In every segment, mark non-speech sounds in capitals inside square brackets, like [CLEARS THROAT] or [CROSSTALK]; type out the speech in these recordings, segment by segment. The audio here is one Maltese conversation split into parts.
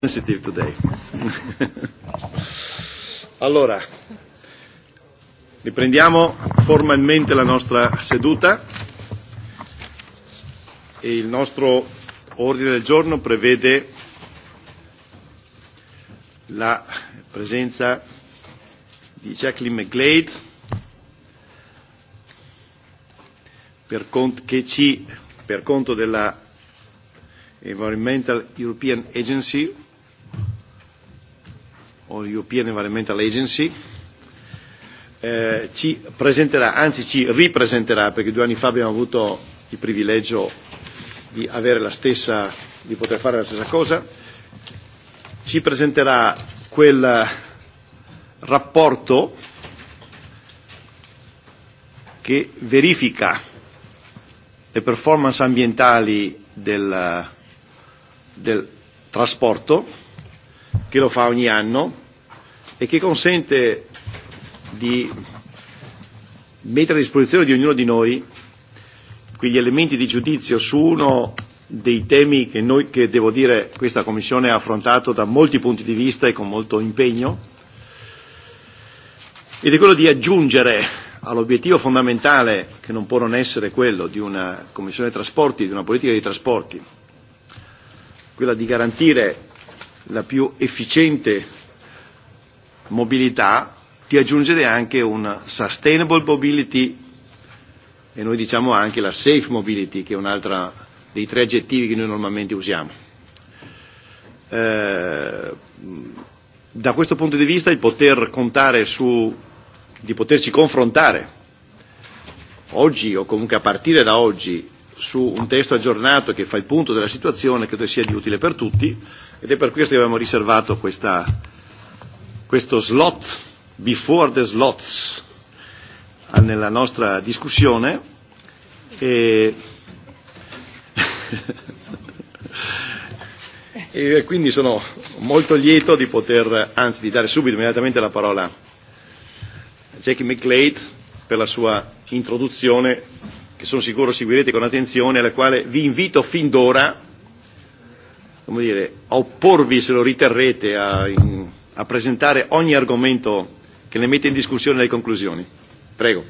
sensitive today. [LAUGHS] allora, riprendiamo formalmente la nostra seduta e il nostro ordine del giorno prevede la presenza di Jacqueline McGlade per conto, che ci, per conto della Environmental European Agency, o European Environmental Agency, eh, ci presenterà, anzi ci ripresenterà, perché due anni fa abbiamo avuto il privilegio di avere la stessa, di poter fare la stessa cosa, ci presenterà quel rapporto che verifica le performance ambientali del, del trasporto che lo fa ogni anno e che consente di mettere a disposizione di ognuno di noi quegli elementi di giudizio su uno dei temi che noi, che devo dire, questa Commissione ha affrontato da molti punti di vista e con molto impegno, ed è quello di aggiungere all'obiettivo fondamentale, che non può non essere quello di una Commissione trasporti, di una politica dei trasporti, quella di garantire la più efficiente mobilità, di aggiungere anche una sustainable mobility e noi diciamo anche la safe mobility, che è un'altra dei tre aggettivi che noi normalmente usiamo. Eh, da questo punto di vista il poter contare su, di poterci confrontare oggi o comunque a partire da oggi su un testo aggiornato che fa il punto della situazione credo sia di utile per tutti ed è per questo che abbiamo riservato questa, questo slot before the slots nella nostra discussione e, [LAUGHS] e quindi sono molto lieto di poter, anzi di dare subito immediatamente la parola a Jackie McLeod per la sua introduzione che sono sicuro seguirete con attenzione alla quale vi invito fin d'ora come dire, a opporvi, se lo riterrete, a, in, a presentare ogni argomento che ne mette in discussione le conclusioni. Prego.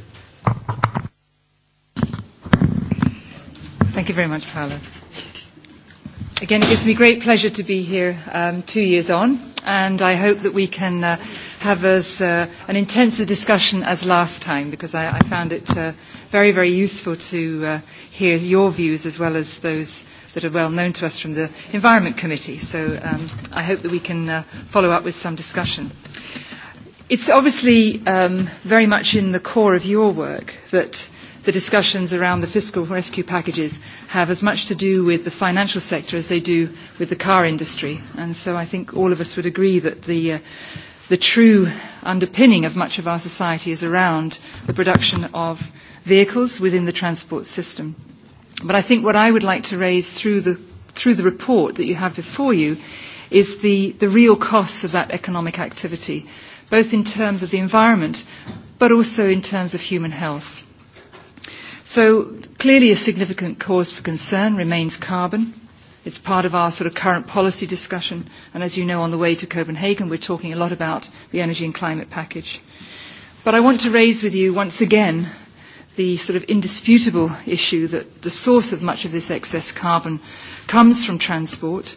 Thank you very much, Paolo. Again, it gives me great pleasure to be here um, two years on, and I hope that we can uh, have as uh, an intense a discussion as last time, because I, I found it uh, very, very useful to uh, hear your views as well as those that are well known to us from the Environment Committee. So um, I hope that we can uh, follow up with some discussion. It's obviously um, very much in the core of your work that the discussions around the fiscal rescue packages have as much to do with the financial sector as they do with the car industry. And so I think all of us would agree that the, uh, the true underpinning of much of our society is around the production of vehicles within the transport system. But I think what I would like to raise through the, through the report that you have before you is the, the real costs of that economic activity, both in terms of the environment, but also in terms of human health. So clearly a significant cause for concern remains carbon. It's part of our sort of current policy discussion, and as you know, on the way to Copenhagen, we're talking a lot about the energy and climate package. But I want to raise with you once again the sort of indisputable issue that the source of much of this excess carbon comes from transport.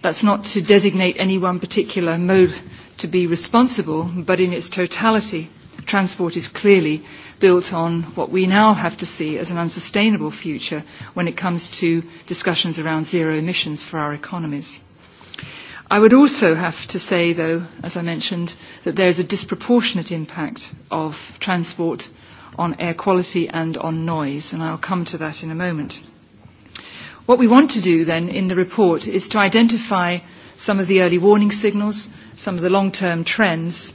That's not to designate any one particular mode to be responsible, but in its totality, transport is clearly built on what we now have to see as an unsustainable future when it comes to discussions around zero emissions for our economies. I would also have to say, though, as I mentioned, that there is a disproportionate impact of transport on air quality and on noise, and I'll come to that in a moment. What we want to do then in the report is to identify some of the early warning signals, some of the long-term trends,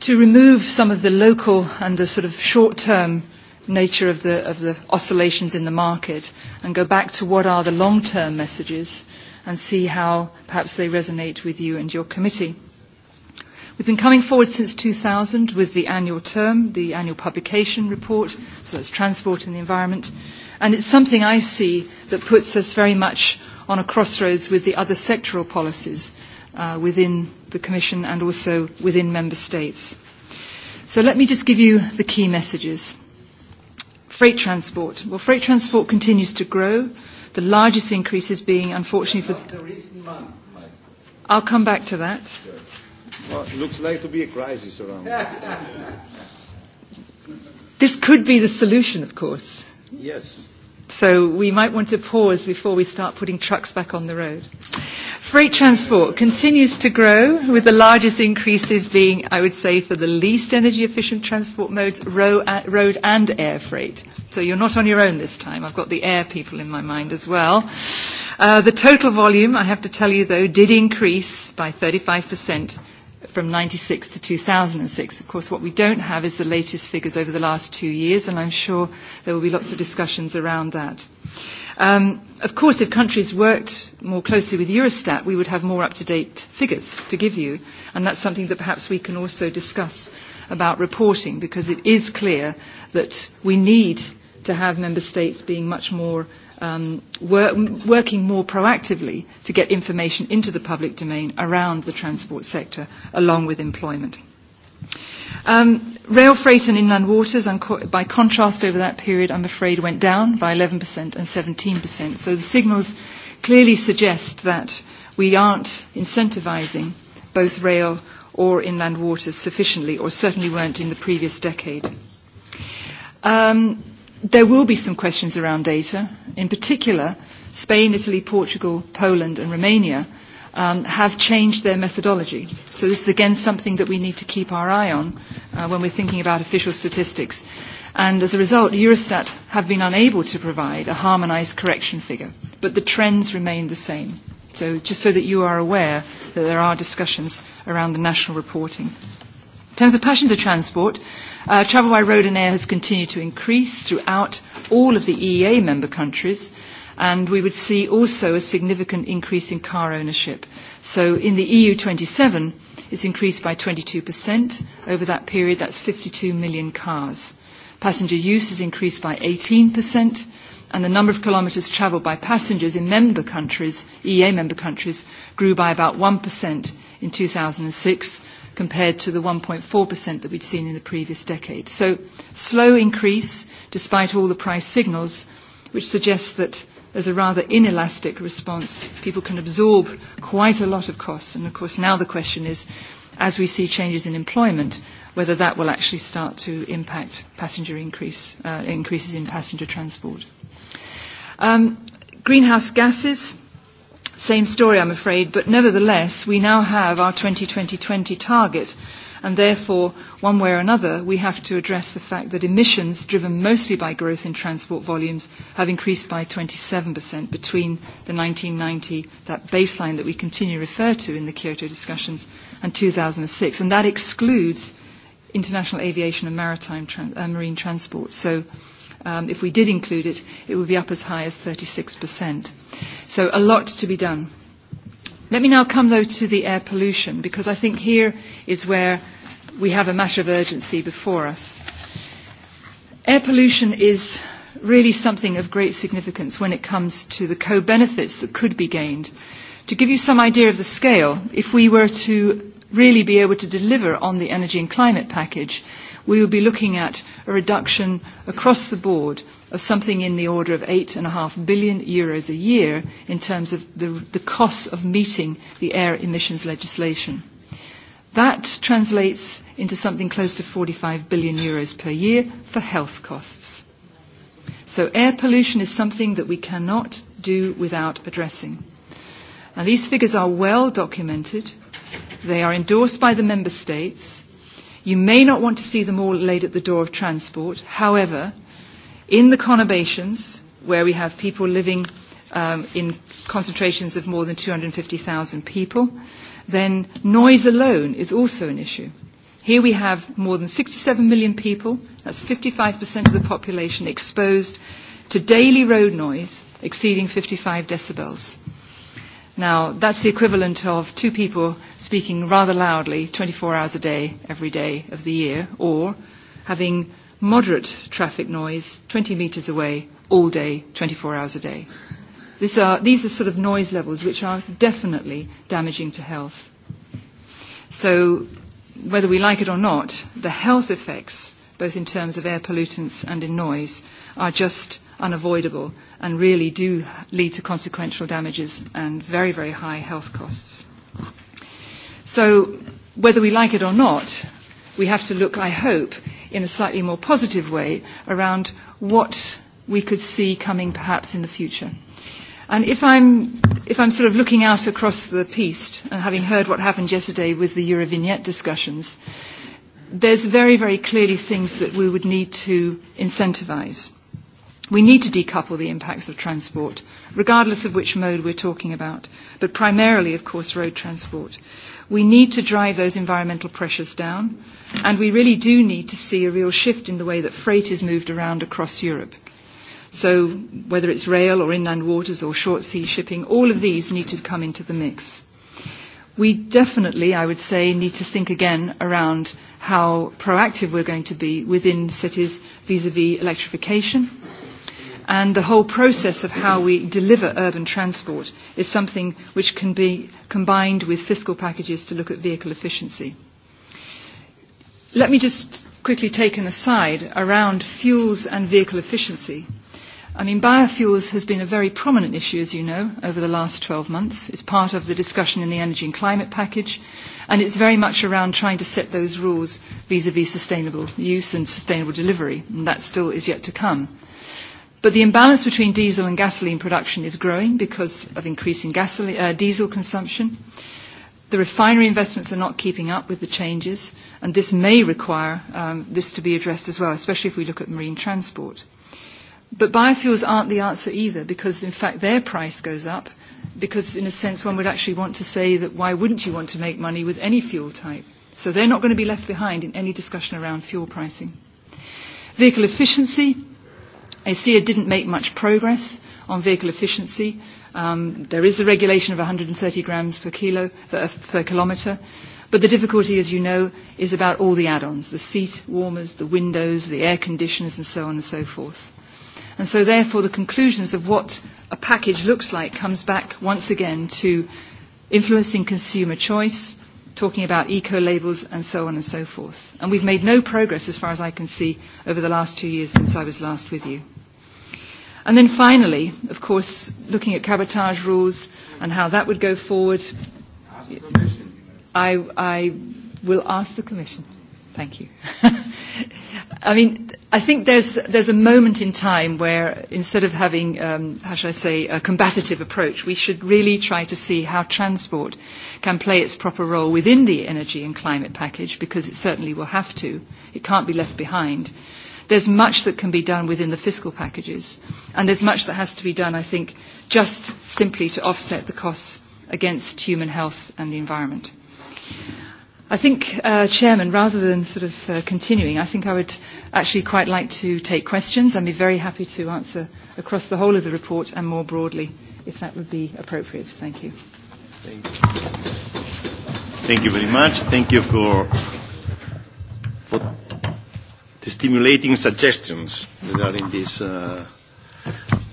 to remove some of the local and the sort of short-term nature of the, of the oscillations in the market and go back to what are the long-term messages and see how perhaps they resonate with you and your committee. We've been coming forward since 2000 with the annual term, the annual publication report, so that's transport and the environment. And it's something I see that puts us very much on a crossroads with the other sectoral policies uh, within the Commission and also within Member States. So let me just give you the key messages. Freight transport. Well, freight transport continues to grow. The largest increase is being, unfortunately, for... The I'll come back to that. Well, it looks like to be a crisis around. [LAUGHS] this could be the solution, of course. Yes. So we might want to pause before we start putting trucks back on the road. Freight transport continues to grow, with the largest increases being, I would say, for the least energy efficient transport modes, uh, road and air freight. So you're not on your own this time. I've got the air people in my mind as well. Uh, the total volume, I have to tell you though, did increase by 35% from 96 to 2006. Of course, what we don't have is the latest figures over the last two years, and I'm sure there will be lots of discussions around that. Um, of course, if countries worked more closely with Eurostat, we would have more up-to-date figures to give you, and that's something that perhaps we can also discuss about reporting, because it is clear that we need to have member states being much more um, wor working more proactively to get information into the public domain around the transport sector along with employment. Um, rail freight and inland waters, by contrast, over that period, I'm afraid, went down by 11% and 17%. So the signals clearly suggest that we aren't incentivizing both rail or inland waters sufficiently, or certainly weren't in the previous decade. Um, There will be some questions around data. In particular, Spain, Italy, Portugal, Poland and Romania um, have changed their methodology. So this is again something that we need to keep our eye on uh, when we're thinking about official statistics. And as a result, Eurostat have been unable to provide a harmonized correction figure, but the trends remain the same. So just so that you are aware that there are discussions around the national reporting. In terms of passenger transport, Uh, travel by road and air has continued to increase throughout all of the EEA member countries, and we would see also a significant increase in car ownership. So in the EU 27, it's increased by 22% over that period. That's 52 million cars. Passenger use has increased by 18%, and the number of kilometres travelled by passengers in member countries, EEA member countries, grew by about 1% in 2006 compared to the 1.4% that we'd seen in the previous decade. So slow increase despite all the price signals, which suggests that there's a rather inelastic response. People can absorb quite a lot of costs. And of course now the question is, as we see changes in employment, whether that will actually start to impact passenger increase, uh, increases in passenger transport. Um, greenhouse gases, Same story, I'm afraid, but nevertheless, we now have our 2020-20 target, and therefore, one way or another, we have to address the fact that emissions, driven mostly by growth in transport volumes, have increased by 27% between the 1990, that baseline that we continue to refer to in the Kyoto discussions, and 2006. And that excludes international aviation and maritime tran uh, marine transport. So Um, if we did include it, it would be up as high as 36%. So a lot to be done. Let me now come, though, to the air pollution, because I think here is where we have a matter of urgency before us. Air pollution is really something of great significance when it comes to the co-benefits that could be gained. To give you some idea of the scale, if we were to really be able to deliver on the energy and climate package, we will be looking at a reduction across the board of something in the order of 8.5 billion euros a year in terms of the, the costs of meeting the air emissions legislation. That translates into something close to 45 billion euros per year for health costs. So air pollution is something that we cannot do without addressing. Now these figures are well documented. They are endorsed by the member states. You may not want to see them all laid at the door of transport. However, in the conurbations, where we have people living um, in concentrations of more than 250,000 people, then noise alone is also an issue. Here we have more than 67 million people, that's 55% of the population, exposed to daily road noise exceeding 55 decibels. Now, that's the equivalent of two people speaking rather loudly 24 hours a day, every day of the year, or having moderate traffic noise 20 metres away all day, 24 hours a day. These are, these are sort of noise levels which are definitely damaging to health. So whether we like it or not, the health effects, both in terms of air pollutants and in noise, are just unavoidable and really do lead to consequential damages and very, very high health costs. So whether we like it or not, we have to look, I hope, in a slightly more positive way around what we could see coming perhaps in the future. And if I'm, if I'm sort of looking out across the piece and having heard what happened yesterday with the Eurovignette discussions, there's very, very clearly things that we would need to incentivize. We need to decouple the impacts of transport, regardless of which mode we're talking about, but primarily, of course, road transport. We need to drive those environmental pressures down, and we really do need to see a real shift in the way that freight is moved around across Europe. So whether it's rail or inland waters or short sea shipping, all of these need to come into the mix. We definitely, I would say, need to think again around how proactive we're going to be within cities vis-à-vis -vis electrification, And the whole process of how we deliver urban transport is something which can be combined with fiscal packages to look at vehicle efficiency. Let me just quickly take an aside around fuels and vehicle efficiency. I mean, biofuels has been a very prominent issue, as you know, over the last 12 months. It's part of the discussion in the energy and climate package, and it's very much around trying to set those rules vis-à-vis -vis sustainable use and sustainable delivery, and that still is yet to come. But the imbalance between diesel and gasoline production is growing because of increasing gasoline, uh, diesel consumption. The refinery investments are not keeping up with the changes, and this may require um, this to be addressed as well, especially if we look at marine transport. But biofuels aren't the answer either, because in fact their price goes up, because in a sense one would actually want to say that why wouldn't you want to make money with any fuel type? So they're not going to be left behind in any discussion around fuel pricing. Vehicle efficiency, ASEA didn't make much progress on vehicle efficiency. Um, there is the regulation of 130 grams per kilo, per, per kilometre. But the difficulty, as you know, is about all the add-ons, the seat warmers, the windows, the air conditioners, and so on and so forth. And so therefore the conclusions of what a package looks like comes back once again to influencing consumer choice, talking about eco-labels and so on and so forth. And we've made no progress, as far as I can see, over the last two years since I was last with you. And then finally, of course, looking at cabotage rules and how that would go forward, I, I will ask the Commission. Thank you. [LAUGHS] I mean, I think there's, there's a moment in time where instead of having, um, how should I say, a combative approach, we should really try to see how transport can play its proper role within the energy and climate package because it certainly will have to. It can't be left behind. There's much that can be done within the fiscal packages and there's much that has to be done, I think, just simply to offset the costs against human health and the environment. I think, uh, Chairman, rather than sort of uh, continuing, I think I would actually quite like to take questions and be very happy to answer across the whole of the report and more broadly, if that would be appropriate. Thank you. Thank you, Thank you very much. Thank you for, for the stimulating suggestions that are in this, uh,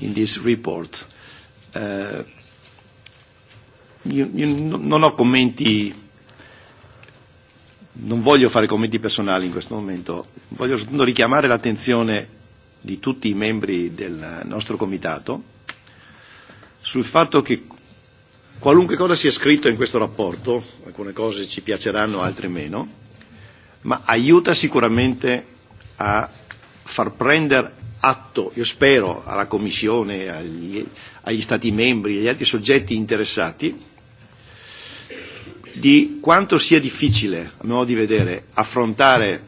in this report. Uh, you you non ho commenti non voglio fare commenti personali in questo momento, voglio soltanto richiamare l'attenzione di tutti i membri del nostro comitato sul fatto che qualunque cosa sia scritto in questo rapporto, alcune cose ci piaceranno, altre meno, ma aiuta sicuramente a far prendere atto, io spero, alla Commissione, agli, agli Stati membri, agli altri soggetti interessati, di quanto sia difficile, a mio modo di vedere, affrontare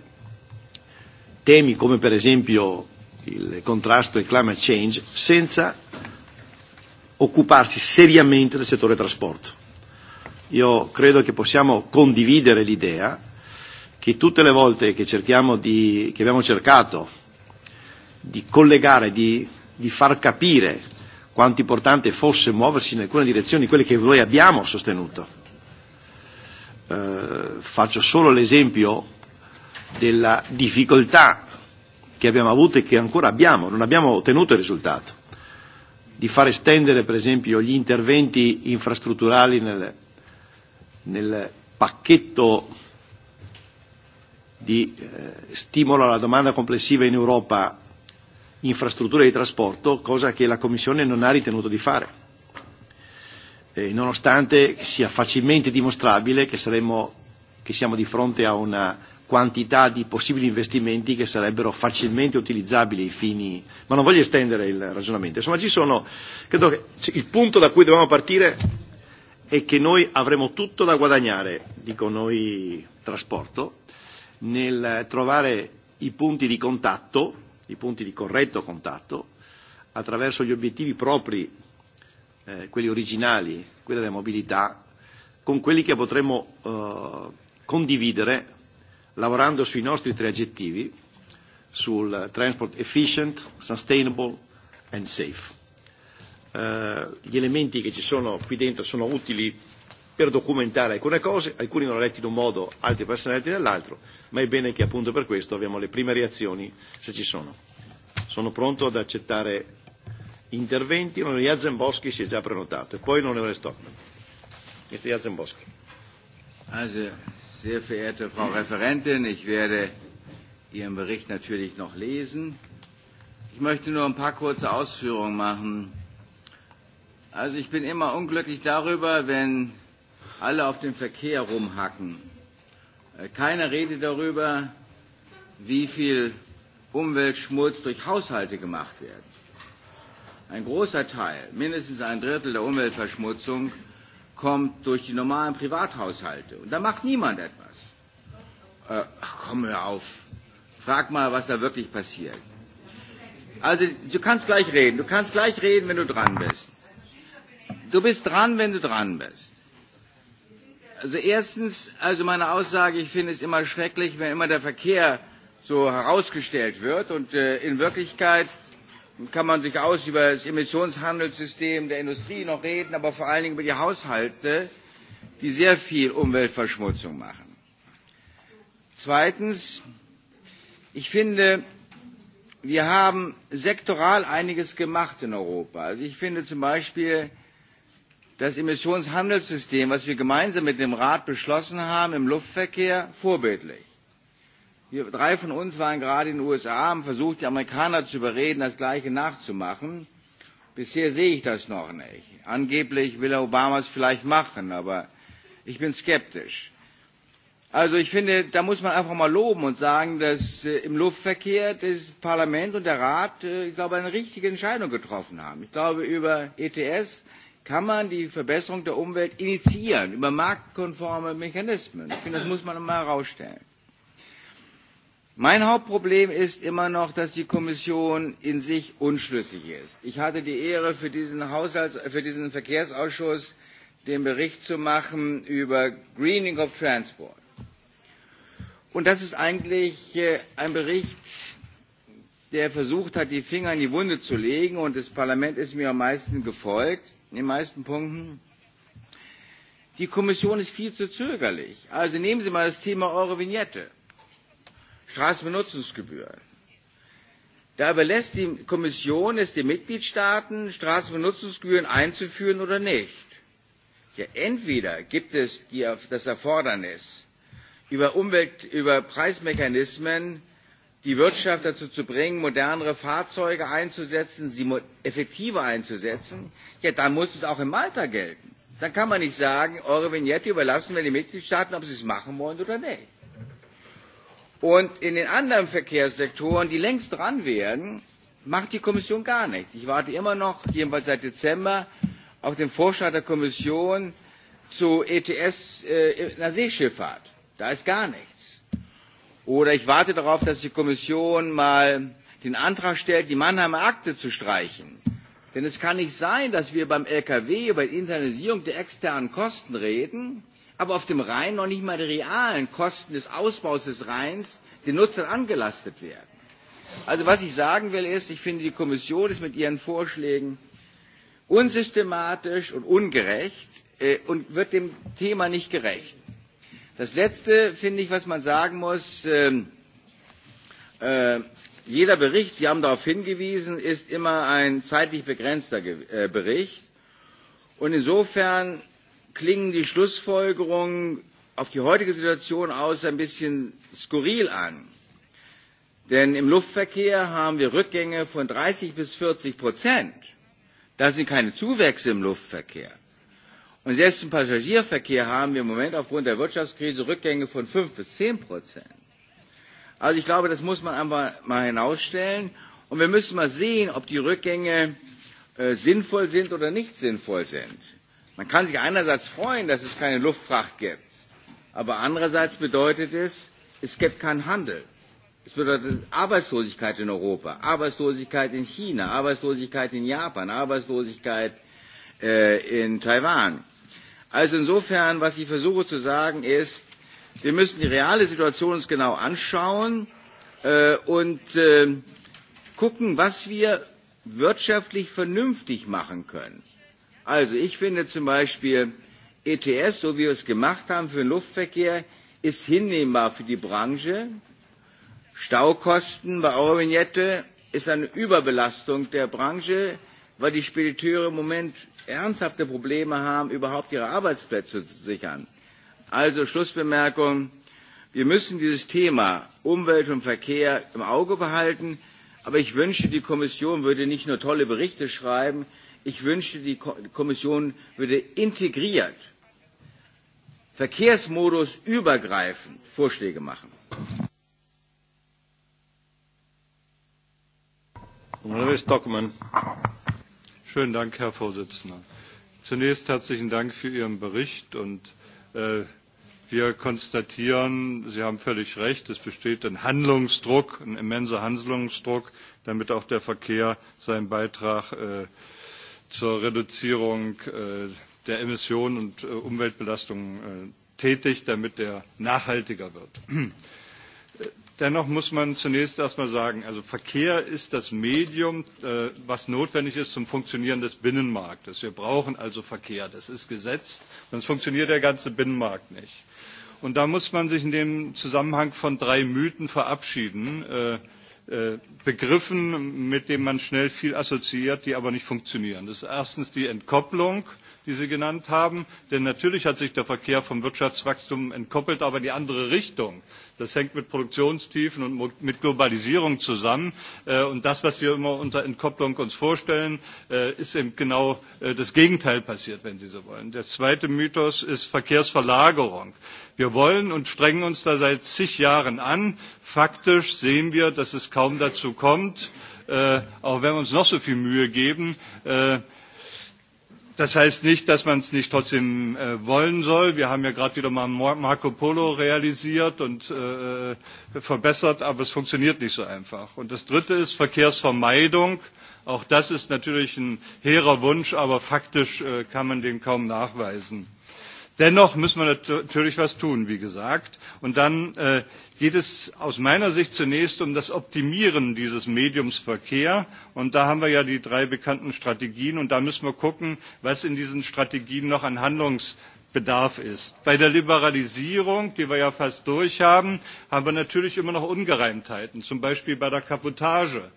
temi come per esempio il contrasto e il climate change senza occuparsi seriamente del settore trasporto. Io credo che possiamo condividere l'idea che tutte le volte che, cerchiamo di, che abbiamo cercato di collegare, di, di far capire quanto importante fosse muoversi in alcune direzioni, quelle che noi abbiamo sostenuto, Eh, faccio solo l'esempio della difficoltà che abbiamo avuto e che ancora abbiamo, non abbiamo ottenuto il risultato, di far estendere per esempio gli interventi infrastrutturali nel, nel pacchetto di eh, stimolo alla domanda complessiva in Europa infrastrutture di trasporto, cosa che la Commissione non ha ritenuto di fare eh, nonostante sia facilmente dimostrabile che, saremmo, che siamo di fronte a una quantità di possibili investimenti che sarebbero facilmente utilizzabili ai fini, ma non voglio estendere il ragionamento. Insomma, ci sono, credo che il punto da cui dobbiamo partire è che noi avremo tutto da guadagnare, dico noi trasporto, nel trovare i punti di contatto, i punti di corretto contatto, attraverso gli obiettivi propri eh, quelli originali, quelli della mobilità, con quelli che potremmo eh, condividere lavorando sui nostri tre aggettivi, sul transport efficient, sustainable and safe. Eh, gli elementi che ci sono qui dentro sono utili per documentare alcune cose, alcuni non letti in un modo, altri per essere letti nell'altro, ma è bene che appunto per questo abbiamo le prime reazioni se ci sono. Sono pronto ad accettare Interventi non Jazen Boschi si è già prenotato e poi l'onorevole Stockman. Mr. Jazen Boschi. Also, sehr verehrte Frau Referentin, ich werde Ihren Bericht natürlich noch lesen. Ich möchte nur ein paar kurze Ausführungen machen. Also ich bin immer unglücklich darüber, wenn alle auf den Verkehr rumhacken. Äh, keiner redet darüber, wie viel Umweltschmutz durch Haushalte gemacht wird. Ein großer Teil, mindestens ein Drittel der Umweltverschmutzung, kommt durch die normalen Privathaushalte. Und da macht niemand etwas. Äh, ach komm, hör auf. Frag mal, was da wirklich passiert. Also, du kannst gleich reden. Du kannst gleich reden, wenn du dran bist. Du bist dran, wenn du dran bist. Also erstens, also meine Aussage, ich finde es immer schrecklich, wenn immer der Verkehr so herausgestellt wird und äh, in Wirklichkeit kann man durchaus über das Emissionshandelssystem der Industrie noch reden, aber vor allen Dingen über die Haushalte, die sehr viel Umweltverschmutzung machen. Zweitens, ich finde, wir haben sektoral einiges gemacht in Europa. Also ich finde zum Beispiel das Emissionshandelssystem, was wir gemeinsam mit dem Rat beschlossen haben im Luftverkehr, vorbildlich. Wir drei von uns waren gerade in den USA, haben versucht, die Amerikaner zu überreden, das Gleiche nachzumachen. Bisher sehe ich das noch nicht. Angeblich will er Obama es vielleicht machen, aber ich bin skeptisch. Also ich finde, da muss man einfach mal loben und sagen, dass äh, im Luftverkehr das Parlament und der Rat, äh, ich glaube, eine richtige Entscheidung getroffen haben. Ich glaube, über ETS kann man die Verbesserung der Umwelt initiieren, über marktkonforme Mechanismen. Ich finde, das muss man mal herausstellen. Mein Hauptproblem ist immer noch, dass die Kommission in sich unschlüssig ist. Ich hatte die Ehre, für diesen, Haushalts, für diesen Verkehrsausschuss den Bericht zu machen über Greening of Transport. Und das ist eigentlich äh, ein Bericht, der versucht hat, die Finger in die Wunde zu legen. Und das Parlament ist mir am meisten gefolgt, in den meisten Punkten. Die Kommission ist viel zu zögerlich. Also nehmen Sie mal das Thema Eurovignette. Vignette. Straßenbenutzungsgebühr. Da überlässt die Kommission es den Mitgliedstaaten, Straßenbenutzungsgebühren einzuführen oder nicht. Ja, entweder gibt es die, das Erfordernis, über, Umwelt, über Preismechanismen die Wirtschaft dazu zu bringen, modernere Fahrzeuge einzusetzen, sie effektiver einzusetzen, ja, dann muss es auch in Malta gelten. Dann kann man nicht sagen, eure Vignette überlassen wir den Mitgliedstaaten, ob sie es machen wollen oder nicht. Und in den anderen Verkehrssektoren, die längst dran wären, macht die Kommission gar nichts. Ich warte immer noch, jedenfalls seit Dezember, auf den Vorschlag der Kommission zu ETS äh, in der Seeschifffahrt. Da ist gar nichts. Oder ich warte darauf, dass die Kommission mal den Antrag stellt, die Mannheimer Akte zu streichen. Denn es kann nicht sein, dass wir beim Lkw über die Internalisierung der externen Kosten reden aber auf dem Rhein noch nicht mal die realen Kosten des Ausbaus des Rheins den Nutzern angelastet werden. Also was ich sagen will ist, ich finde die Kommission ist mit ihren Vorschlägen unsystematisch und ungerecht äh, und wird dem Thema nicht gerecht. Das Letzte, finde ich, was man sagen muss, äh, äh, jeder Bericht, Sie haben darauf hingewiesen, ist immer ein zeitlich begrenzter Ge äh, Bericht. Und insofern klingen die Schlussfolgerungen auf die heutige Situation aus ein bisschen skurril an. Denn im Luftverkehr haben wir Rückgänge von 30 bis 40 Prozent. Das sind keine Zuwächse im Luftverkehr. Und selbst im Passagierverkehr haben wir im Moment aufgrund der Wirtschaftskrise Rückgänge von 5 bis 10 Prozent. Also ich glaube, das muss man einfach mal hinausstellen. Und wir müssen mal sehen, ob die Rückgänge äh, sinnvoll sind oder nicht sinnvoll sind. Man kann sich einerseits freuen, dass es keine Luftfracht gibt, aber andererseits bedeutet es, es gibt keinen Handel. Es bedeutet Arbeitslosigkeit in Europa, Arbeitslosigkeit in China, Arbeitslosigkeit in Japan, Arbeitslosigkeit äh, in Taiwan. Also insofern, was ich versuche zu sagen, ist, wir müssen die reale Situation uns genau anschauen äh, und äh, gucken, was wir wirtschaftlich vernünftig machen können. Also ich finde zum Beispiel ETS, so wie wir es gemacht haben für den Luftverkehr, ist hinnehmbar für die Branche. Staukosten bei Eurovignette ist eine Überbelastung der Branche, weil die Spediteure im Moment ernsthafte Probleme haben, überhaupt ihre Arbeitsplätze zu sichern. Also Schlussbemerkung, wir müssen dieses Thema Umwelt und Verkehr im Auge behalten, aber ich wünsche, die Kommission würde nicht nur tolle Berichte schreiben, Ich wünschte, die Kommission würde integriert, Verkehrsmodus übergreifend Vorschläge machen. Herr Stockmann. Schönen Dank, Herr Vorsitzender. Zunächst herzlichen Dank für Ihren Bericht und äh, wir konstatieren, Sie haben völlig recht, es besteht ein Handlungsdruck, ein immenser Handlungsdruck, damit auch der Verkehr seinen Beitrag äh, zur Reduzierung äh, der Emissionen und äh, Umweltbelastungen äh, tätig, damit er nachhaltiger wird. [CLEARS THROAT] Dennoch muss man zunächst erstmal sagen, also Verkehr ist das Medium, äh, was notwendig ist zum Funktionieren des Binnenmarktes. Wir brauchen also Verkehr. Das ist gesetzt, sonst funktioniert der ganze Binnenmarkt nicht. Und da muss man sich in dem Zusammenhang von drei Mythen verabschieden. Äh, Äh, begriffen, mit denen man schnell viel assoziiert, die aber nicht funktionieren. Das ist erstens die Entkopplung die Sie genannt haben. Denn natürlich hat sich der Verkehr vom Wirtschaftswachstum entkoppelt, aber in die andere Richtung. Das hängt mit Produktionstiefen und mit Globalisierung zusammen. Äh, und das, was wir immer unter Entkopplung uns vorstellen, äh, ist eben genau äh, das Gegenteil passiert, wenn Sie so wollen. Der zweite Mythos ist Verkehrsverlagerung. Wir wollen und strengen uns da seit zig Jahren an. Faktisch sehen wir, dass es kaum dazu kommt, auch wenn wir uns noch so viel Mühe geben. Das heißt nicht, dass man es nicht trotzdem äh, wollen soll. Wir haben ja gerade wieder mal Marco Polo realisiert und äh, verbessert, aber es funktioniert nicht so einfach. Und das Dritte ist Verkehrsvermeidung. Auch das ist natürlich ein hehrer Wunsch, aber faktisch äh, kann man den kaum nachweisen. Dennoch müssen wir natürlich was tun, wie gesagt. Und dann äh, geht es aus meiner Sicht zunächst um das Optimieren dieses Mediums Verkehr. Und da haben wir ja die drei bekannten Strategien. Und da müssen wir gucken, was in diesen Strategien noch an Handlungs Bedarf ist. Bei der Liberalisierung, die wir ja fast durch haben, haben wir natürlich immer noch Ungereimtheiten, zum Beispiel bei der Kaputage.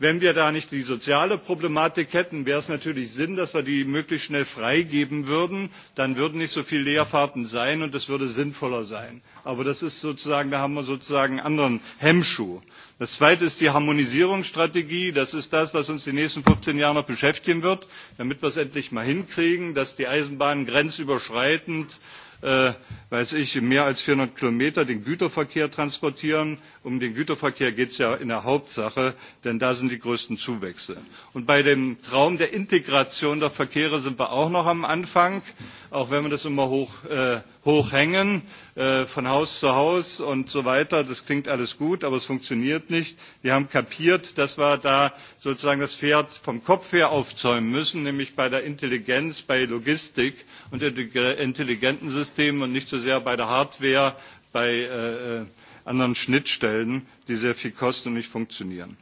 Wenn wir da nicht die soziale Problematik hätten, wäre es natürlich Sinn, dass wir die möglichst schnell freigeben würden. Dann würden nicht so viele Leerfahrten sein und es würde sinnvoller sein. Aber das ist sozusagen, da haben wir sozusagen einen anderen Hemmschuh. Das zweite ist die Harmonisierungsstrategie. Das ist das, was uns die nächsten 15 Jahre noch beschäftigen wird, damit wir es endlich mal hinkriegen, dass die Eisenbahnen grenzüberschreitend äh, weiß ich, mehr als 400 Kilometer den Güterverkehr transportieren um den Güterverkehr geht es ja in der Hauptsache, denn da sind die größten Zuwächse. Und bei dem Traum der Integration der Verkehre sind wir auch noch am Anfang, auch wenn wir das immer hoch, äh, hochhängen, äh, von Haus zu Haus und so weiter. Das klingt alles gut, aber es funktioniert nicht. Wir haben kapiert, dass wir da sozusagen das Pferd vom Kopf her aufzäumen müssen, nämlich bei der Intelligenz, bei Logistik und intelligenten Systemen und nicht so sehr bei der Hardware, bei äh, äh anderen Schnittstellen, die sehr viel kosten und nicht funktionieren.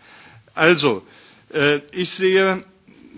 Also, äh, ich sehe,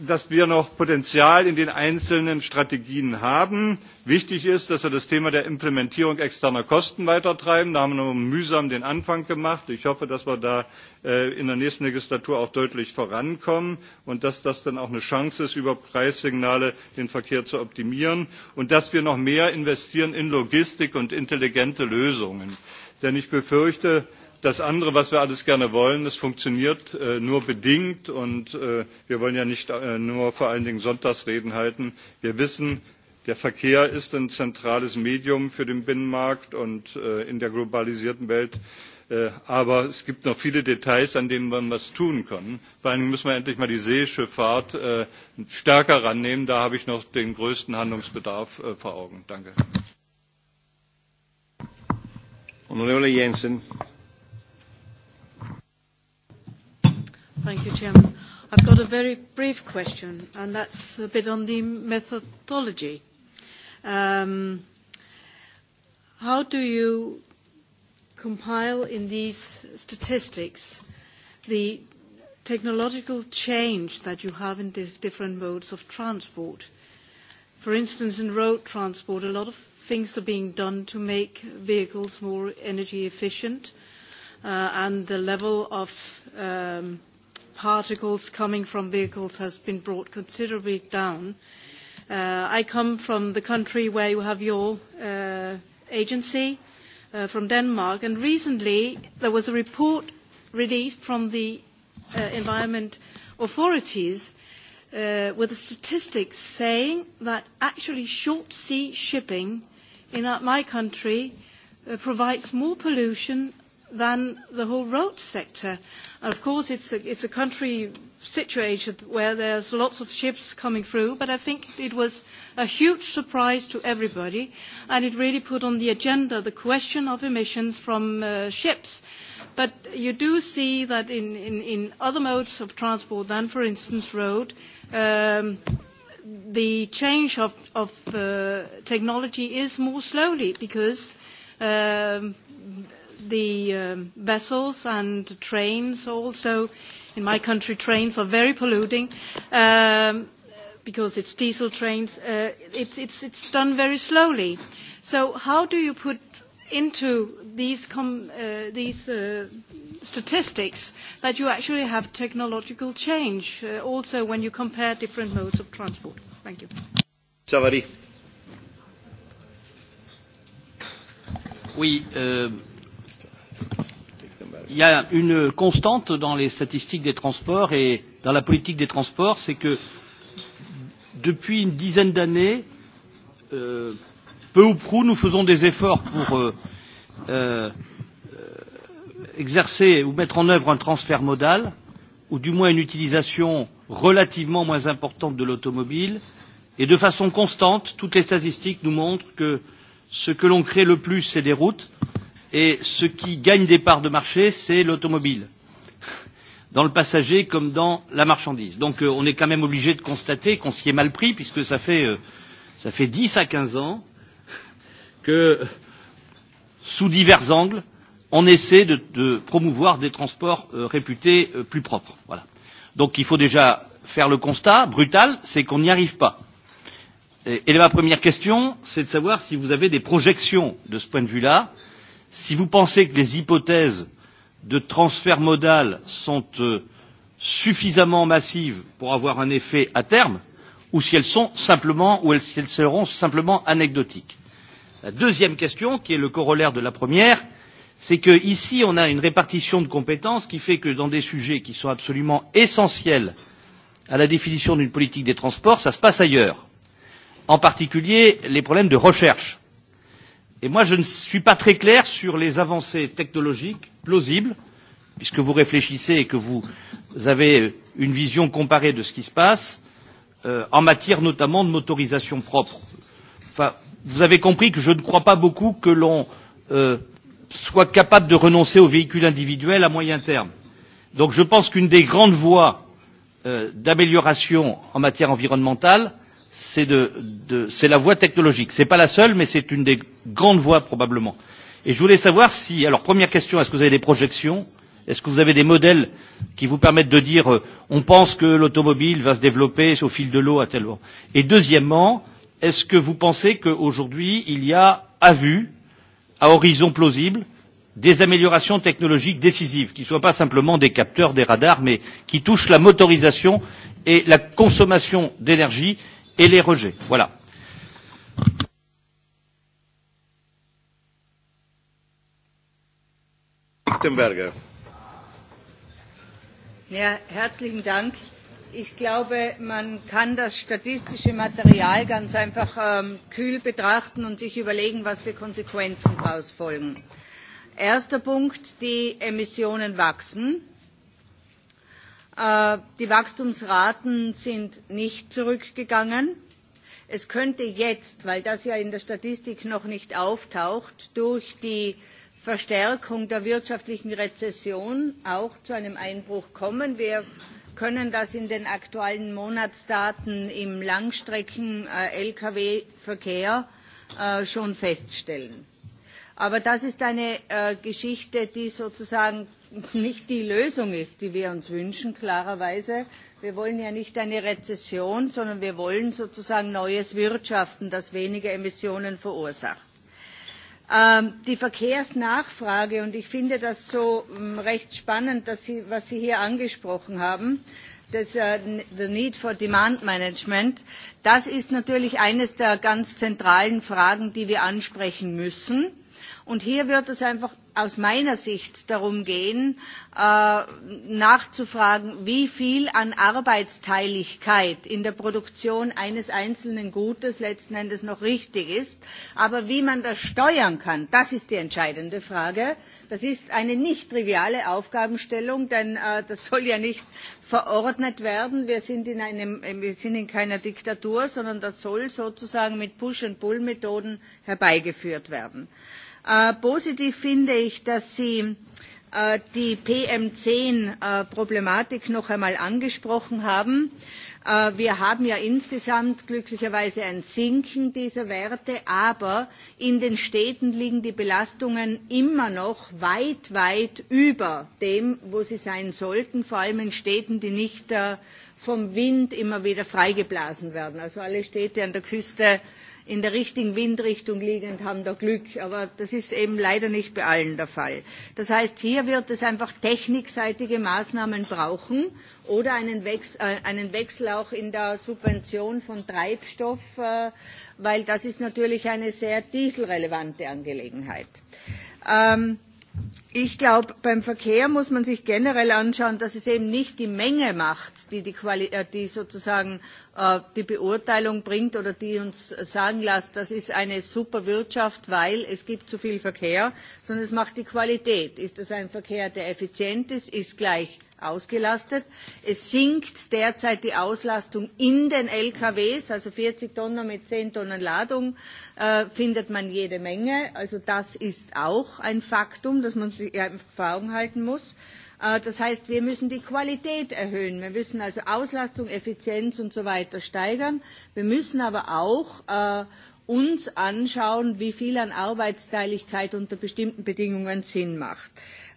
dass wir noch Potenzial in den einzelnen Strategien haben. Wichtig ist, dass wir das Thema der Implementierung externer Kosten weitertreiben. Da haben wir nur mühsam den Anfang gemacht. Ich hoffe, dass wir da äh, in der nächsten Legislatur auch deutlich vorankommen und dass das dann auch eine Chance ist, über Preissignale den Verkehr zu optimieren und dass wir noch mehr investieren in Logistik und intelligente Lösungen denn ich befürchte, das andere, was wir alles gerne wollen, das funktioniert äh, nur bedingt und äh, wir wollen ja nicht äh, nur vor allen Dingen Sonntagsreden halten. Wir wissen, der Verkehr ist ein zentrales Medium für den Binnenmarkt und äh, in der globalisierten Welt. Äh, aber es gibt noch viele Details, an denen man was tun kann. Vor allen Dingen müssen wir endlich mal die Seeschifffahrt äh, stärker rannehmen. Da habe ich noch den größten Handlungsbedarf äh, vor Augen. Danke. Onorevole Jensen. Thank you, Chairman. I've got a very brief question, and that's a bit on the methodology. Um, how do you compile in these statistics the technological change that you have in different modes of transport? For instance, in road transport, a lot of things are being done to make vehicles more energy efficient, uh, and the level of um, particles coming from vehicles has been brought considerably down. Uh, I come from the country where you have your uh, agency, uh, from Denmark, and recently there was a report released from the uh, environment authorities uh, with a statistics saying that actually short sea shipping in my country uh, provides more pollution than the whole road sector. And of course, it's a, it's a country situation where there's lots of ships coming through, but I think it was a huge surprise to everybody, and it really put on the agenda the question of emissions from uh, ships. But you do see that in, in, in other modes of transport than, for instance, road, um, the change of, of uh, technology is more slowly because um, the um, vessels and trains also in my country trains are very polluting um, because it's diesel trains. Uh, it, it's, it's done very slowly. So how do you put into these, com, uh, these uh, statistics that you actually have technological change uh, also when you compare different modes of transport? Thank you. Savary. Oui, euh, il y a une constante dans les statistiques des transports et dans la politique des transports, c'est que depuis une dizaine d'années, euh, peu ou prou, nous faisons des efforts pour euh, euh, exercer ou mettre en œuvre un transfert modal, ou du moins une utilisation relativement moins importante de l'automobile, et de façon constante, toutes les statistiques nous montrent que ce que l'on crée le plus, c'est des routes, Et ce qui gagne des parts de marché, c'est l'automobile, dans le passager comme dans la marchandise. Donc euh, on est quand même obligé de constater qu'on s'y est mal pris, puisque ça fait, euh, ça fait 10 à 15 ans que, sous divers angles, on essaie de, de promouvoir des transports euh, réputés euh, plus propres. Voilà. Donc il faut déjà faire le constat brutal, c'est qu'on n'y arrive pas. Et, et ma première question, c'est de savoir si vous avez des projections de ce point de vue-là, euh, Si vous pensez que les hypothèses de transfert modal sont euh, suffisamment massives pour avoir un effet à terme, ou si elles sont simplement, ou elles, si elles seront simplement anecdotiques. La deuxième question, qui est le corollaire de la première, c'est qu'ici, on a une répartition de compétences qui fait que dans des sujets qui sont absolument essentiels à la définition d'une politique des transports, ça se passe ailleurs. En particulier, les problèmes de recherche. Et moi, je ne suis pas très clair sur les avancées technologiques plausibles, puisque vous réfléchissez et que vous avez une vision comparée de ce qui se passe, euh, en matière notamment de motorisation propre. Enfin, vous avez compris que je ne crois pas beaucoup que l'on euh, soit capable de renoncer aux véhicules individuels à moyen terme. Donc je pense qu'une des grandes voies euh, d'amélioration en matière environnementale, euh, c'est de, de, la voie technologique. Ce n'est pas la seule, mais c'est une des grandes voies probablement. Et je voulais savoir si, alors première question, est-ce que vous avez des projections Est-ce que vous avez des modèles qui vous permettent de dire euh, on pense que l'automobile va se développer au fil de l'eau à tel moment Et deuxièmement, est-ce que vous pensez qu'aujourd'hui, il y a à vue, à horizon plausible, des améliorations technologiques décisives, qui ne soient pas simplement des capteurs, des radars, mais qui touchent la motorisation et la consommation d'énergie et les rejets. Voilà. Lichtenberger. Ja, herzlichen Dank. Ich glaube, man kann das statistische Material ganz einfach ähm, kühl betrachten und sich überlegen, was für Konsequenzen daraus folgen. Erster Punkt, die Emissionen wachsen. Äh, die Wachstumsraten sind nicht zurückgegangen. Es könnte jetzt, weil das ja in der Statistik noch nicht auftaucht, durch die Verstärkung der wirtschaftlichen Rezession auch zu einem Einbruch kommen. Wir können das in den aktuellen Monatsdaten im Langstrecken-Lkw-Verkehr äh, schon feststellen. Aber das ist eine äh, Geschichte, die sozusagen [LAUGHS] nicht die Lösung ist, die wir uns wünschen, klarerweise. Wir wollen ja nicht eine Rezession, sondern wir wollen sozusagen neues Wirtschaften, das weniger Emissionen verursacht. Ähm, die Verkehrsnachfrage, und ich finde das so ähm, recht spannend, dass Sie, was Sie hier angesprochen haben, das, uh, the need for demand management, das ist natürlich eines der ganz zentralen Fragen, die wir ansprechen müssen Und hier wird es einfach aus meiner Sicht darum gehen, äh, nachzufragen, wie viel an Arbeitsteiligkeit in der Produktion eines einzelnen Gutes letzten Endes noch richtig ist. Aber wie man das steuern kann, das ist die entscheidende Frage. Das ist eine nicht triviale Aufgabenstellung, denn äh, das soll ja nicht verordnet werden. Wir sind in, einem, äh, wir sind in keiner Diktatur, sondern das soll sozusagen mit Push-and-Pull-Methoden herbeigeführt werden. Äh, positiv finde ich, dass Sie äh, die PM10-Problematik äh, noch einmal angesprochen haben. Äh, wir haben ja insgesamt glücklicherweise ein Sinken dieser Werte, aber in den Städten liegen die Belastungen immer noch weit, weit über dem, wo sie sein sollten, vor allem in Städten, die nicht äh, vom Wind immer wieder freigeblasen werden. Also alle Städte an der Küste in der richtigen Windrichtung liegend haben da Glück. Aber das ist eben leider nicht bei allen der Fall. Das heißt, hier wird es einfach technikseitige Maßnahmen brauchen oder einen, Wechs äh, einen Wechsel auch in der Subvention von Treibstoff, äh, weil das ist natürlich eine sehr dieselrelevante Angelegenheit. Ähm, Ich glaube, beim Verkehr muss man sich generell anschauen, dass es eben nicht die Menge macht, die, die, Quali äh, die sozusagen äh, die Beurteilung bringt oder die uns sagen lässt, das ist eine super Wirtschaft, weil es gibt zu viel Verkehr, sondern es macht die Qualität. Ist das ein Verkehr, der effizient ist, ist gleich ausgelastet. Es sinkt derzeit die Auslastung in den LKWs, also 40 Tonnen mit 10 Tonnen Ladung äh, findet man jede Menge. Also das ist auch ein Faktum, das man sich ja vor Augen halten muss. Äh, das heißt, wir müssen die Qualität erhöhen. Wir müssen also Auslastung, Effizienz und so weiter steigern. Wir müssen aber auch äh, uns anschauen, wie viel an Arbeitsteiligkeit unter bestimmten Bedingungen Sinn macht.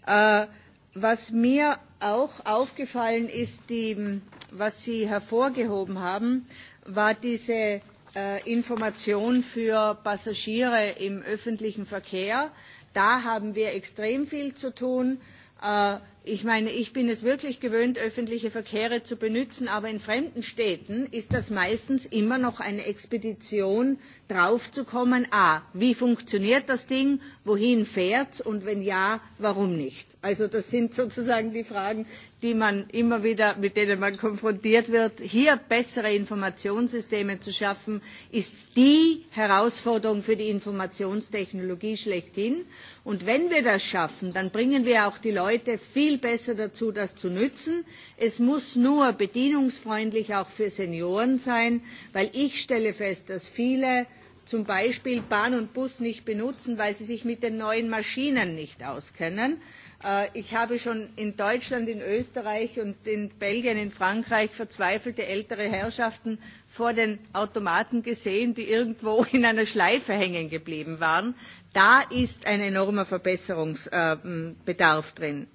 Äh, Was mir auch aufgefallen ist, die, was Sie hervorgehoben haben, war diese äh, Information für Passagiere im öffentlichen Verkehr. Da haben wir extrem viel zu tun. Äh, Ich meine, ich bin es wirklich gewöhnt, öffentliche Verkehre zu benutzen, aber in fremden Städten ist das meistens immer noch eine Expedition, draufzukommen, a, ah, wie funktioniert das Ding, wohin fährt's und wenn ja, warum nicht? Also das sind sozusagen die Fragen, die man immer wieder, mit denen man konfrontiert wird. Hier bessere Informationssysteme zu schaffen, ist die Herausforderung für die Informationstechnologie schlechthin. Und wenn wir das schaffen, dann bringen wir auch die Leute viel viel besser dazu, das zu nützen. Es muss nur bedienungsfreundlich auch für Senioren sein, weil ich stelle fest, dass viele zum Beispiel Bahn und Bus nicht benutzen, weil sie sich mit den neuen Maschinen nicht auskennen. Äh, ich habe schon in Deutschland, in Österreich und in Belgien, in Frankreich verzweifelte ältere Herrschaften vor den Automaten gesehen, die irgendwo [LAUGHS] in einer Schleife hängen geblieben waren. Da ist ein enormer Verbesserungsbedarf äh, drin.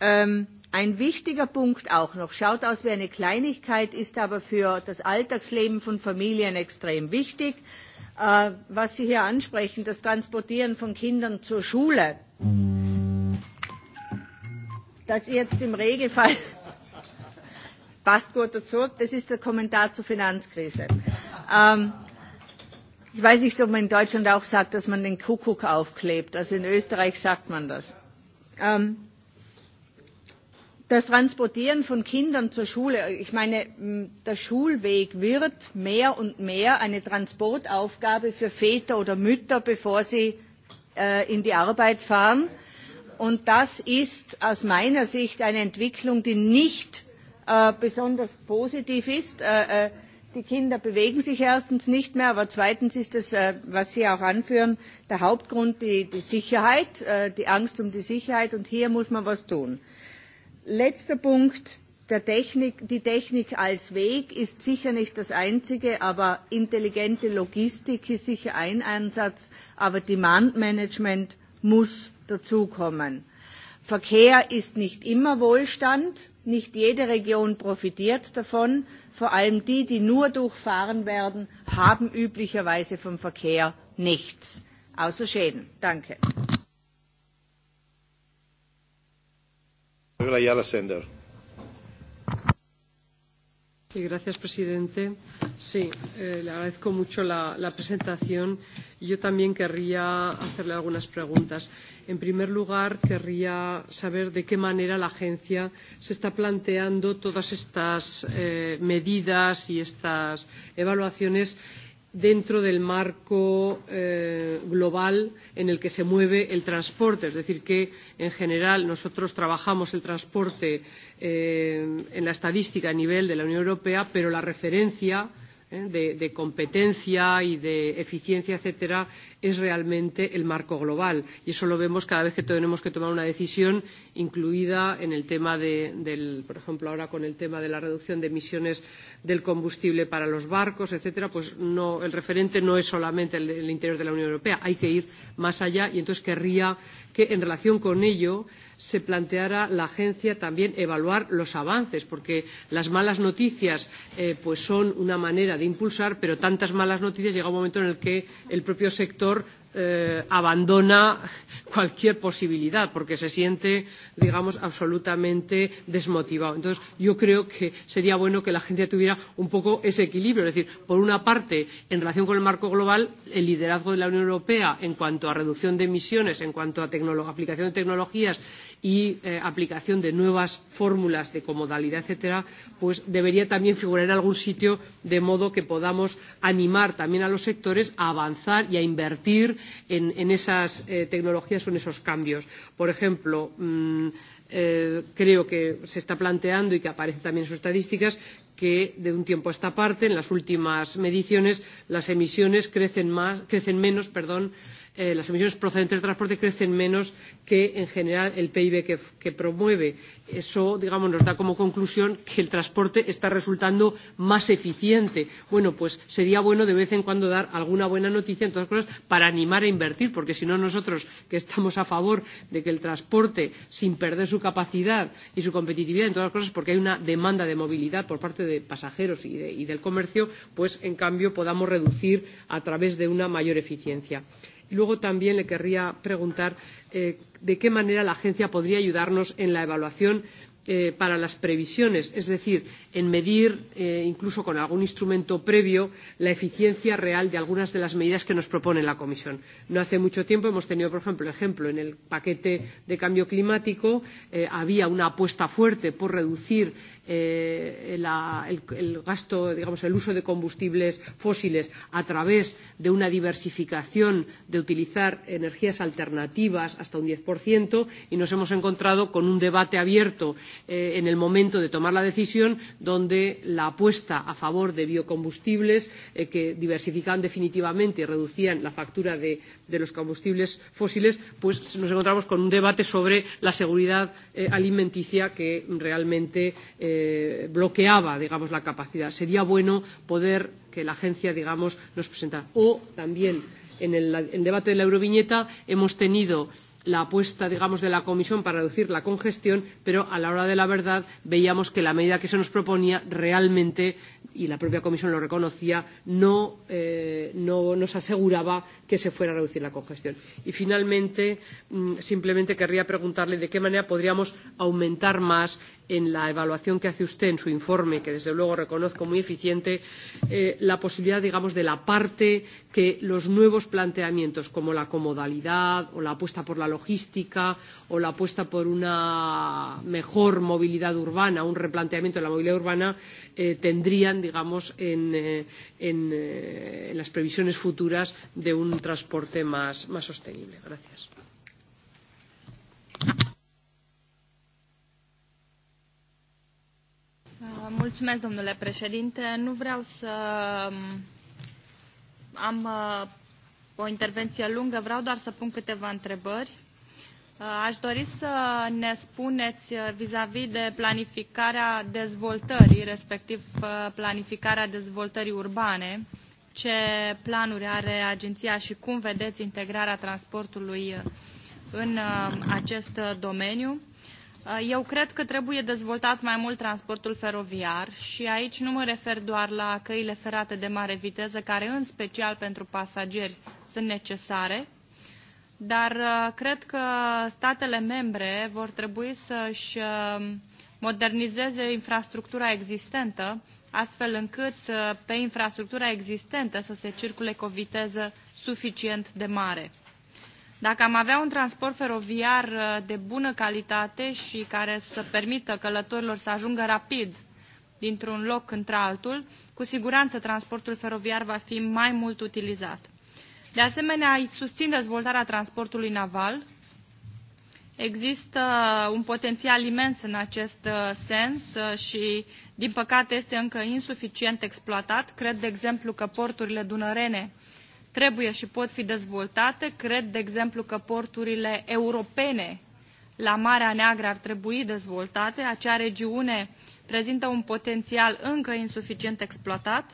Ähm, ein wichtiger Punkt auch noch, schaut aus wie eine Kleinigkeit, ist aber für das Alltagsleben von Familien extrem wichtig. Äh, was Sie hier ansprechen, das Transportieren von Kindern zur Schule, das jetzt im Regelfall [LAUGHS] passt gut dazu, das ist der Kommentar zur Finanzkrise. Ähm, ich weiß nicht, ob man in Deutschland auch sagt, dass man den Kuckuck aufklebt. Also in Österreich sagt man das. Ähm, das Transportieren von Kindern zur Schule, ich meine, der Schulweg wird mehr und mehr eine Transportaufgabe für Väter oder Mütter, bevor sie äh, in die Arbeit fahren. Und das ist aus meiner Sicht eine Entwicklung, die nicht äh, besonders positiv ist. Äh, äh die Kinder bewegen sich erstens nicht mehr, aber zweitens ist es, äh, was Sie auch anführen, der Hauptgrund die, die Sicherheit, äh, die Angst um die Sicherheit. Und hier muss man was tun. Äh, Letzter Punkt. Der Technik, die Technik als Weg ist sicher nicht das einzige, aber intelligente Logistik ist sicher ein Ansatz, aber Demand Management muss dazukommen. Verkehr ist nicht immer Wohlstand, nicht jede Region profitiert davon, vor allem die, die nur durchfahren werden, haben üblicherweise vom Verkehr nichts, außer Schäden. Danke. Jala Sender. Sí, gracias, presidente. Sí, eh, le agradezco mucho la, la presentación. Yo también querría hacerle algunas preguntas. En primer lugar, querría saber de qué manera la agencia se está planteando todas estas eh, medidas y estas evaluaciones dentro del marco eh, global en el que se mueve el transporte. Es decir, que en general nosotros trabajamos el transporte eh, en la estadística a nivel de la Unión Europea, pero la referencia eh, Eh, de, de competencia y de eficiencia, etcétera, es realmente el marco global. Y eso lo vemos cada vez que tenemos que tomar una decisión, incluida en el tema de, del, por ejemplo, ahora con el tema de la reducción de emisiones del combustible para los barcos, etcétera, pues no, el referente no es solamente el, el interior de la Unión Europea, hay que ir más allá y entonces querría que en relación con ello se planteara la agencia también evaluar los avances, porque las malas noticias eh, pues son una manera de impulsar, pero tantas malas noticias llega un momento en el que el propio sector eh, abandona cualquier posibilidad porque se siente, digamos, absolutamente desmotivado. Entonces, yo creo que sería bueno que la gente tuviera un poco ese equilibrio. Es decir, por una parte, en relación con el marco global, el liderazgo de la Unión Europea en cuanto a reducción de emisiones, en cuanto a aplicación de tecnologías y eh, aplicación de nuevas fórmulas de comodalidad, etcétera, pues debería también figurar en algún sitio de modo que podamos animar también a los sectores a avanzar y a invertir en, en esas eh, tecnologías o en esos cambios. Por ejemplo, mmm, eh, creo que se está planteando y que aparece también en sus estadísticas que de un tiempo a esta parte, en las últimas mediciones, las emisiones crecen, más, crecen menos perdón, eh, las emisiones procedentes del transporte crecen menos que, en general, el PIB que, que promueve. Eso, digamos, nos da como conclusión que el transporte está resultando más eficiente. Bueno, pues sería bueno de vez en cuando dar alguna buena noticia, en todas cosas, para animar a invertir, porque si no nosotros, que estamos a favor de que el transporte, sin perder su capacidad y su competitividad, en todas las cosas, porque hay una demanda de movilidad por parte de pasajeros y, de, y del comercio, pues, en cambio, podamos reducir a través de una mayor eficiencia. Luego también le querría preguntar eh, de qué manera la agencia podría ayudarnos en la evaluación eh, para las previsiones, es decir, en medir, eh, incluso con algún instrumento previo, la eficiencia real de algunas de las medidas que nos propone la Comisión. No hace mucho tiempo hemos tenido, por ejemplo, ejemplo en el paquete de cambio climático eh, había una apuesta fuerte por reducir eh, la, el, el gasto, digamos, el uso de combustibles fósiles a través de una diversificación de utilizar energías alternativas hasta un 10% y nos hemos encontrado con un debate abierto eh, en el momento de tomar la decisión, donde la apuesta a favor de biocombustibles eh, que diversificaban definitivamente y reducían la factura de, de los combustibles fósiles, pues nos encontramos con un debate sobre la seguridad eh, alimenticia que realmente eh, bloqueaba, digamos, la capacidad. Sería bueno poder que la agencia, digamos, nos presentara. O también en el, el debate de la Euroviñeta hemos tenido la apuesta, digamos, de la Comisión para reducir la congestión, pero a la hora de la verdad veíamos que la medida que se nos proponía realmente, y la propia Comisión lo reconocía, no, eh, no nos aseguraba que se fuera a reducir la congestión. Y finalmente, mm, simplemente querría preguntarle de qué manera podríamos aumentar más en la evaluación que hace usted en su informe, que desde luego reconozco muy eficiente, eh, la posibilidad, digamos, de la parte que los nuevos planteamientos, como la comodalidad o la apuesta por la logística o la apuesta por una mejor movilidad urbana, un replanteamiento de la movilidad urbana, eh, tendrían, digamos, en, eh, en, eh, en las previsiones futuras de un transporte más, más sostenible. Gracias. Mulțumesc, domnule președinte. Nu vreau să um, am uh, o intervenție lungă, vreau doar să pun câteva întrebări. Uh, aș dori să ne spuneți uh, vis-a-vis -vis de planificarea dezvoltării, respectiv planificarea dezvoltării urbane, ce planuri are agenția și cum vedeți integrarea transportului în acest domeniu. Uh, eu cred că trebuie dezvoltat mai mult transportul feroviar și aici nu mă refer doar la căile ferate de mare viteză, care în special pentru pasageri sunt necesare, dar uh, cred că statele membre vor trebui să-și uh, modernizeze infrastructura existentă, astfel încât pe infrastructura existentă să se circule cu o viteză suficient de mare. Dacă am avea un transport feroviar uh, de bună calitate și care să permită călătorilor să ajungă rapid dintr-un loc într-altul, cu siguranță transportul feroviar va fi mai mult utilizat. De asemenea, susțin dezvoltarea transportului naval. Există un potențial imens în acest uh, sens uh, și, din păcate, este încă insuficient exploatat. Cred, de exemplu, că porturile dunărene trebuie și pot fi dezvoltate. Cred, de exemplu, că porturile europene la Marea Neagră ar trebui dezvoltate. Acea regiune prezintă un potențial încă insuficient exploatat.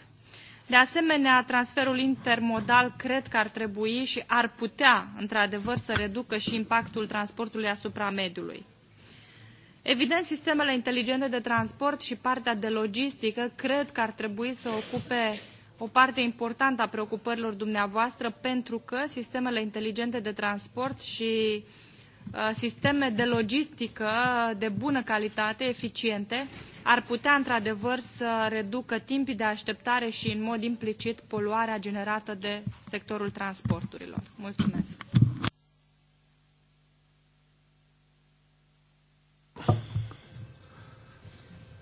De asemenea, transferul intermodal cred că ar trebui și ar putea, într-adevăr, să reducă și impactul transportului asupra mediului. Evident, sistemele inteligente de transport și partea de logistică cred că ar trebui să ocupe o parte importantă a preocupărilor dumneavoastră pentru că sistemele inteligente de transport și uh, sisteme de logistică de bună calitate, eficiente, ar putea într-adevăr să reducă timpii de așteptare și în mod implicit poluarea generată de sectorul transporturilor. Mulțumesc!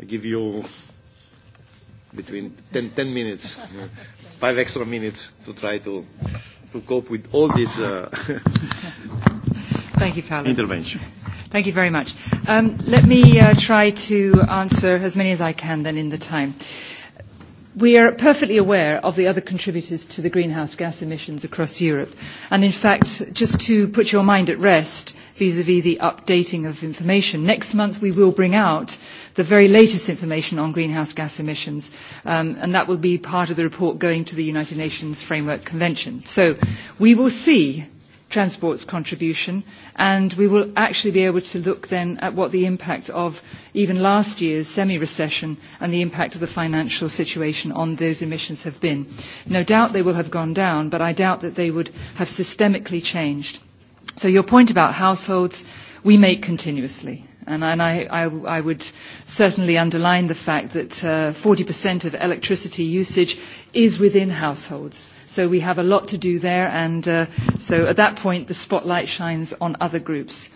I give you between 10, 10 minutes, [LAUGHS] five extra minutes to try to, to cope with all this uh, Thank you, Paolo. intervention. Thank you very much. Um, let me uh, try to answer as many as I can then in the time. We are perfectly aware of the other contributors to the greenhouse gas emissions across Europe. And in fact, just to put your mind at rest, vis-à-vis -vis the updating of information. Next month we will bring out the very latest information on greenhouse gas emissions um, and that will be part of the report going to the United Nations Framework Convention. So we will see transport's contribution and we will actually be able to look then at what the impact of even last year's semi-recession and the impact of the financial situation on those emissions have been. No doubt they will have gone down but I doubt that they would have systemically changed. So your point about households, we make continuously. And, I, I, I would certainly underline the fact that uh, 40% of electricity usage is within households. So we have a lot to do there, and uh, so at that point the spotlight shines on other groups.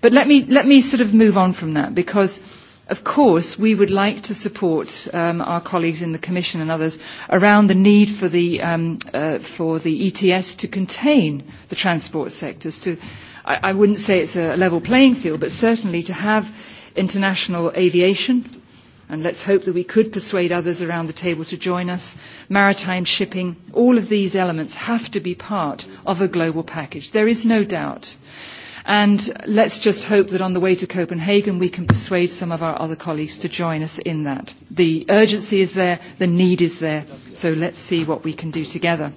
But let me, let me sort of move on from that because Of course, we would like to support um, our colleagues in the Commission and others around the need for the, um, uh, for the ETS to contain the transport sectors. To, I, I wouldn't say it's a level playing field, but certainly to have international aviation, and let's hope that we could persuade others around the table to join us, maritime shipping, all of these elements have to be part of a global package. There is no doubt. And let's just hope that on the way to Copenhagen we can persuade some of our other colleagues to join us in that. The urgency is there, the need is there, so let's see what we can do together.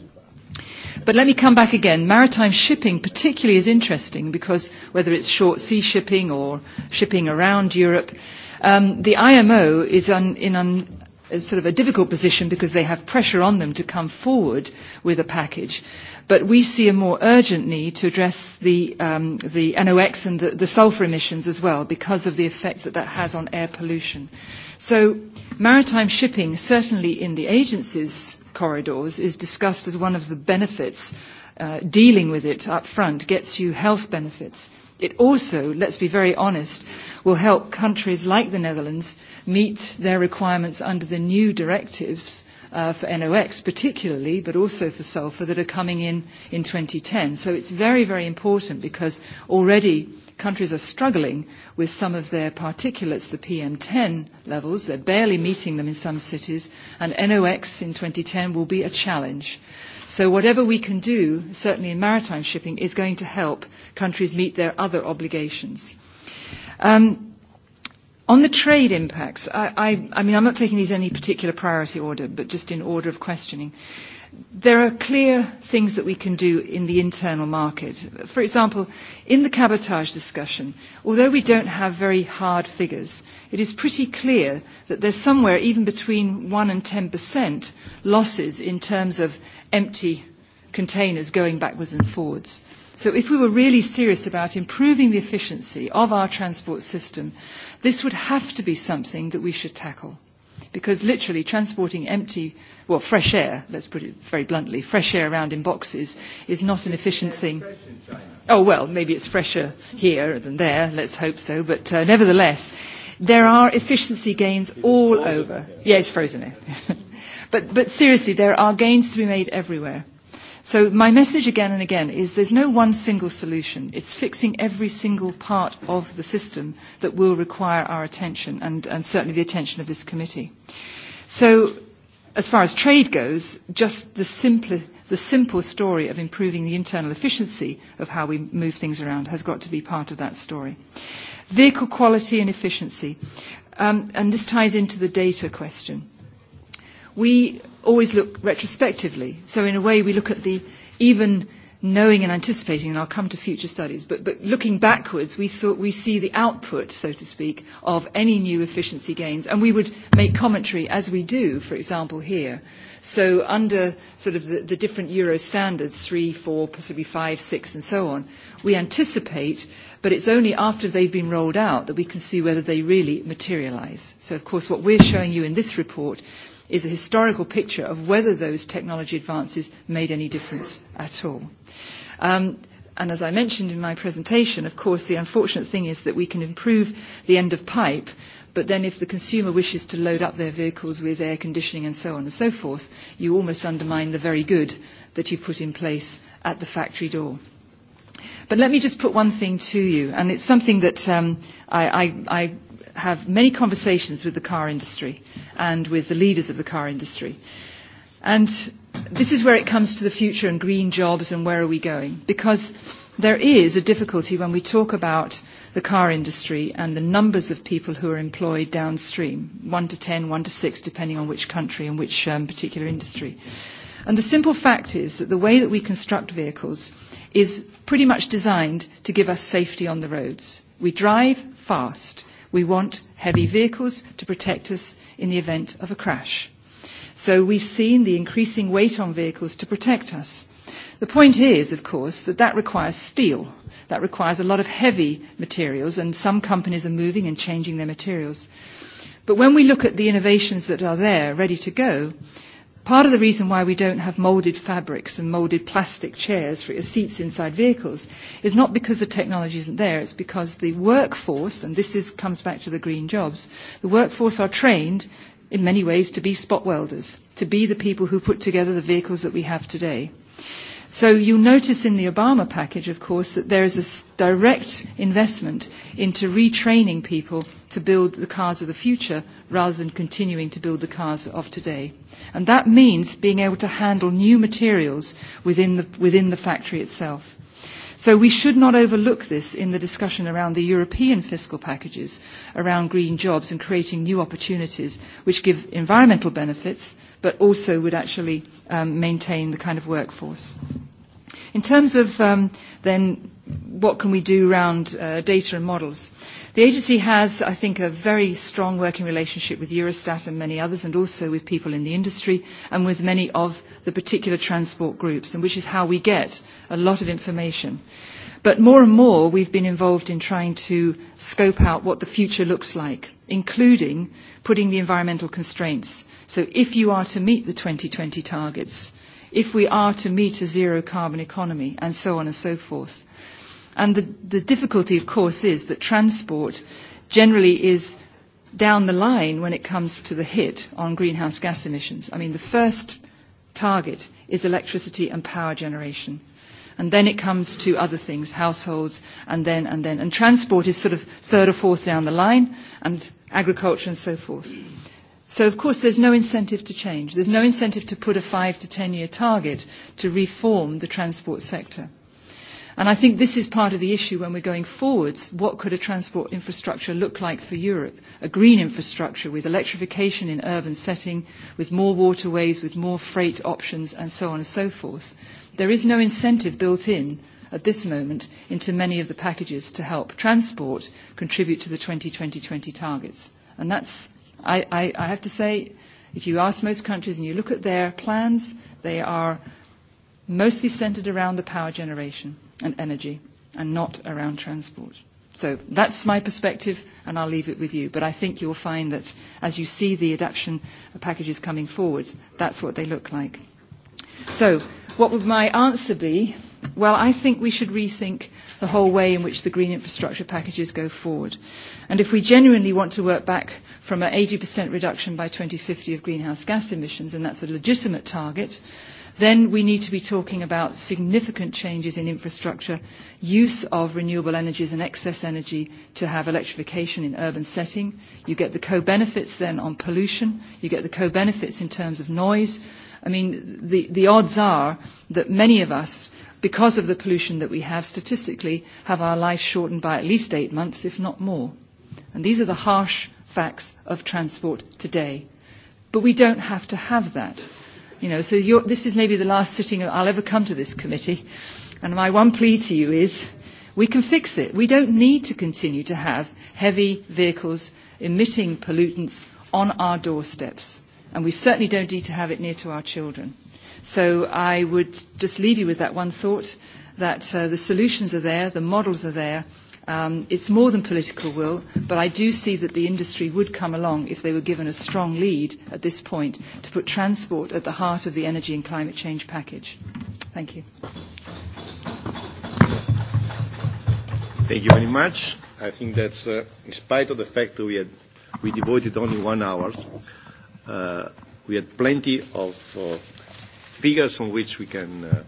But let me come back again. Maritime shipping particularly is interesting because whether it's short sea shipping or shipping around Europe, um, the IMO is un, in un, sort of a difficult position because they have pressure on them to come forward with a package. But we see a more urgent need to address the, um, the NOx and the, the sulfur emissions as well because of the effect that that has on air pollution. So maritime shipping, certainly in the agency's corridors, is discussed as one of the benefits. Uh, dealing with it up front gets you health benefits. It also, let's be very honest, will help countries like the Netherlands meet their requirements under the new directives uh, for NOx particularly, but also for sulfur that are coming in in 2010. So it's very, very important because already countries are struggling with some of their particulates, the PM10 levels. They're barely meeting them in some cities, and NOx in 2010 will be a challenge. So whatever we can do, certainly in maritime shipping, is going to help countries meet their other obligations. Um, On the trade impacts, I, I, I mean, I'm not taking these in any particular priority order, but just in order of questioning. There are clear things that we can do in the internal market. For example, in the cabotage discussion, although we don't have very hard figures, it is pretty clear that there's somewhere even between 1 and 10% losses in terms of empty containers going backwards and forwards. So if we were really serious about improving the efficiency of our transport system, this would have to be something that we should tackle. Because literally transporting empty, well, fresh air, let's put it very bluntly, fresh air around in boxes is not an efficient thing. Oh, well, maybe it's fresher here than there, let's hope so, but uh, nevertheless, there are efficiency gains all over. Yeah, it's frozen air. [LAUGHS] but, but seriously, there are gains to be made everywhere. So my message again and again is there's no one single solution. It's fixing every single part of the system that will require our attention and, and certainly the attention of this committee. So as far as trade goes, just the, simpler, the simple story of improving the internal efficiency of how we move things around has got to be part of that story. Vehicle quality and efficiency. Um, and this ties into the data question we always look retrospectively. So in a way, we look at the even knowing and anticipating, and I'll come to future studies, but, but looking backwards, we, saw, we see the output, so to speak, of any new efficiency gains, and we would make commentary as we do, for example, here. So under sort of the, the different euro standards, three, four, possibly five, six, and so on, we anticipate, but it's only after they've been rolled out that we can see whether they really materialize. So of course, what we're showing you in this report is a historical picture of whether those technology advances made any difference at all. Um, and as I mentioned in my presentation, of course, the unfortunate thing is that we can improve the end of pipe, but then if the consumer wishes to load up their vehicles with air conditioning and so on and so forth, you almost undermine the very good that you put in place at the factory door. But let me just put one thing to you, and it's something that um, I, I, I have many conversations with the car industry and with the leaders of the car industry. And this is where it comes to the future and green jobs and where are we going. Because there is a difficulty when we talk about the car industry and the numbers of people who are employed downstream, one to ten, one to six, depending on which country and which um, particular industry. And the simple fact is that the way that we construct vehicles is pretty much designed to give us safety on the roads. We drive fast. We want heavy vehicles to protect us in the event of a crash. So we've seen the increasing weight on vehicles to protect us. The point is, of course, that that requires steel. That requires a lot of heavy materials, and some companies are moving and changing their materials. But when we look at the innovations that are there, ready to go, Part of the reason why we don't have moulded fabrics and moulded plastic chairs for seats inside vehicles is not because the technology isn't there, it's because the workforce, and this is, comes back to the green jobs, the workforce are trained in many ways to be spot welders, to be the people who put together the vehicles that we have today. So you notice in the Obama package, of course, that there is a direct investment into retraining people to build the cars of the future rather than continuing to build the cars of today. And that means being able to handle new materials within the, within the factory itself. So we should not overlook this in the discussion around the European fiscal packages, around green jobs and creating new opportunities which give environmental benefits but also would actually um, maintain the kind of workforce. In terms of um, then what can we do around uh, data and models. The agency has, I think, a very strong working relationship with Eurostat and many others, and also with people in the industry and with many of the particular transport groups, and which is how we get a lot of information. But more and more, we've been involved in trying to scope out what the future looks like, including putting the environmental constraints. So if you are to meet the 2020 targets, if we are to meet a zero carbon economy, and so on and so forth, And the, the difficulty, of course, is that transport generally is down the line when it comes to the hit on greenhouse gas emissions. I mean, the first target is electricity and power generation. And then it comes to other things, households, and then, and then. And transport is sort of third or fourth down the line, and agriculture and so forth. So, of course, there's no incentive to change. There's no incentive to put a five to ten year target to reform the transport sector. And I think this is part of the issue when we're going forwards. What could a transport infrastructure look like for Europe? A green infrastructure with electrification in urban setting, with more waterways, with more freight options, and so on and so forth. There is no incentive built in at this moment into many of the packages to help transport contribute to the 2020-20 targets. And that's, I, I, I have to say, if you ask most countries and you look at their plans, they are mostly centered around the power generation and energy and not around transport. So that's my perspective, and I'll leave it with you. But I think you'll find that as you see the adaptation packages coming forward, that's what they look like. So what would my answer be? Well, I think we should rethink the whole way in which the green infrastructure packages go forward. And if we genuinely want to work back from an 80% reduction by 2050 of greenhouse gas emissions, and that's a legitimate target, then we need to be talking about significant changes in infrastructure, use of renewable energies and excess energy to have electrification in urban setting. You get the co-benefits then on pollution. You get the co-benefits in terms of noise. I mean, the, the odds are that many of us, because of the pollution that we have statistically, have our life shortened by at least eight months, if not more. And these are the harsh facts of transport today. But we don't have to have that. You know, so you're, this is maybe the last sitting I'll ever come to this committee. And my one plea to you is we can fix it. We don't need to continue to have heavy vehicles emitting pollutants on our doorsteps. And we certainly don't need to have it near to our children. So I would just leave you with that one thought that uh, the solutions are there, the models are there, Um, it's more than political will, but I do see that the industry would come along if they were given a strong lead at this point to put transport at the heart of the energy and climate change package. Thank you. Thank you very much. I think that's, uh, in spite of the fact that we, had, we devoted only one hour, uh, we had plenty of uh, figures on which we can uh,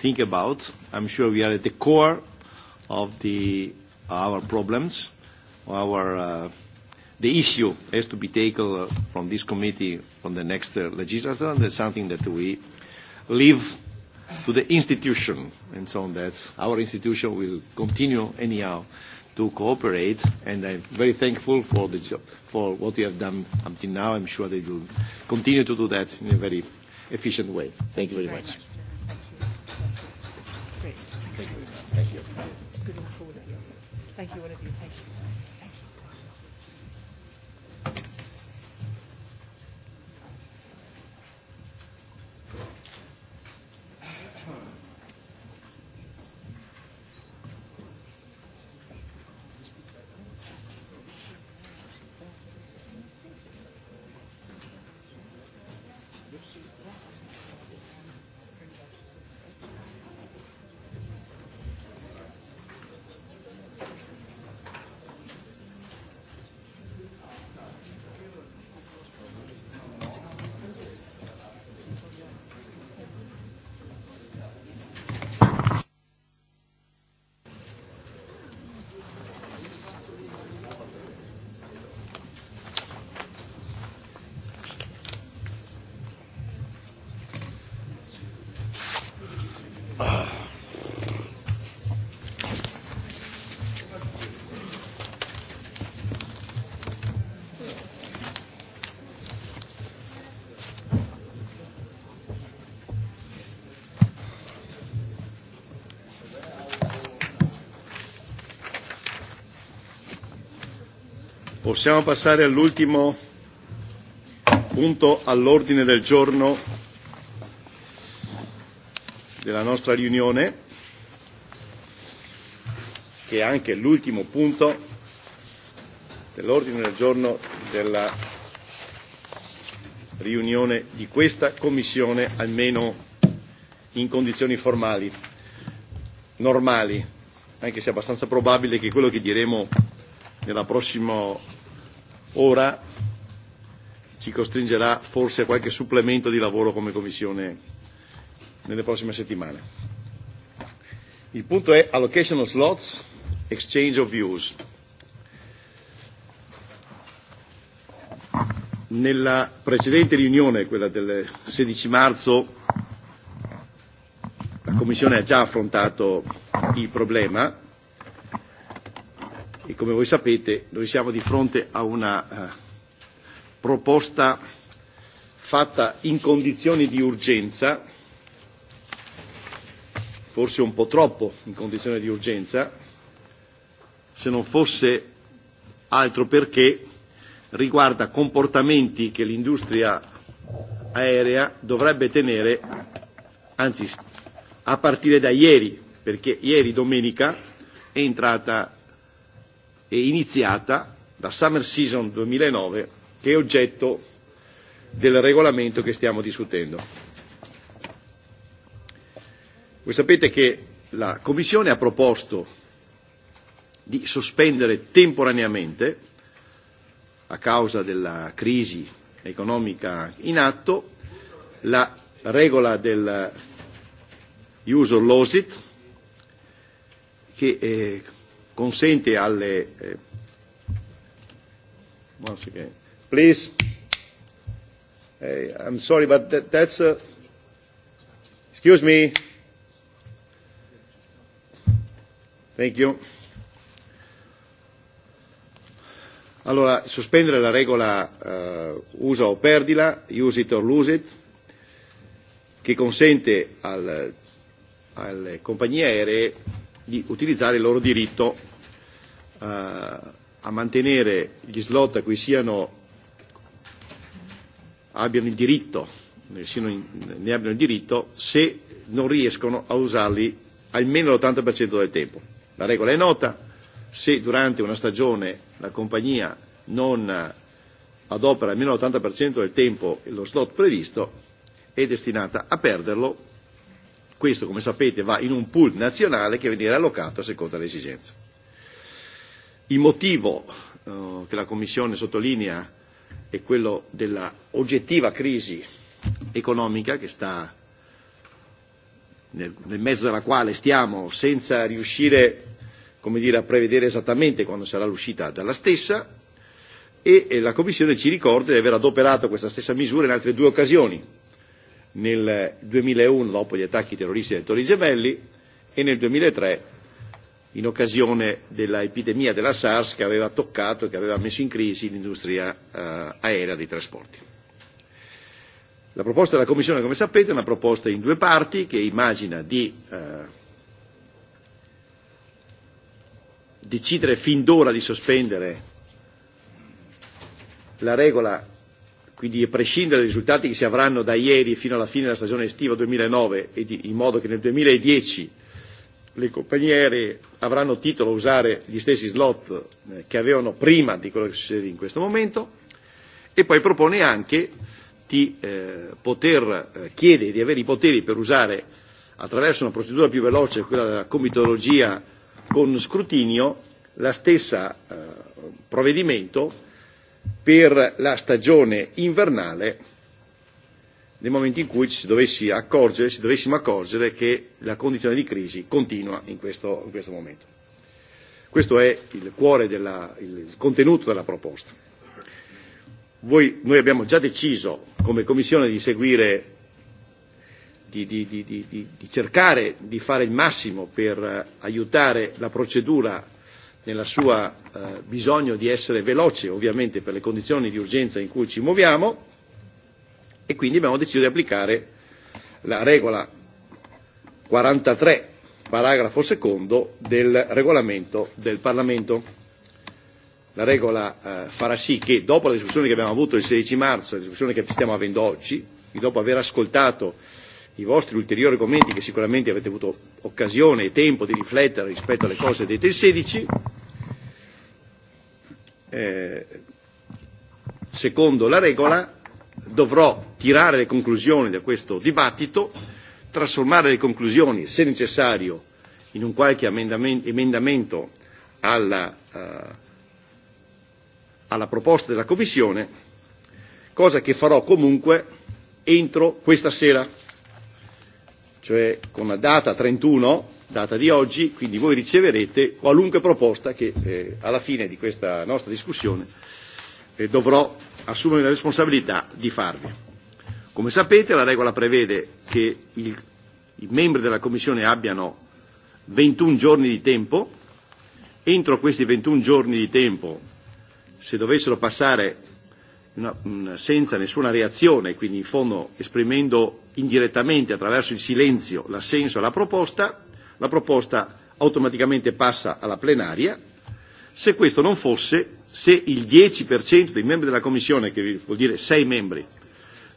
think about. I'm sure we are at the core of the, our problems, our, uh, the issue has to be taken uh, from this committee from the next uh, legislature, and that's something that we leave to the institution, and so on. That's our institution will continue anyhow to cooperate, and I'm very thankful for, the job, for what you have done up to now. I'm sure they will continue to do that in a very efficient way. Thank, Thank you very, very much. much. Possiamo passare all'ultimo punto all'ordine del giorno della nostra riunione, che è anche l'ultimo punto dell'ordine del giorno della riunione di questa Commissione, almeno in condizioni formali, normali, anche se è abbastanza probabile che quello che diremo nella prossima ora ci costringerà forse a qualche supplemento di lavoro come Commissione nelle prossime settimane. Il punto è allocation of slots, exchange of views. Nella precedente riunione, quella del 16 marzo, la Commissione ha già affrontato il problema come voi sapete noi siamo di fronte a una eh, proposta fatta in condizioni di urgenza, forse un po' troppo in condizioni di urgenza, se non fosse altro perché riguarda comportamenti che l'industria aerea dovrebbe tenere, anzi a partire da ieri, perché ieri domenica è entrata e iniziata da Summer Season 2009 che è oggetto del regolamento che stiamo discutendo. Voi sapete che la Commissione ha proposto di sospendere temporaneamente, a causa della crisi economica in atto, la regola del user losit, che eh, consente alle eh, once again please hey, eh, I'm sorry but that, that's uh, excuse me thank you Allora, sospendere la regola uh, usa o perdila, use it or lose it, che consente al, alle compagnie aeree di utilizzare il loro diritto Eh, a mantenere gli slot a cui siano, abbiano il diritto, eh, siano in, ne abbiano il diritto, se non riescono a usarli almeno l'80% del tempo. La regola è nota, se durante una stagione la compagnia non adopera almeno l'80% del tempo e lo slot previsto, è destinata a perderlo. Questo, come sapete, va in un pool nazionale che viene allocato a seconda delle esigenze. Il motivo eh, che la Commissione sottolinea è quello della oggettiva crisi economica che sta nel, nel mezzo della quale stiamo senza riuscire come dire, a prevedere esattamente quando sarà l'uscita dalla stessa e, e la Commissione ci ricorda di aver adoperato questa stessa misura in altre due occasioni, nel 2001 dopo gli attacchi terroristici del Torri Gemelli e nel 2003 in occasione dell'epidemia della SARS che aveva toccato e che aveva messo in crisi l'industria eh, aerea dei trasporti. La proposta della Commissione, come sapete, è una proposta in due parti che immagina di eh, decidere fin d'ora di sospendere la regola, quindi a prescindere dai risultati che si avranno da ieri fino alla fine della stagione estiva 2009 e di, in modo che nel 2010 le compagnie aeree avranno titolo a usare gli stessi slot eh, che avevano prima di quello che succede in questo momento e poi propone anche di eh, poter eh, chiedere di avere i poteri per usare attraverso una procedura più veloce, quella della comitologia con scrutinio, la stessa eh, provvedimento per la stagione invernale nel momento in cui ci si dovessi accorgere, ci dovessimo accorgere che la condizione di crisi continua in questo, in questo momento. Questo è il cuore, della, il contenuto della proposta. Voi, noi abbiamo già deciso come Commissione di seguire, di, di, di, di, di, di cercare di fare il massimo per eh, aiutare la procedura nella sua eh, bisogno di essere veloce, ovviamente per le condizioni di urgenza in cui ci muoviamo e quindi abbiamo deciso di applicare la regola 43 paragrafo secondo del regolamento del Parlamento. La regola eh, farà sì che dopo la discussione che abbiamo avuto il 16 marzo, la discussione che stiamo avendo oggi, e dopo aver ascoltato i vostri ulteriori commenti che sicuramente avete avuto occasione e tempo di riflettere rispetto alle cose dette il 16, eh, secondo la regola dovrò tirare le conclusioni da questo dibattito, trasformare le conclusioni, se necessario, in un qualche emendamento alla, eh, alla proposta della Commissione, cosa che farò comunque entro questa sera, cioè con la data 31, data di oggi, quindi voi riceverete qualunque proposta che eh, alla fine di questa nostra discussione eh, dovrò assume la responsabilità di farvi. Come sapete la regola prevede che il, i membri della Commissione abbiano 21 giorni di tempo, entro questi 21 giorni di tempo, se dovessero passare una, una, senza nessuna reazione, quindi in fondo esprimendo indirettamente attraverso il silenzio l'assenso alla e proposta, la proposta automaticamente passa alla plenaria, se questo non fosse se il 10% dei membri della Commissione, che vuol dire 6 membri,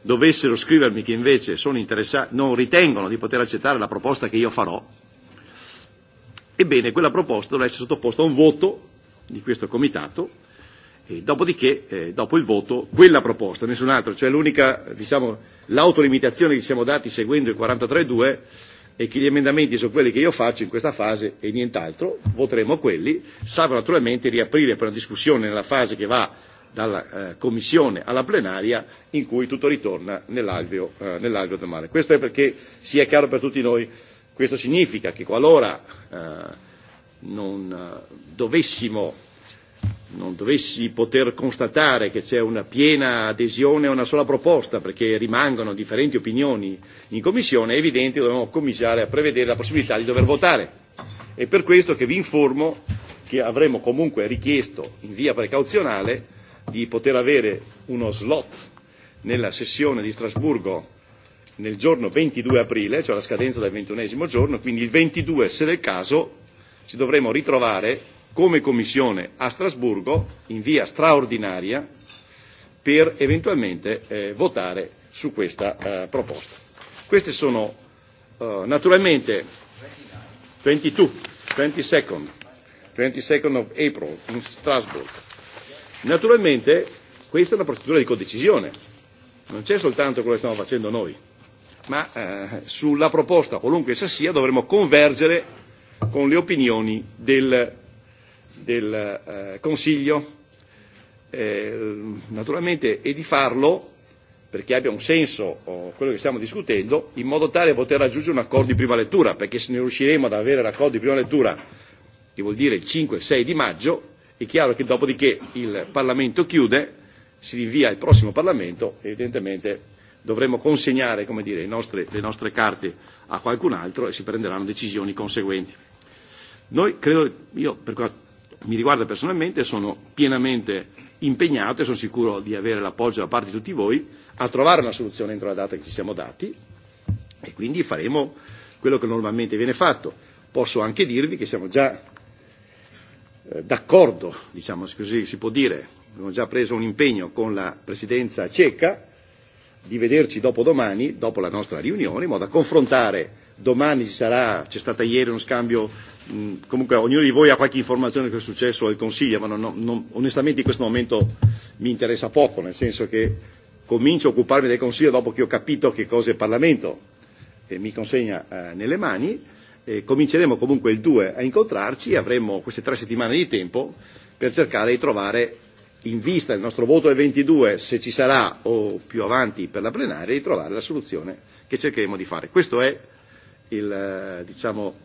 dovessero scrivermi che invece sono interessati, non ritengono di poter accettare la proposta che io farò, ebbene quella proposta dovrà essere sottoposta a un voto di questo Comitato e dopodiché, eh, dopo il voto, quella proposta, nessun altro, cioè l'unica, diciamo, l'autolimitazione che ci siamo dati seguendo il 43.2 e che gli emendamenti sono quelli che io faccio in questa fase e nient'altro, voteremo quelli, salvo naturalmente riaprire per una discussione nella fase che va dalla eh, Commissione alla plenaria in cui tutto ritorna nell'alveo, eh, nell'alveo del mare. Questo è perché sia chiaro per tutti noi, questo significa che qualora eh, non eh, dovessimo non dovessi poter constatare che c'è una piena adesione a una sola proposta, perché rimangono differenti opinioni in Commissione, è evidente che dobbiamo cominciare a prevedere la possibilità di dover votare. È per questo che vi informo che avremo comunque richiesto in via precauzionale di poter avere uno slot nella sessione di Strasburgo nel giorno 22 aprile, cioè la scadenza del ventunesimo giorno, quindi il 22 se del caso ci dovremo ritrovare come Commissione a Strasburgo in via straordinaria per eventualmente eh, votare su questa eh, proposta. Queste sono eh, naturalmente 22, 22nd, 22nd of April in Strasburg. Naturalmente questa è una procedura di codecisione, non c'è soltanto quello che stiamo facendo noi, ma eh, sulla proposta, qualunque essa sia, dovremo convergere con le opinioni del del eh, Consiglio, eh, naturalmente, e di farlo perché abbia un senso oh, quello che stiamo discutendo, in modo tale da poter raggiungere un accordo di prima lettura, perché se ne riusciremo ad avere l'accordo di prima lettura, che vuol dire il 5-6 di maggio, è chiaro che dopodiché il Parlamento chiude, si rinvia al prossimo Parlamento e evidentemente dovremo consegnare come dire, i le nostre carte a qualcun altro e si prenderanno decisioni conseguenti. Noi credo, io per mi riguarda personalmente, sono pienamente impegnato e sono sicuro di avere l'appoggio da parte di tutti voi a trovare una soluzione entro la data che ci siamo dati e quindi faremo quello che normalmente viene fatto. Posso anche dirvi che siamo già eh, d'accordo, diciamo così si può dire, abbiamo già preso un impegno con la presidenza ceca di vederci dopo domani, dopo la nostra riunione, in modo da confrontare domani ci sarà, c'è stata ieri uno scambio, mh, comunque ognuno di voi ha qualche informazione che è successo al Consiglio, ma non, non, onestamente in questo momento mi interessa poco, nel senso che comincio a occuparmi del Consiglio dopo che ho capito che cosa è il Parlamento e mi consegna eh, nelle mani, e cominceremo comunque il 2 a incontrarci e avremo queste tre settimane di tempo per cercare di trovare in vista del nostro voto del 22, se ci sarà o più avanti per la plenaria, di trovare la soluzione che cercheremo di fare. Questo è il, diciamo,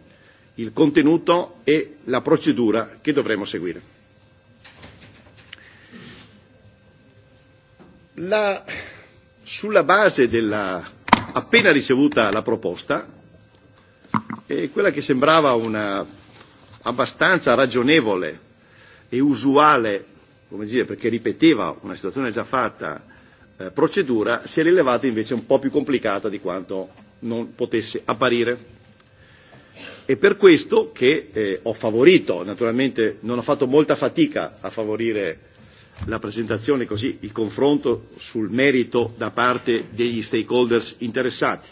il contenuto e la procedura che dovremo seguire. La, sulla base della appena ricevuta la proposta, e quella che sembrava una abbastanza ragionevole e usuale, come dire, perché ripeteva una situazione già fatta, eh, procedura, si è rilevata invece un po' più complicata di quanto non potesse apparire. E per questo che eh, ho favorito, naturalmente non ho fatto molta fatica a favorire la presentazione così, il confronto sul merito da parte degli stakeholders interessati.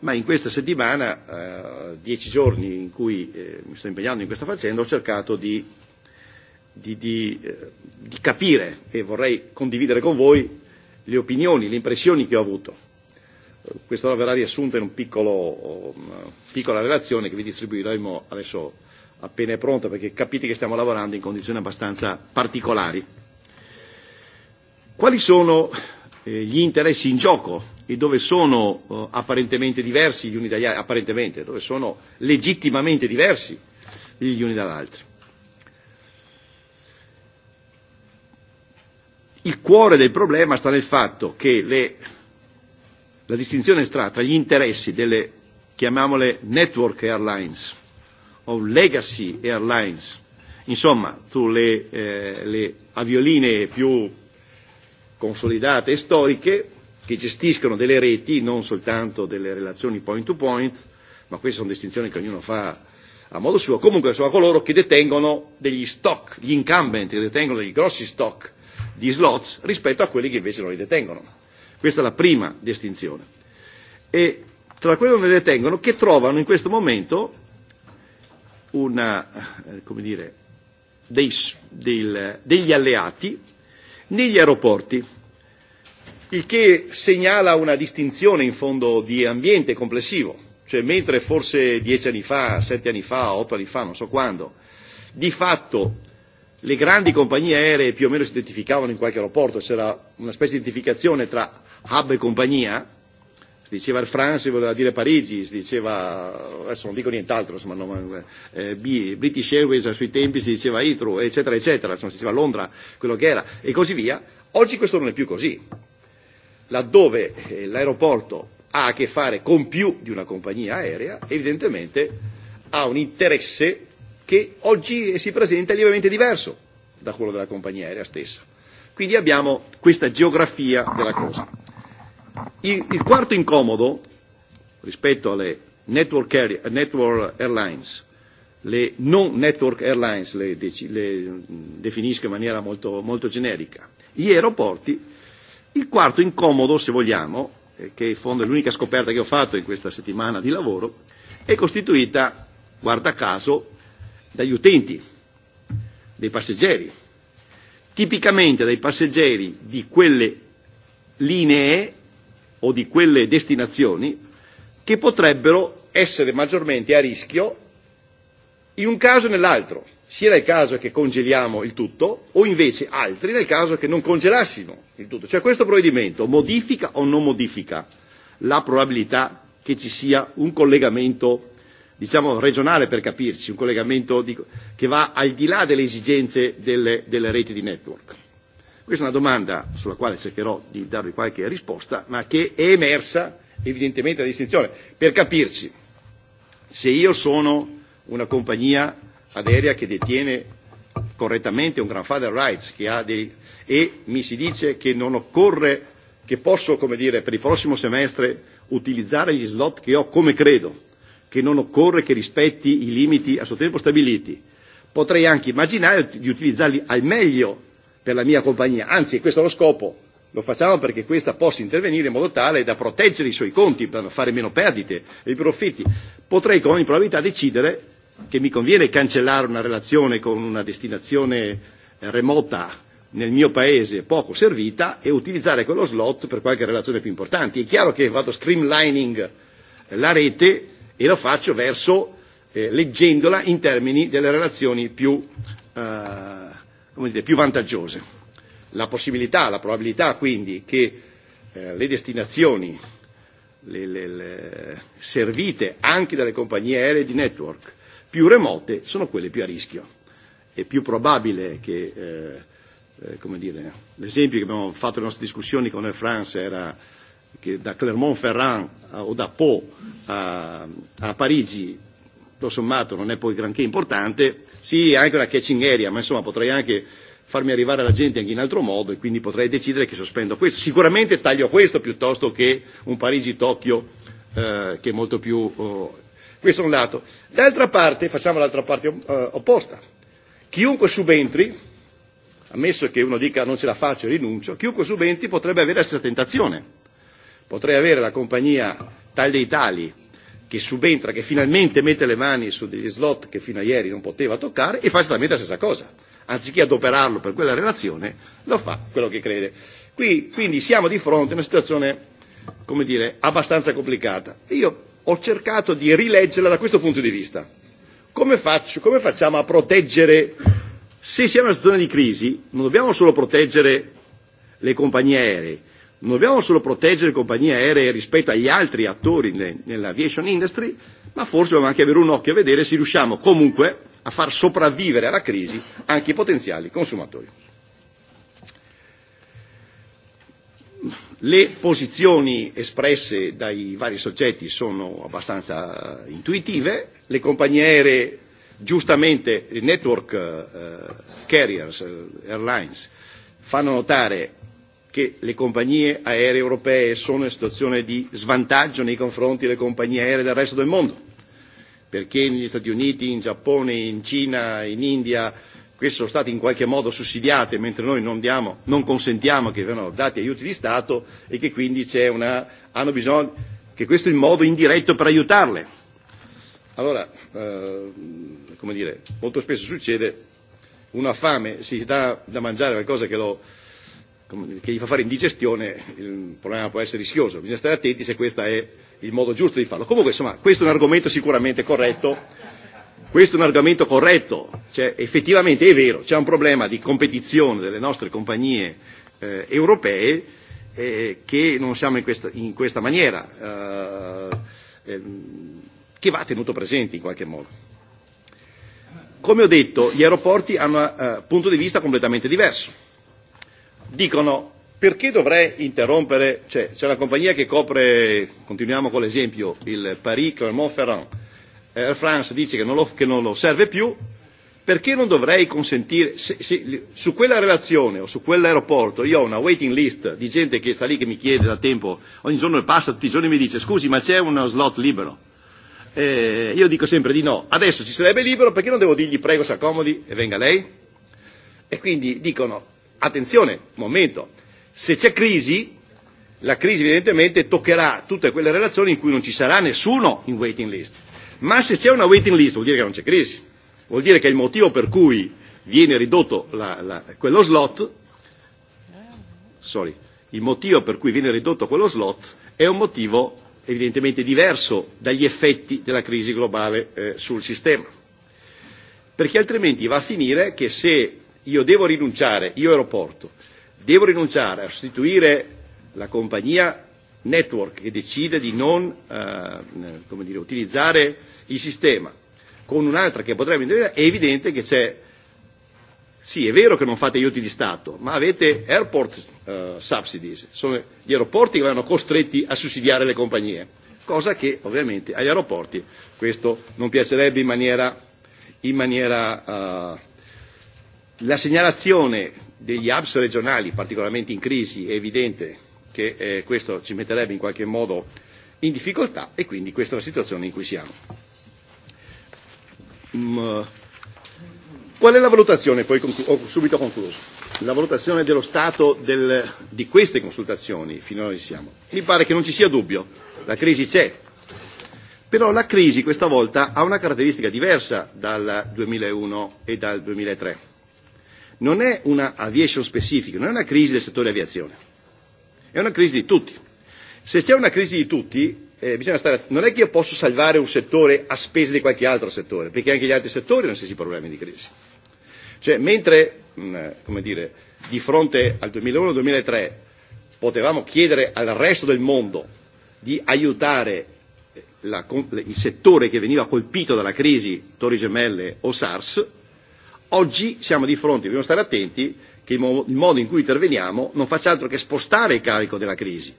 Ma in questa settimana, eh, dieci giorni in cui eh, mi sto impegnando in questa faccenda, ho cercato di, di, di, eh, di capire e vorrei condividere con voi le opinioni, le impressioni che ho avuto questo verrà riassunto in un piccolo, piccola relazione che vi distribuiremo adesso appena è pronta perché capite che stiamo lavorando in condizioni abbastanza particolari. Quali sono eh, gli interessi in gioco e dove sono eh, apparentemente diversi gli uni dagli altri, apparentemente, dove sono legittimamente diversi gli uni altri? Il cuore del problema sta nel fatto che le la distinzione tra gli interessi delle, chiamiamole, network airlines o legacy airlines, insomma, tu le, eh, le avioline più consolidate e storiche che gestiscono delle reti, non soltanto delle relazioni point to point, ma queste sono distinzioni che ognuno fa a modo suo, comunque sono coloro che detengono degli stock, gli incumbent che detengono dei grossi stock di slots rispetto a quelli che invece non li detengono. Questa è la prima distinzione. E tra quello ne detengono che trovano in questo momento una, eh, come dire, dei, del, degli alleati negli aeroporti, il che segnala una distinzione in fondo di ambiente complessivo, cioè mentre forse dieci anni fa, sette anni fa, otto anni fa, non so quando, di fatto le grandi compagnie aeree più o meno si identificavano in qualche aeroporto, c'era una specie di identificazione tra hub e compagnia, si diceva Air France, voleva dire Parigi, si diceva, adesso non dico nient'altro, insomma, non, eh, British Airways a suoi tempi si diceva Heathrow, eccetera, eccetera, insomma, si diceva Londra, quello che era, e così via. Oggi questo non è più così. Laddove eh, l'aeroporto ha a che fare con più di una compagnia aerea, evidentemente ha un interesse che oggi si presenta lievemente diverso da quello della compagnia aerea stessa. Quindi abbiamo questa geografia della cosa. Il quarto incomodo rispetto alle network, carrier, network airlines, le non network airlines le, le mm, definisco in maniera molto, molto generica, gli aeroporti, il quarto incomodo se vogliamo, eh, che in fondo è l'unica scoperta che ho fatto in questa settimana di lavoro, è costituita, guarda caso, dagli utenti, dei passeggeri, tipicamente dai passeggeri di quelle linee o di quelle destinazioni che potrebbero essere maggiormente a rischio in un caso o e nell'altro, sia nel caso che congeliamo il tutto o invece altri nel caso che non congelassimo il tutto. Cioè questo provvedimento modifica o non modifica la probabilità che ci sia un collegamento diciamo regionale per capirci, un collegamento di, che va al di là delle esigenze delle, delle reti di network. Questa è una domanda sulla quale cercherò di darvi qualche risposta, ma che è emersa evidentemente la distinzione. Per capirci, se io sono una compagnia aerea che detiene correttamente un grandfather rights che ha dei, e mi si dice che non occorre, che posso, come dire, per il prossimo semestre utilizzare gli slot che ho come credo, che non occorre che rispetti i limiti a suo tempo stabiliti. Potrei anche immaginare di utilizzarli al meglio per la mia compagnia. Anzi, questo è lo scopo. Lo facciamo perché questa possa intervenire in modo tale da proteggere i suoi conti, per fare meno perdite e i profitti. Potrei con ogni probabilità decidere che mi conviene cancellare una relazione con una destinazione eh, remota nel mio paese poco servita e utilizzare quello slot per qualche relazione più importante. È chiaro che vado streamlining eh, la rete e lo faccio verso, eh, leggendola in termini delle relazioni più eh, come dire, più vantaggiose. La possibilità, la probabilità quindi che eh, le destinazioni le, le, le, servite anche dalle compagnie aeree di network più remote sono quelle più a rischio. È più probabile che, eh, eh, come dire, l'esempio che abbiamo fatto nelle nostre discussioni con Air France era che da Clermont-Ferrand eh, o da Pau a, a Parigi tutto sommato non è poi granché importante, sì anche una catching area, ma insomma potrei anche farmi arrivare alla gente anche in altro modo e quindi potrei decidere che sospendo questo. Sicuramente taglio questo piuttosto che un Parigi-Tokyo eh, che è molto più... Oh, questo è un lato. D'altra parte, facciamo l'altra parte eh, opposta. Chiunque subentri, ammesso che uno dica non ce la faccio, e rinuncio, chiunque subentri potrebbe avere la stessa tentazione. Potrei avere la compagnia tal dei tali che subentra, che finalmente mette le mani su degli slot che fino a ieri non poteva toccare e fa esattamente la stessa cosa. Anziché adoperarlo per quella relazione, lo fa quello che crede. Qui, quindi siamo di fronte a una situazione, come dire, abbastanza complicata. Io ho cercato di rileggerla da questo punto di vista. Come, faccio, come facciamo a proteggere, se siamo in una situazione di crisi, non dobbiamo solo proteggere le compagnie aeree, non dobbiamo solo proteggere le compagnie aeree rispetto agli altri attori nell'aviation industry, ma forse dobbiamo anche avere un occhio a vedere se riusciamo comunque a far sopravvivere alla crisi anche i potenziali consumatori. Le posizioni espresse dai vari soggetti sono abbastanza eh, intuitive, le compagnie aeree giustamente, i network eh, carriers, eh, airlines, fanno notare che le compagnie aeree europee sono in situazione di svantaggio nei confronti delle compagnie aeree del resto del mondo, perché negli Stati Uniti, in Giappone, in Cina, in India queste sono state in qualche modo sussidiate, mentre noi non, diamo, non consentiamo che vengano dati aiuti di Stato e che quindi c'è una, hanno bisogno che questo è il modo indiretto per aiutarle. Allora, eh, come dire, molto spesso succede una fame, si dà da mangiare qualcosa che lo che gli fa fare indigestione, il problema può essere rischioso. Bisogna stare attenti se questo è il modo giusto di farlo. Comunque, insomma, questo è un argomento sicuramente corretto. Questo è un argomento corretto. Cioè, effettivamente è vero, c'è un problema di competizione delle nostre compagnie eh, europee eh, che non siamo in questa, in questa maniera, eh, eh, che va tenuto presente in qualche modo. Come ho detto, gli aeroporti hanno un eh, punto di vista completamente diverso dicono perché dovrei interrompere, cioè c'è una compagnia che copre, continuiamo con l'esempio, il Paris Clermont-Ferrand, Air France dice che non, lo, che non lo serve più, perché non dovrei consentire, se, se, su quella relazione o su quell'aeroporto io ho una waiting list di gente che sta lì che mi chiede da tempo, ogni giorno passa, tutti i giorni mi dice scusi ma c'è uno slot libero, eh, io dico sempre di no, adesso ci sarebbe libero perché non devo dirgli prego si accomodi e venga lei? E quindi dicono Attenzione, momento, se c'è crisi, la crisi evidentemente toccherà tutte quelle relazioni in cui non ci sarà nessuno in waiting list. Ma se c'è una waiting list vuol dire che non c'è crisi, vuol dire che il motivo per cui viene ridotto la, la, quello slot, sorry, il motivo per cui viene ridotto quello slot è un motivo evidentemente diverso dagli effetti della crisi globale eh, sul sistema. Perché altrimenti va a finire che se io devo rinunciare, io aeroporto, devo rinunciare a sostituire la compagnia network che decide di non eh, eh, come dire, utilizzare il sistema con un'altra che potrebbe intervenire, è evidente che c'è, sì è vero che non fate aiuti di Stato, ma avete airport eh, subsidies, sono gli aeroporti che vanno costretti a sussidiare le compagnie, cosa che ovviamente agli aeroporti questo non piacerebbe in maniera, in maniera eh, La segnalazione degli hubs regionali particolarmente in crisi è evidente che eh, questo ci metterebbe in qualche modo in difficoltà e quindi questa è la situazione in cui siamo. Mm. Eh, qual è la valutazione? Poi conclu- ho subito concluso. La valutazione dello stato del, di queste consultazioni finora ci siamo. Mi pare che non ci sia dubbio, la crisi c'è. Però la crisi questa volta ha una caratteristica diversa dal 2001 e dal 2003 non è una aviation specifica, non è una crisi del settore aviazione, è una crisi di tutti. Se c'è una crisi di tutti, eh, bisogna stare, non è che io posso salvare un settore a spese di qualche altro settore, perché anche gli altri settori hanno stessi problemi di crisi. Cioè, mentre, mh, mm, come dire, di fronte al 2001-2003 potevamo chiedere al resto del mondo di aiutare eh, la, il settore che veniva colpito dalla crisi Torri Gemelle o SARS, Oggi siamo di fronte, dobbiamo stare attenti che il modo in cui interveniamo non faccia altro che spostare il carico della crisi.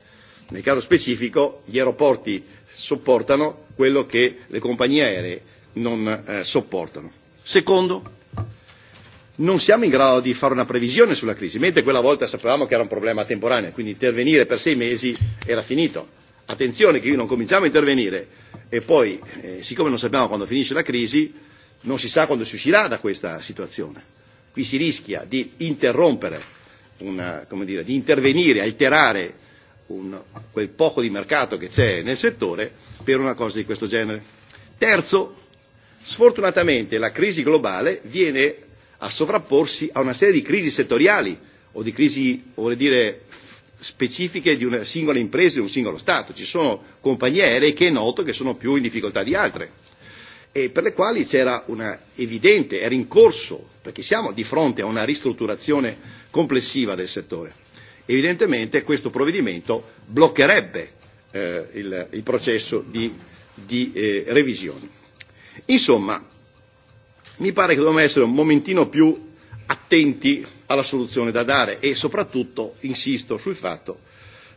Nel caso specifico gli aeroporti sopportano quello che le compagnie aeree non eh, sopportano. Secondo, non siamo in grado di fare una previsione sulla crisi, mentre quella volta sapevamo che era un problema temporaneo, quindi intervenire per sei mesi era finito. Attenzione che io non cominciamo a intervenire e poi, eh, siccome non sappiamo quando finisce la crisi, non si sa quando si uscirà da questa situazione. Qui si rischia di interrompere, una, come dire, di intervenire, alterare un, quel poco di mercato che c'è nel settore per una cosa di questo genere. Terzo, sfortunatamente la crisi globale viene a sovrapporsi a una serie di crisi settoriali o di crisi, vorrei dire, specifiche di una singola impresa, di un singolo Stato. Ci sono compagnie aeree che è noto che sono più in difficoltà di altre e per le quali c'era una evidente, era in corso, perché siamo di fronte a una ristrutturazione complessiva del settore. Evidentemente questo provvedimento bloccherebbe eh, il, il processo di, di eh, revisione. Insomma, mi pare che dobbiamo essere un momentino più attenti alla soluzione da dare e soprattutto insisto sul fatto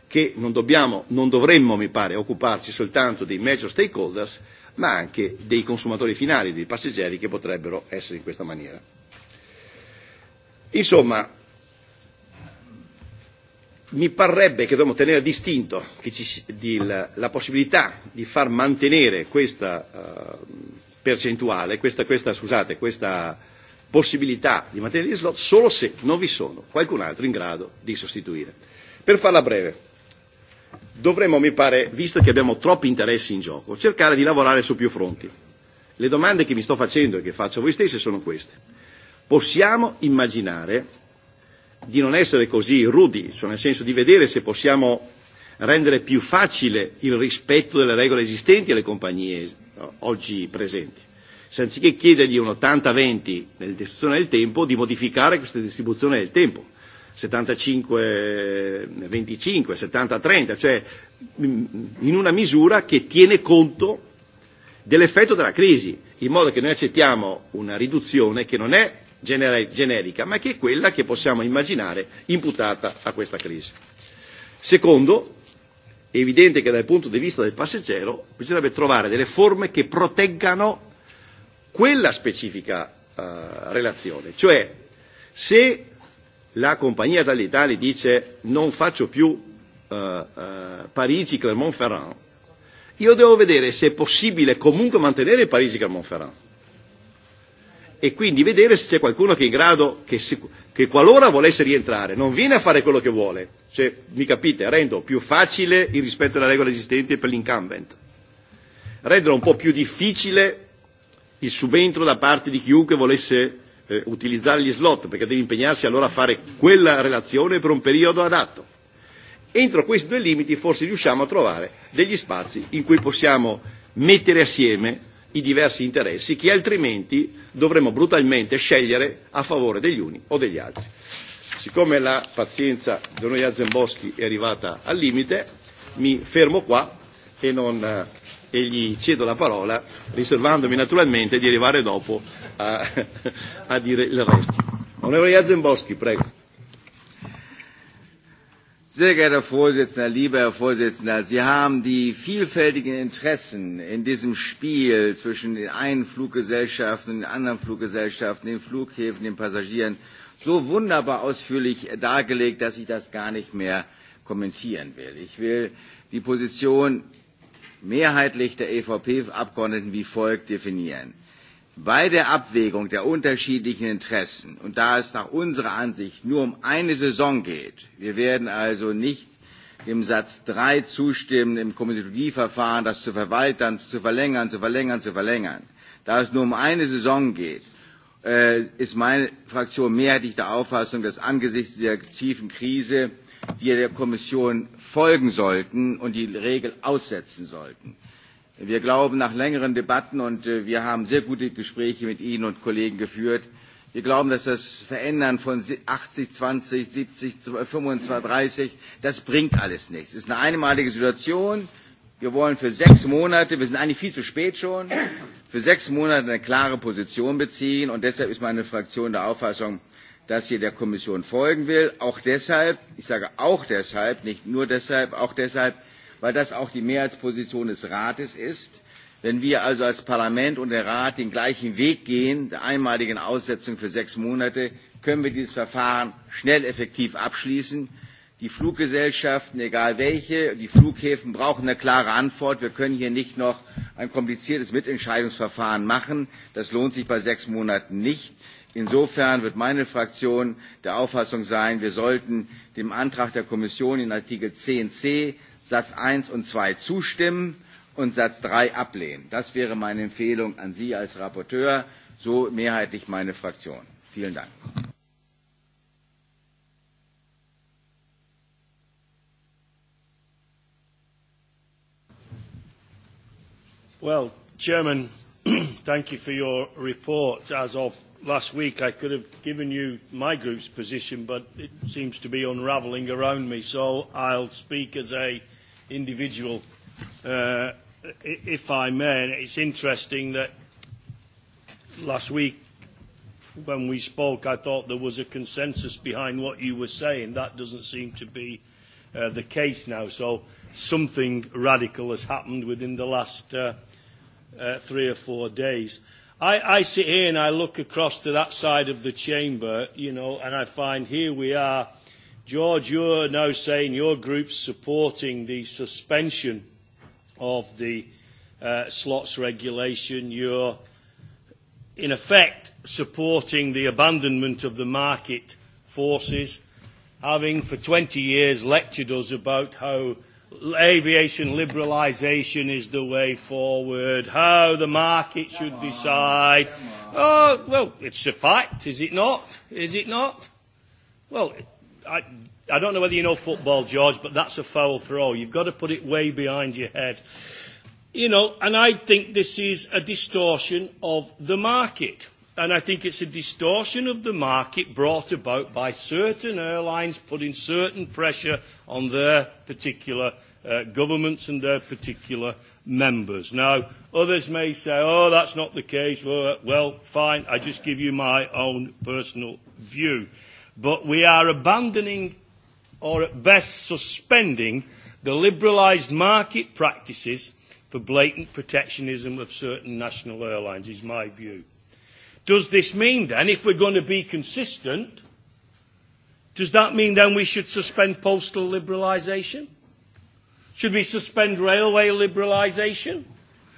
che non, dobbiamo, non dovremmo, mi pare, occuparci soltanto dei major stakeholders, ma anche dei consumatori finali, dei passeggeri che potrebbero essere in questa maniera. Insomma, mi parrebbe che dobbiamo tenere distinto che ci, di la, la possibilità di far mantenere questa uh, percentuale, questa, questa, scusate, questa possibilità di mantenere gli slot solo se non vi sono qualcun altro in grado di sostituire. Per farla breve, dovremmo, mi pare, visto che abbiamo troppi interessi in gioco, cercare di lavorare su più fronti. Le domande che mi sto facendo e che faccio a voi stessi sono queste. Possiamo immaginare di non essere così rudi, cioè nel senso di vedere se possiamo rendere più facile il rispetto delle regole esistenti alle e compagnie eh, oggi presenti. Se anziché chiedergli un 80-20 nella distribuzione del tempo, di modificare questa distribuzione del tempo 75-25, 70-30, cioè in una misura che tiene conto dell'effetto della crisi, in modo che noi accettiamo una riduzione che non è generica, ma che è quella che possiamo immaginare imputata a questa crisi. Secondo, è evidente che dal punto di vista del passeggero bisognerebbe trovare delle forme che proteggano quella specifica uh, relazione, cioè se la compagnia dall'Italia dice non faccio più uh, eh, uh, eh, Parigi-Clermont-Ferrand, io devo vedere se è possibile comunque mantenere Parigi-Clermont-Ferrand e quindi vedere se c'è qualcuno che è in grado, che, si, che qualora volesse rientrare, non viene a fare quello che vuole, cioè, mi capite, rendo più facile il rispetto alle regole esistenti per l'incumbent, rendere un po' più difficile il subentro da parte di chiunque volesse eh, utilizzare gli slot perché deve impegnarsi allora a fare quella relazione per un periodo adatto. Entro questi due limiti forse riusciamo a trovare degli spazi in cui possiamo mettere assieme i diversi interessi che altrimenti dovremmo brutalmente scegliere a favore degli uni o degli altri. Siccome la pazienza di Noia Zemboschi è arrivata al limite, mi fermo qua e non eh, e gli cedo la parola, riservandomi naturalmente di arrivare dopo a, a dire il resto. Onorevole Jazenboschi, prego. Sehr geehrter Vorsitzender, lieber Herr Vorsitzender, Sie haben die vielfältigen Interessen in diesem Spiel zwischen den einen Fluggesellschaften, den anderen Fluggesellschaften, den Flughäfen, den Passagieren so wunderbar ausführlich dargelegt, dass ich das gar nicht mehr kommentieren will. Ich will die Position mehrheitlich der EVP-Abgeordneten wie folgt definieren. Bei der Abwägung der unterschiedlichen Interessen, und da es nach unserer Ansicht nur um eine Saison geht, wir werden also nicht dem Satz 3 zustimmen, im Komitologieverfahren das zu verwaltern, zu verlängern, zu verlängern, zu verlängern. Da es nur um eine Saison geht, äh, ist meine Fraktion mehrheitlich der Auffassung, dass angesichts der tiefen Krise wir der Kommission folgen sollten und die Regel aussetzen sollten. Wir glauben nach längeren Debatten und äh, wir haben sehr gute Gespräche mit Ihnen und Kollegen geführt. Wir glauben, dass das Verändern von 80, 20, 70, 25, 30, das bringt alles nichts. Es ist eine einmalige Situation. Wir wollen für sechs Monate, wir sind eigentlich viel zu spät schon, für sechs Monate eine klare Position beziehen und deshalb ist meine Fraktion der Auffassung, dass hier der Kommission folgen will. Auch deshalb, ich sage auch deshalb, nicht nur deshalb, auch deshalb, weil das auch die Mehrheitsposition des Rates ist. Wenn wir also als Parlament und der Rat den gleichen Weg gehen, der einmaligen Aussetzung für sechs Monate, können wir dieses Verfahren schnell effektiv abschließen. Die Fluggesellschaften, egal welche, die Flughäfen brauchen eine klare Antwort. Wir können hier nicht noch ein kompliziertes Mitentscheidungsverfahren machen. Das lohnt sich bei sechs Monaten nicht. Insofern wird meine Fraktion der Auffassung sein, wir sollten dem Antrag der Kommission in Artikel 10c Satz 1 und 2 zustimmen und Satz 3 ablehnen. Das wäre meine Empfehlung an Sie als Rapporteur, so mehrheitlich meine Fraktion. Vielen Dank. Well, Chairman, [CLEARS THROAT] thank you for your report. As of last week I could have given you my group's position, but it seems to be unravelling around me, so I'll speak as a individual, uh, if I may. And it's interesting that last week when we spoke, I thought there was a consensus behind what you were saying. That doesn't seem to be uh, the case now. So something radical has happened within the last uh, uh, three or four days. I, I sit here and I look across to that side of the chamber, you know, and I find here we are. George, you're now saying your group's supporting the suspension of the uh, slots regulation. You're, in effect, supporting the abandonment of the market forces, having for 20 years lectured us about how aviation liberalisation is the way forward, how the market should decide. Oh, well, it's a fact, is it not? Is it not? Well, I, I don't know whether you know football, George, but that's a foul throw. You've got to put it way behind your head. You know, and I think this is a distortion of the market and I think it's a distortion of the market brought about by certain airlines putting certain pressure on their particular uh, governments and their particular members. Now, others may say, oh, that's not the case. Well, uh, well fine, I just give you my own personal view. But we are abandoning or at best suspending the liberalised market practices for blatant protectionism of certain national airlines, is my view. Does this mean then, if we're going to be consistent, does that mean then we should suspend postal liberalisation? Should we suspend railway liberalisation?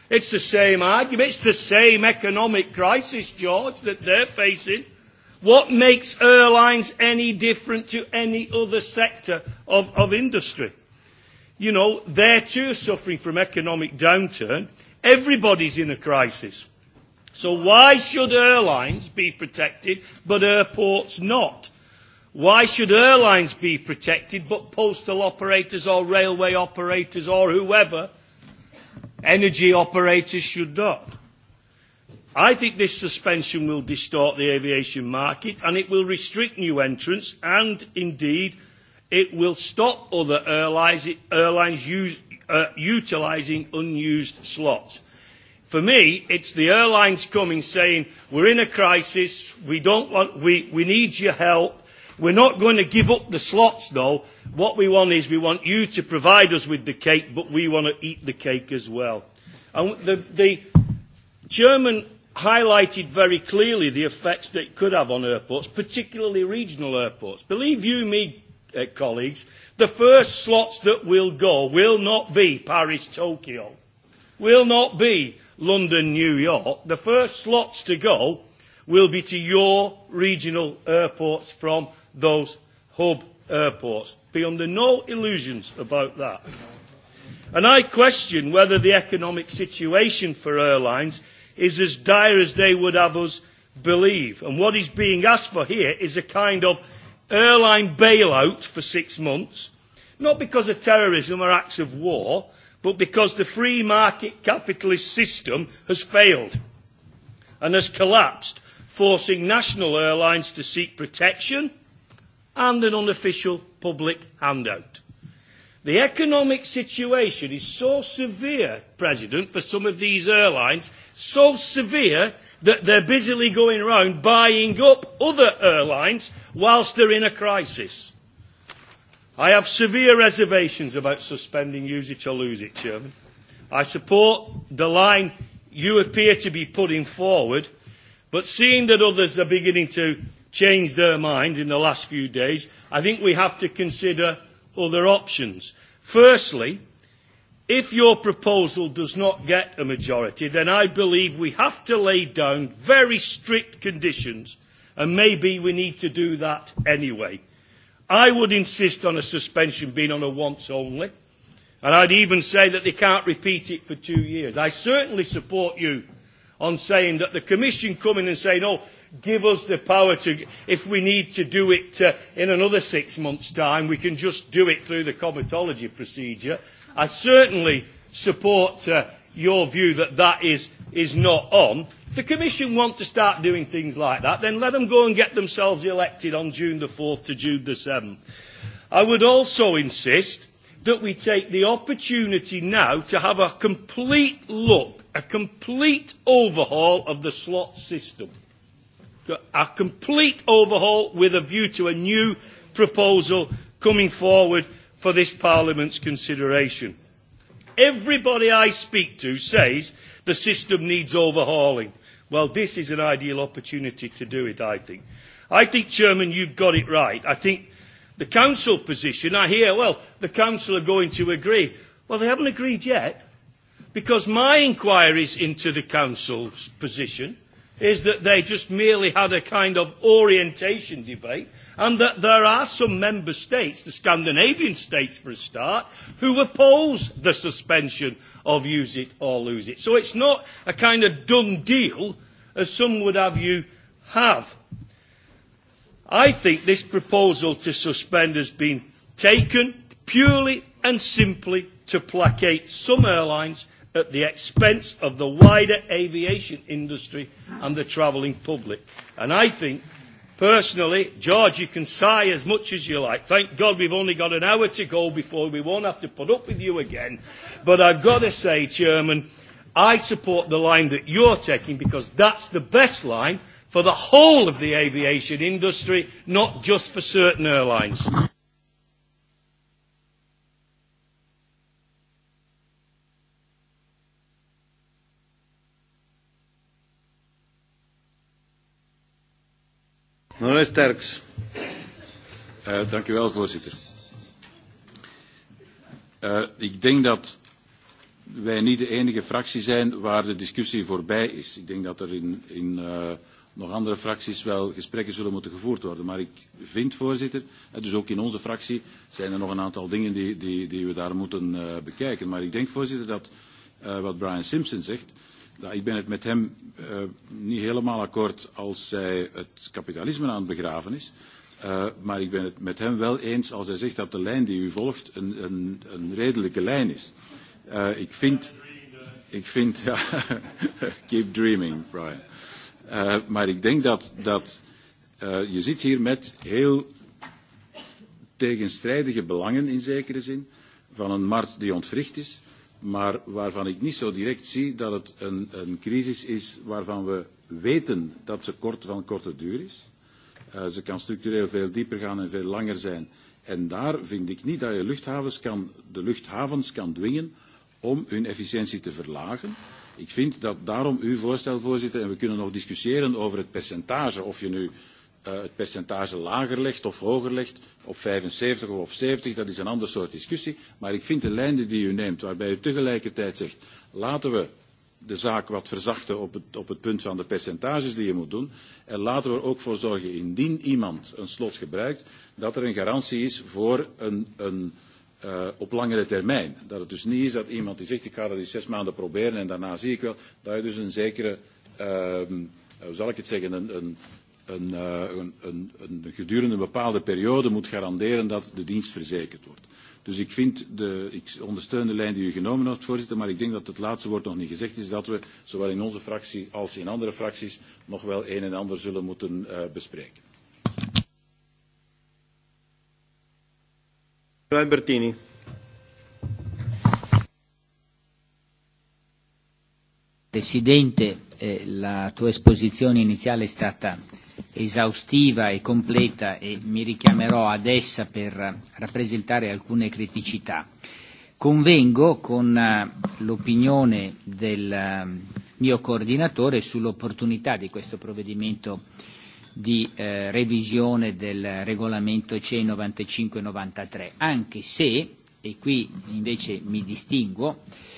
It's the same argument. It's the same economic crisis, George, that they're facing. What makes airlines any different to any other sector of, of industry? You know, they're too suffering from economic downturn. Everybody's in a crisis. So why should airlines be protected but airports not? Why should airlines be protected but postal operators or railway operators or whoever, energy operators should not? I think this suspension will distort the aviation market and it will restrict new entrants and indeed it will stop other airlines, airlines use, uh, utilising unused slots. For me, it's the airlines coming saying, we're in a crisis, we, don't want, we, we need your help, we're not going to give up the slots though. What we want is we want you to provide us with the cake, but we want to eat the cake as well. And the, the chairman highlighted very clearly the effects that it could have on airports, particularly regional airports. Believe you me, uh, colleagues, the first slots that will go will not be Paris-Tokyo, will not be London, New York, the first slots to go will be to your regional airports from those hub airports. Be under no illusions about that. And I question whether the economic situation for airlines is as dire as they would have us believe. And what is being asked for here is a kind of airline bailout for six months, not because of terrorism or acts of war, but because the free market capitalist system has failed and has collapsed, forcing national airlines to seek protection and an unofficial public handout. The economic situation is so severe, President, for some of these airlines, so severe that they're busily going around buying up other airlines whilst they're in a crisis. I have severe reservations about suspending use it or lose it, Chairman. I support the line you appear to be putting forward, but seeing that others are beginning to change their minds in the last few days, I think we have to consider other options. Firstly, if your proposal does not get a majority, then I believe we have to lay down very strict conditions, and maybe we need to do that anyway. I would insist on a suspension being on a once only. And I'd even say that they can't repeat it for two years. I certainly support you on saying that the Commission coming and saying, oh, give us the power to, if we need to do it uh, in another six months' time, we can just do it through the comitology procedure. I certainly support uh, your view that that is, is not on. If the Commission want to start doing things like that, then let them go and get themselves elected on June the 4th to June the 7th. I would also insist that we take the opportunity now to have a complete look, a complete overhaul of the slot system. A complete overhaul with a view to a new proposal coming forward for this Parliament's consideration. Everybody I speak to says the system needs overhauling. Well, this is an ideal opportunity to do it, I think. I think, Chairman, you've got it right. I think the Council position, I hear, well, the Council are going to agree. Well, they haven't agreed yet, because my inquiries into the Council's position is that they just merely had a kind of orientation debate and that there are some member states, the Scandinavian states for a start, who oppose the suspension of use it or lose it. So it's not a kind of done deal as some would have you have. I think this proposal to suspend has been taken purely and simply to placate some airlines at the expense of the wider aviation industry and the travelling public. And I think Personally, George, you can sigh as much as you like. Thank God we've only got an hour to go before we won't have to put up with you again. But I've got to say, Chairman, I support the line that you're taking because that's the best line for the whole of the aviation industry, not just for certain airlines. Meneer Sterks. Uh, dank u wel, voorzitter. Uh, ik denk dat wij niet de enige fractie zijn waar de discussie voorbij is. Ik denk dat er in, in uh, nog andere fracties wel gesprekken zullen moeten gevoerd worden. Maar ik vind, voorzitter, dus ook in onze fractie zijn er nog een aantal dingen die, die, die we daar moeten uh, bekijken. Maar ik denk, voorzitter, dat uh, wat Brian Simpson zegt, uh, Nou, ik ben het met hem uh, niet helemaal akkoord als zij het kapitalisme aan het begraven is. Uh, maar ik ben het met hem wel eens als hij zegt dat de lijn die u volgt een, een, een redelijke lijn is. Uh, ik vind... Ik vind... [LAUGHS] Ja, keep dreaming, Brian. Uh, maar ik denk dat... dat uh, je zit hier met heel tegenstrijdige belangen in zekere zin. Van een markt die ontwricht is maar waarvan ik niet zo direct zie dat het een, een crisis is waarvan we weten dat ze kort van korte duur is. Uh, ze kan structureel veel dieper gaan en veel langer zijn. En daar vind ik niet dat je luchthavens kan, de luchthavens kan dwingen om hun efficiëntie te verlagen. Ik vind dat daarom uw voorstel, voorzitter, en we kunnen nog discussiëren over het percentage, of je nu Eh, het percentage lager legt of hoger legt, op 75 of op 70, dat is een ander soort discussie. Maar ik vind de lijnen die u neemt, waarbij u tegelijkertijd zegt, laten we de zaak wat verzachten op het, op het punt van de percentages die je moet doen. En laten we er ook voor zorgen, indien iemand een slot gebruikt, dat er een garantie is voor een, een, uh, op langere termijn. Dat het dus niet is dat iemand die zegt, ik ga dat in zes maanden proberen en daarna zie ik wel, dat je dus een zekere, uh, hoe zal ik het zeggen, een, een, een, eh, een, een, een gedurende een bepaalde periode moet garanderen dat de dienst verzekerd wordt. Dus ik, vind de, ik ondersteun de lijn die u genomen hebt, voorzitter, maar ik denk dat het laatste woord nog niet gezegd is, dat we zowel in onze fractie als in andere fracties nog wel een en ander zullen moeten uh, bespreken. Presidente, eh, la tua esposizione iniziale è stata esaustiva e completa e mi richiamerò ad essa per rappresentare alcune criticità. Convengo con eh, l'opinione del eh, mio coordinatore sull'opportunità di questo provvedimento di eh, revisione del regolamento CE 95-93, anche se, e qui invece mi distinguo, eh,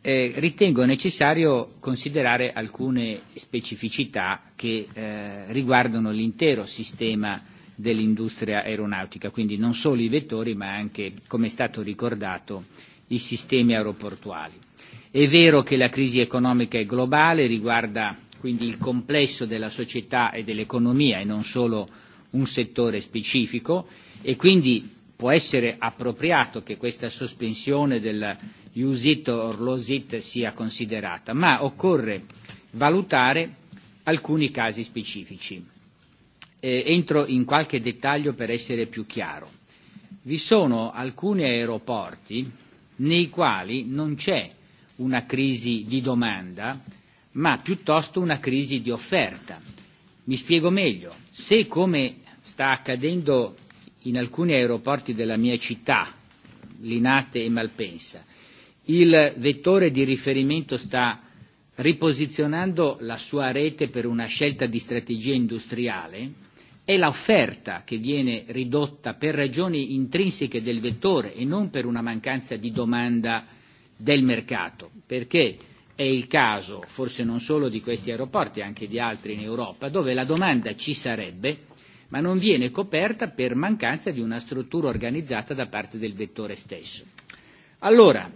eh, ritengo necessario considerare alcune specificità che eh, riguardano l'intero sistema dell'industria aeronautica, quindi non solo i vettori ma anche, come è stato ricordato, i sistemi aeroportuali. È vero che la crisi economica è globale, riguarda quindi il complesso della società e dell'economia e non solo un settore specifico e quindi può essere appropriato che questa sospensione del use it or lose it sia considerata, ma occorre valutare alcuni casi specifici. Eh, entro in qualche dettaglio per essere più chiaro. Vi sono alcuni aeroporti nei quali non c'è una crisi di domanda, ma piuttosto una crisi di offerta. Mi spiego meglio. Se come sta accadendo in alcuni aeroporti della mia città, Linate e Malpensa, il vettore di riferimento sta riposizionando la sua rete per una scelta di strategia industriale, è e l'offerta che viene ridotta per ragioni intrinseche del vettore e non per una mancanza di domanda del mercato, perché è il caso, forse non solo di questi aeroporti, anche di altri in Europa, dove la domanda ci sarebbe, ma non viene coperta per mancanza di una struttura organizzata da parte del vettore stesso. Allora,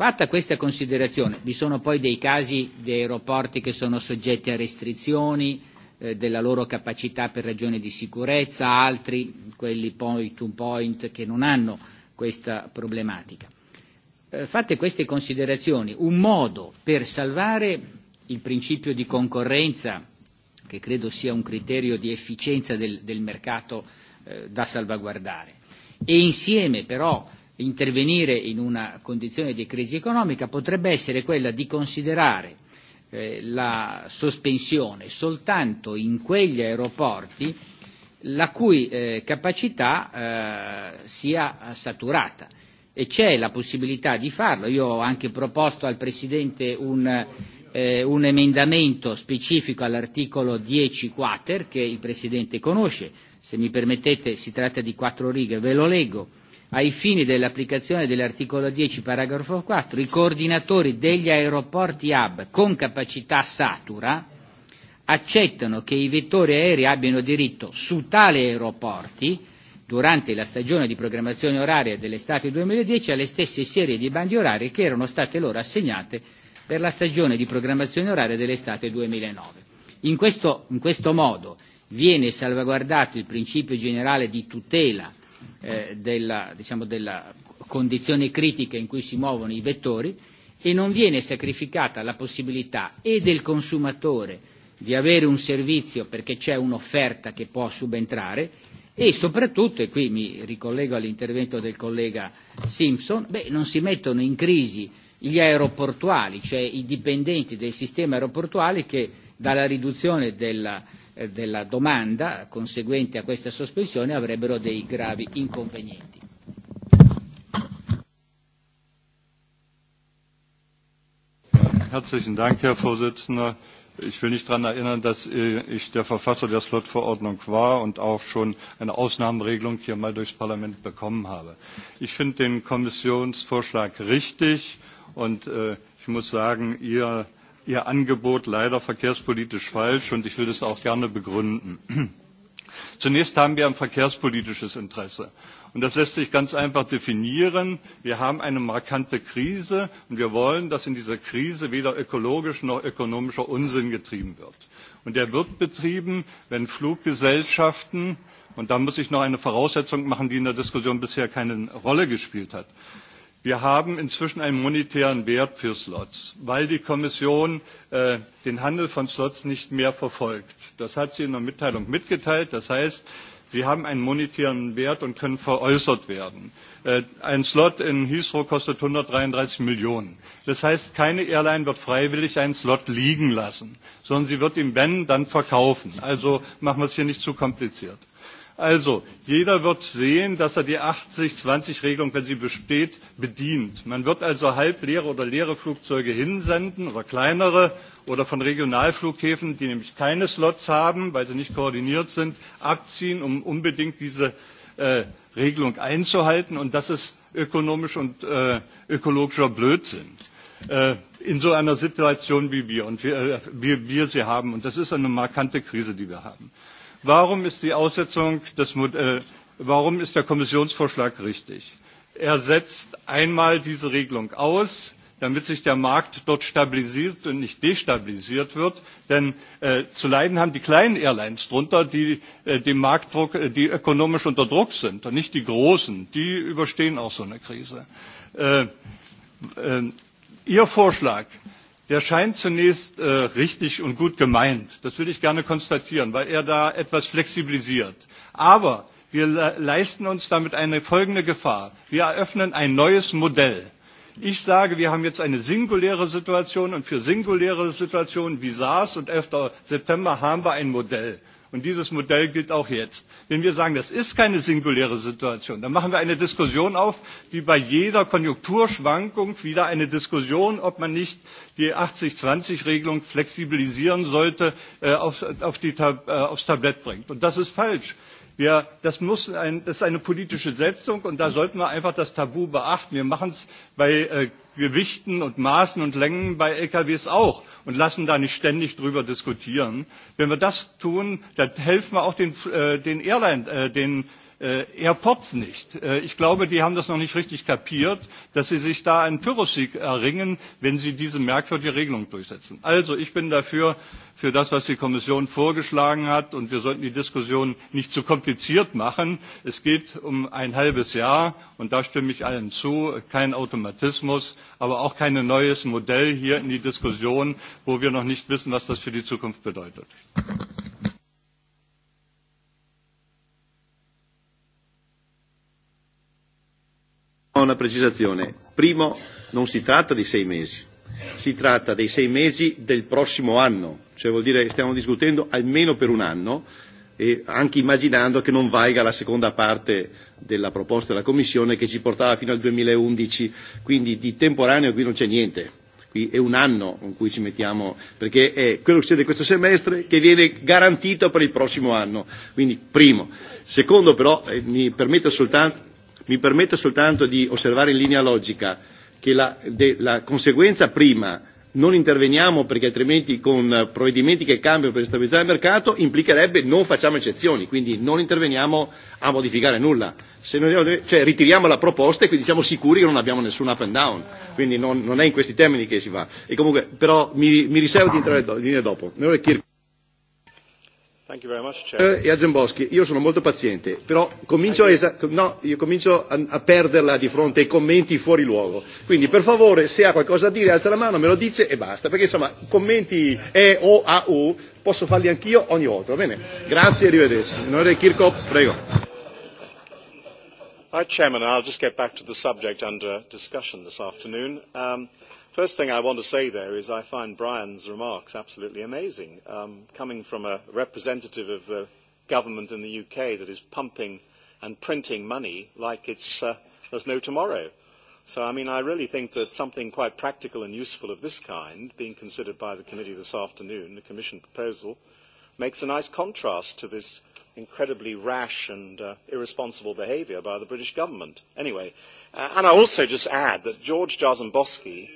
Fatta questa considerazione, vi sono poi dei casi di aeroporti che sono soggetti a restrizioni eh, della loro capacità per ragioni di sicurezza, altri, quelli point to point, che non hanno questa problematica. Eh, fatte queste considerazioni, un modo per salvare il principio di concorrenza, che credo sia un criterio di efficienza del, del mercato eh, da salvaguardare, e insieme però intervenire in una condizione di crisi economica potrebbe essere quella di considerare eh, la sospensione soltanto in quegli aeroporti la cui eh, capacità eh, sia saturata e c'è la possibilità di farlo. Io ho anche proposto al Presidente un, eh, un emendamento specifico all'articolo 10 quater che il Presidente conosce. Se mi permettete si tratta di quattro righe, ve lo leggo ai fini dell'applicazione dell'articolo 10 paragrafo 4 i coordinatori degli aeroporti hub con capacità satura accettano che i vettori aerei abbiano diritto su tali aeroporti durante la stagione di programmazione oraria dell'estate 2010 alle stesse serie di bandi orari che erano state loro assegnate per la stagione di programmazione oraria dell'estate 2009. In questo, in questo modo viene salvaguardato il principio generale di tutela eh, della, diciamo, della condizione critica in cui si muovono i vettori e non viene sacrificata la possibilità e del consumatore di avere un servizio perché c'è un'offerta che può subentrare e soprattutto, e qui mi ricollego all'intervento del collega Simpson, beh, non si mettono in crisi gli aeroportuali, cioè i dipendenti del sistema aeroportuale che dalla riduzione della, Eh, della domanda conseguente a questa sospensione avrebbero dei gravi inconvenienti. Herzlichen Dank, Herr Vorsitzender. Ich will nicht daran erinnern, dass äh, ich der Verfasser der Slot-Verordnung war und auch schon eine Ausnahmeregelung hier mal durchs Parlament bekommen habe. Ich finde den Kommissionsvorschlag richtig und äh, ich muss sagen, Ihr Ihr Angebot leider verkehrspolitisch falsch und ich will das auch gerne begründen. [CLEARS THROAT] Zunächst haben wir ein verkehrspolitisches Interesse. Und das lässt sich ganz einfach definieren. Wir haben eine markante Krise und wir wollen, dass in dieser Krise weder ökologisch noch ökonomischer Unsinn getrieben wird. Und der wird betrieben, wenn Fluggesellschaften, und da muss ich noch eine Voraussetzung machen, die in der Diskussion bisher keine Rolle gespielt hat, Wir haben inzwischen einen monetären Wert für Slots, weil die Kommission äh, den Handel von Slots nicht mehr verfolgt. Das hat sie in der Mitteilung mitgeteilt. Das heißt, sie haben einen monetären Wert und können veräußert werden. Äh, ein Slot in Heathrow kostet 133 Millionen. Das heißt, keine Airline wird freiwillig einen Slot liegen lassen, sondern sie wird ihn, wenn, dann verkaufen. Also machen wir es hier nicht zu kompliziert. Also, jeder wird sehen, dass er die 80-20-Regelung, wenn sie besteht, bedient. Man wird also leere oder leere Flugzeuge hinsenden oder kleinere oder von Regionalflughäfen, die nämlich keine Slots haben, weil sie nicht koordiniert sind, abziehen, um unbedingt diese äh, Regelung einzuhalten. Und das ist ökonomisch und äh, ökologischer Blödsinn äh, in so einer Situation, wie wir, und wir, äh, wie wir sie haben. Und das ist eine markante Krise, die wir haben. Warum ist die Aussetzung des Modell, äh, warum ist der Kommissionsvorschlag richtig? Er setzt einmal diese Regelung aus, damit sich der Markt dort stabilisiert und nicht destabilisiert wird. Denn äh, zu leiden haben die kleinen Airlines drunter, die äh, dem Marktdruck, äh, die ökonomisch unter Druck sind und nicht die großen. Die überstehen auch so eine Krise. Äh, äh, Ihr Vorschlag der scheint zunächst äh, richtig und gut gemeint. Das würde ich gerne konstatieren, weil er da etwas flexibilisiert. Aber wir le leisten uns damit eine folgende Gefahr. Wir eröffnen ein neues Modell. Ich sage, wir haben jetzt eine singuläre Situation und für singuläre Situationen wie SARS und 11. September haben wir ein Modell. Und dieses Modell gilt auch jetzt. Wenn wir sagen, das ist keine singuläre Situation, dann machen wir eine Diskussion auf, wie bei jeder Konjunkturschwankung wieder eine Diskussion, ob man nicht die 80-20-Regelung flexibilisieren sollte, äh, aufs, auf die, äh, aufs Tablett bringt. Und das ist falsch. Wir, das, muss ein, das ist eine politische Setzung und da sollten wir einfach das Tabu beachten. Wir machen es bei äh, Gewichten und Maßen und Längen bei LKWs auch und lassen da nicht ständig drüber diskutieren. Wenn wir das tun, dann helfen wir auch den, äh, den Airline, äh, den Äh, er potz nicht. Äh, ich glaube, die haben das noch nicht richtig kapiert, dass sie sich da einen Pyrrhussieg erringen, wenn sie diese merkwürdige Regelung durchsetzen. Also ich bin dafür, für das, was die Kommission vorgeschlagen hat und wir sollten die Diskussion nicht zu kompliziert machen. Es geht um ein halbes Jahr und da stimme ich allen zu. Kein Automatismus, aber auch kein neues Modell hier in die Diskussion, wo wir noch nicht wissen, was das für die Zukunft bedeutet. una precisazione. Primo, non si tratta di sei mesi, si tratta dei sei mesi del prossimo anno, cioè vuol dire che stiamo discutendo almeno per un anno e anche immaginando che non valga la seconda parte della proposta della Commissione che ci portava fino al 2011, quindi di temporaneo qui non c'è niente. Qui è un anno in cui ci mettiamo, perché è quello che succede questo semestre che viene garantito per il prossimo anno. Quindi primo. Secondo però, eh, mi permetto soltanto Mi permetto soltanto di osservare in linea logica che la, de, la conseguenza prima non interveniamo perché altrimenti con provvedimenti che cambiano per stabilizzare il mercato implicherebbe non facciamo eccezioni, quindi non interveniamo a modificare nulla. Se noi, cioè ritiriamo la proposta e quindi siamo sicuri che non abbiamo nessun up and down, quindi non, non è in questi termini che si va. E comunque, però mi, mi riservo di entrare in linea dopo. Thank you very much, Chair. Uh, eh, yeah, Zimbowski, io sono molto paziente, però comincio, a, no, io comincio a, a perderla di fronte ai commenti fuori luogo. Quindi per favore, se ha qualcosa da dire, alza la mano, me lo dice e basta, perché insomma commenti E, O, A, U posso farli anch'io ogni volta, va bene? Grazie e arrivederci. Onorevole Kirchhoff, prego. Hi, Chairman. I'll just get back to the subject under discussion this afternoon. Um, First thing I want to say there is I find Brian's remarks absolutely amazing. Um, coming from a representative of the government in the UK that is pumping and printing money like it's, uh, there's no tomorrow. So, I mean, I really think that something quite practical and useful of this kind, being considered by the committee this afternoon, the Commission proposal, makes a nice contrast to this incredibly rash and uh, irresponsible behaviour by the British government. Anyway, uh, and I also just add that George Jarzembowski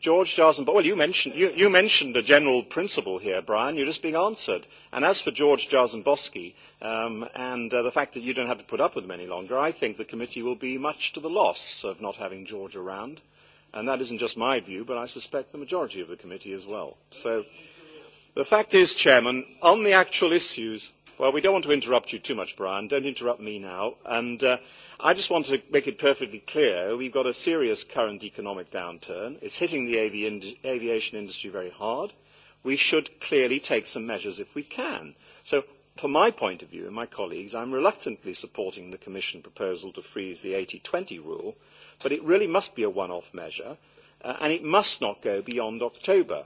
George Darson, but well, you mentioned, you, you mentioned a general principle here, Brian. You're just being answered. And as for George Bosky um, and uh, the fact that you don't have to put up with him any longer, I think the committee will be much to the loss of not having George around. And that isn't just my view, but I suspect the majority of the committee as well. So the fact is, Chairman, on the actual issues, Well, we don't want to interrupt you too much, Brian. Don't interrupt me now. And uh, I just want to make it perfectly clear we've got a serious current economic downturn. It's hitting the avi ind aviation industry very hard. We should clearly take some measures if we can. So from my point of view and my colleagues, I'm reluctantly supporting the Commission proposal to freeze the 80-20 rule, but it really must be a one-off measure, uh, and it must not go beyond October.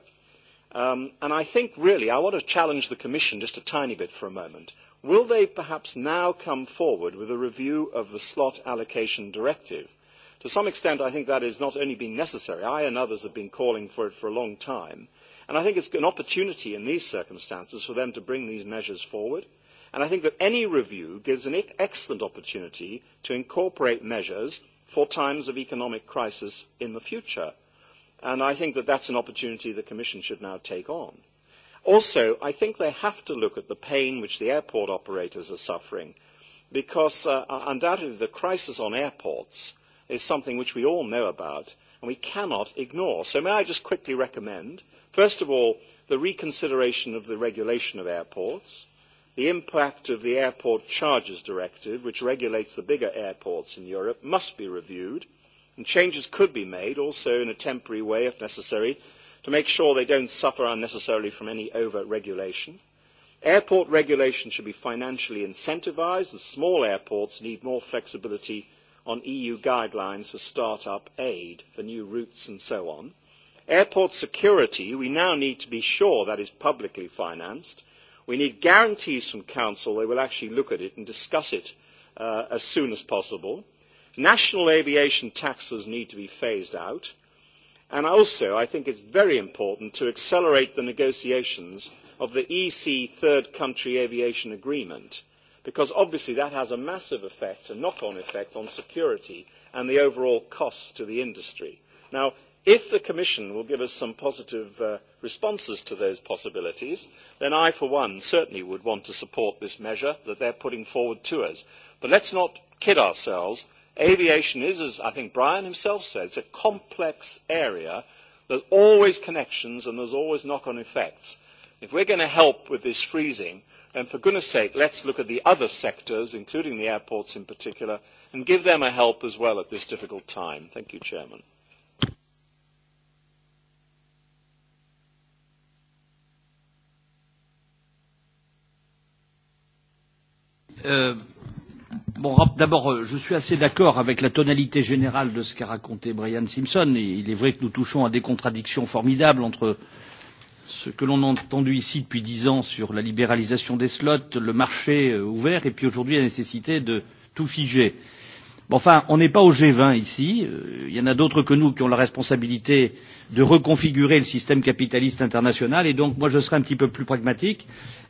Um, and I think really I want to challenge the Commission just a tiny bit for a moment. Will they perhaps now come forward with a review of the slot allocation directive? To some extent, I think that has not only been necessary, I and others have been calling for it for a long time. And I think it's an opportunity in these circumstances for them to bring these measures forward. And I think that any review gives an excellent opportunity to incorporate measures for times of economic crisis in the future. And I think that that's an opportunity the Commission should now take on. Also, I think they have to look at the pain which the airport operators are suffering because uh, uh, undoubtedly the crisis on airports is something which we all know about and we cannot ignore. So may I just quickly recommend, first of all, the reconsideration of the regulation of airports, the impact of the Airport Charges Directive, which regulates the bigger airports in Europe, must be reviewed. And changes could be made also in a temporary way if necessary to make sure they don't suffer unnecessarily from any over-regulation. Airport regulation should be financially incentivised and small airports need more flexibility on EU guidelines for start-up aid for new routes and so on. Airport security, we now need to be sure that is publicly financed. We need guarantees from Council they will actually look at it and discuss it uh, as soon as possible. National aviation taxes need to be phased out. And also, I think it's very important to accelerate the negotiations of the EC Third Country Aviation Agreement, because obviously that has a massive effect, a knock-on effect on security and the overall costs to the industry. Now, if the Commission will give us some positive uh, responses to those possibilities, then I, for one, certainly would want to support this measure that they're putting forward to us. But let's not kid ourselves. Aviation is, as I think Brian himself said, it's a complex area. There's always connections and there's always knock-on effects. If we're going to help with this freezing, then for goodness sake, let's look at the other sectors, including the airports in particular, and give them a help as well at this difficult time. Thank you, Chairman. Uh, Bon, d'abord, euh, je suis assez d'accord avec la tonalité générale de ce qu'a raconté Brian Simpson. Et il est vrai que nous touchons à des contradictions formidables entre ce que l'on a entendu ici depuis dix ans sur la libéralisation des slots, le marché euh, ouvert, et puis aujourd'hui la nécessité de tout figer. Bon, enfin, on n'est pas au G20 ici. Euh, il y en a d'autres que nous qui ont la responsabilité de reconfigurer le système capitaliste international. Et donc, moi, je serai un petit peu plus pragmatique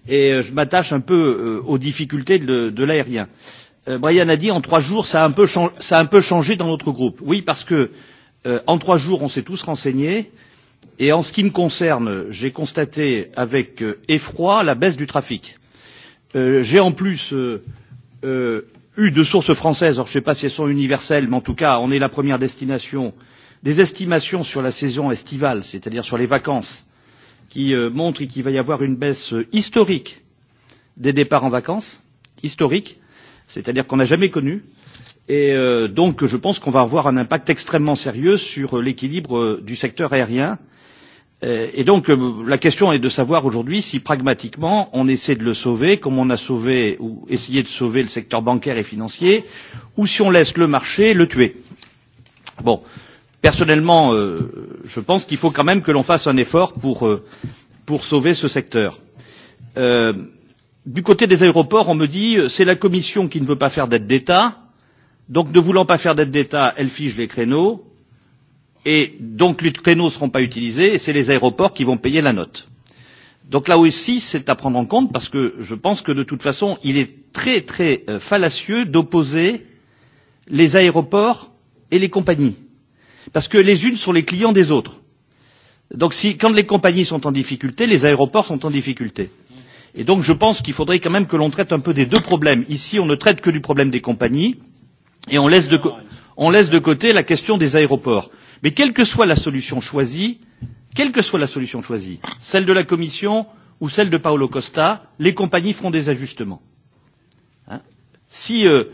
et je m'attache un peu aux difficultés de, de l'aérien euh, Brian a dit en trois jours, ça a, un peu ça a un peu changé dans notre groupe. Oui, parce que euh, en trois jours, on s'est tous renseignés. Et en ce qui me concerne, j'ai constaté avec euh, effroi la baisse du trafic. Euh, j'ai en plus euh, euh, eu de sources françaises, alors je ne sais pas si elles sont universelles, mais en tout cas, on est la première destination, des estimations sur la saison estivale, c'est-à-dire sur les vacances, qui euh, montrent qu'il va y avoir une baisse euh, historique des départs en vacances, historique, c'est-à-dire qu'on n'a jamais connu. Et euh, donc je pense qu'on va avoir un impact extrêmement sérieux sur euh, l'équilibre euh, du secteur aérien. Euh, et donc euh, la question est de savoir aujourd'hui si pragmatiquement on essaie de le sauver comme on a sauvé ou essayé de sauver le secteur bancaire et financier ou si on laisse le marché le tuer. Bon, personnellement, euh, je pense qu'il faut quand même que l'on fasse un effort pour, euh, pour sauver ce secteur. Euh, Du côté des aéroports, on me dit euh, c'est la Commission qui ne veut pas faire d'aide d'État, donc ne voulant pas faire d'aide d'État, elle fige les créneaux, et donc les créneaux ne seront pas utilisés, et c'est les aéroports qui vont payer la note. Donc là aussi, c'est à prendre en compte parce que je pense que de toute façon, il est très très euh, fallacieux d'opposer les aéroports et les compagnies. Parce que les unes sont les clients des autres. Donc si, quand les compagnies sont en difficulté, les aéroports sont en difficulté. Et donc je pense qu'il faudrait quand même que l'on traite un peu des deux problèmes. Ici, on ne traite que du problème des compagnies et on laisse de, on laisse de côté la question des aéroports. Mais quelle que soit la solution choisie, quelle que soit la solution choisie, celle de la Commission ou celle de Paolo Costa, les compagnies feront des ajustements. Hein si euh,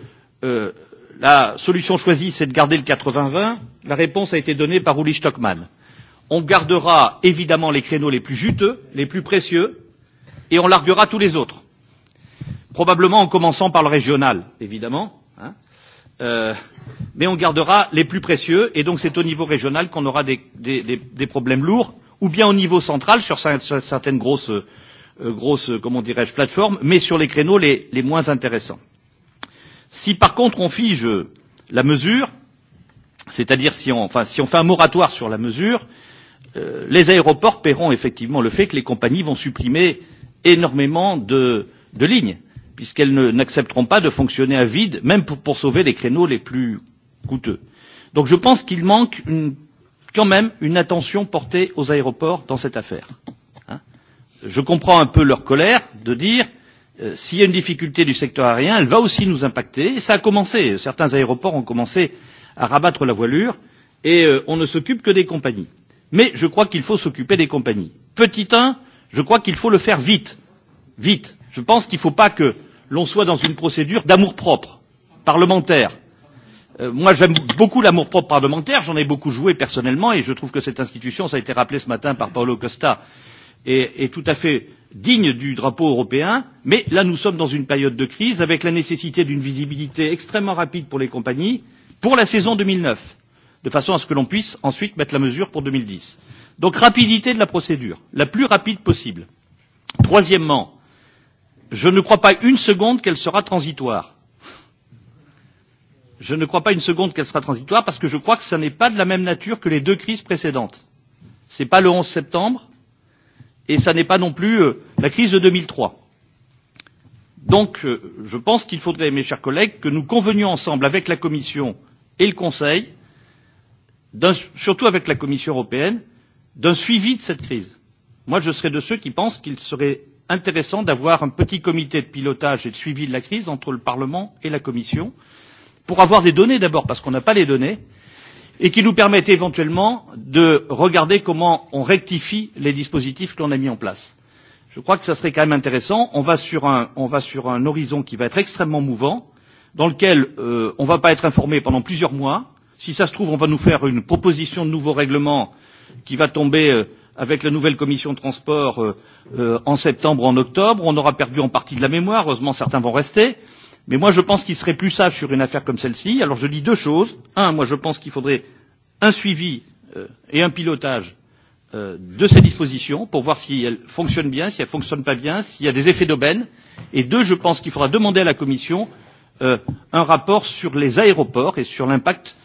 euh, la solution choisie, c'est de garder le 80-20, la réponse a été donnée par Uli Stockman. On gardera évidemment les créneaux les plus juteux, les plus précieux, et on larguera tous les autres. Probablement en commençant par le régional, évidemment, hein, euh, mais on gardera les plus précieux et donc c'est au niveau régional qu'on aura des, des, des, des problèmes lourds, ou bien au niveau central sur certaines grosses, euh, grosses comment dirais-je, plateformes, mais sur les créneaux les, les moins intéressants. Si par contre on fige la mesure, c'est-à-dire si on, enfin, si on fait un moratoire sur la mesure, euh, les aéroports paieront effectivement le fait que les compagnies vont supprimer euh, énormément de, de lignes, puisqu'elles n'accepteront pas de fonctionner à vide, même pour, pour sauver les créneaux les plus coûteux. Donc je pense qu'il manque une, quand même une attention portée aux aéroports dans cette affaire. Hein je comprends un peu leur colère de dire euh, s'il y a une difficulté du secteur aérien, elle va aussi nous impacter. Et ça a commencé. Certains aéroports ont commencé à rabattre la voilure et euh, on ne s'occupe que des compagnies. Mais je crois qu'il faut s'occuper des compagnies. Petit 1, Je crois qu'il faut le faire vite. Vite. Je pense qu'il ne faut pas que l'on soit dans une procédure d'amour-propre parlementaire. Euh, moi, j'aime beaucoup l'amour-propre parlementaire. J'en ai beaucoup joué personnellement et je trouve que cette institution, ça a été rappelé ce matin par Paolo Costa, est, est tout à fait digne du drapeau européen, mais là nous sommes dans une période de crise avec la nécessité d'une visibilité extrêmement rapide pour les compagnies pour la saison 2009, de façon à ce que l'on puisse ensuite mettre la mesure pour 2010. Donc rapidité de la procédure, la plus rapide possible. Troisièmement, je ne crois pas une seconde qu'elle sera transitoire. Je ne crois pas une seconde qu'elle sera transitoire parce que je crois que ce n'est pas de la même nature que les deux crises précédentes. Ce n'est pas le 11 septembre et ce n'est pas non plus euh, la crise de 2003. Donc euh, je pense qu'il faudrait, mes chers collègues, que nous convenions ensemble avec la Commission et le Conseil, surtout avec la Commission européenne, d'un suivi de cette crise. Moi, je serais de ceux qui pensent qu'il serait intéressant d'avoir un petit comité de pilotage et de suivi de la crise entre le Parlement et la Commission, pour avoir des données d'abord, parce qu'on n'a pas les données, et qui nous permettent éventuellement de regarder comment on rectifie les dispositifs que l'on a mis en place. Je crois que ça serait quand même intéressant. On va sur un, on va sur un horizon qui va être extrêmement mouvant, dans lequel euh, on ne va pas être informé pendant plusieurs mois. Si ça se trouve, on va nous faire une proposition de nouveau règlement qui va tomber euh, avec la nouvelle commission de transport euh, euh, en septembre, en octobre. On aura perdu en partie de la mémoire, heureusement certains vont rester. Mais moi je pense qu'il serait plus sage sur une affaire comme celle-ci. Alors je dis deux choses. Un, moi je pense qu'il faudrait un suivi et un pilotage de ces dispositions pour voir si elles fonctionnent bien, si elles ne fonctionnent pas bien, s'il y a des effets d'aubaine. Et deux, je pense qu'il faudra demander à la Commission euh, un rapport sur les aéroports et sur l'impact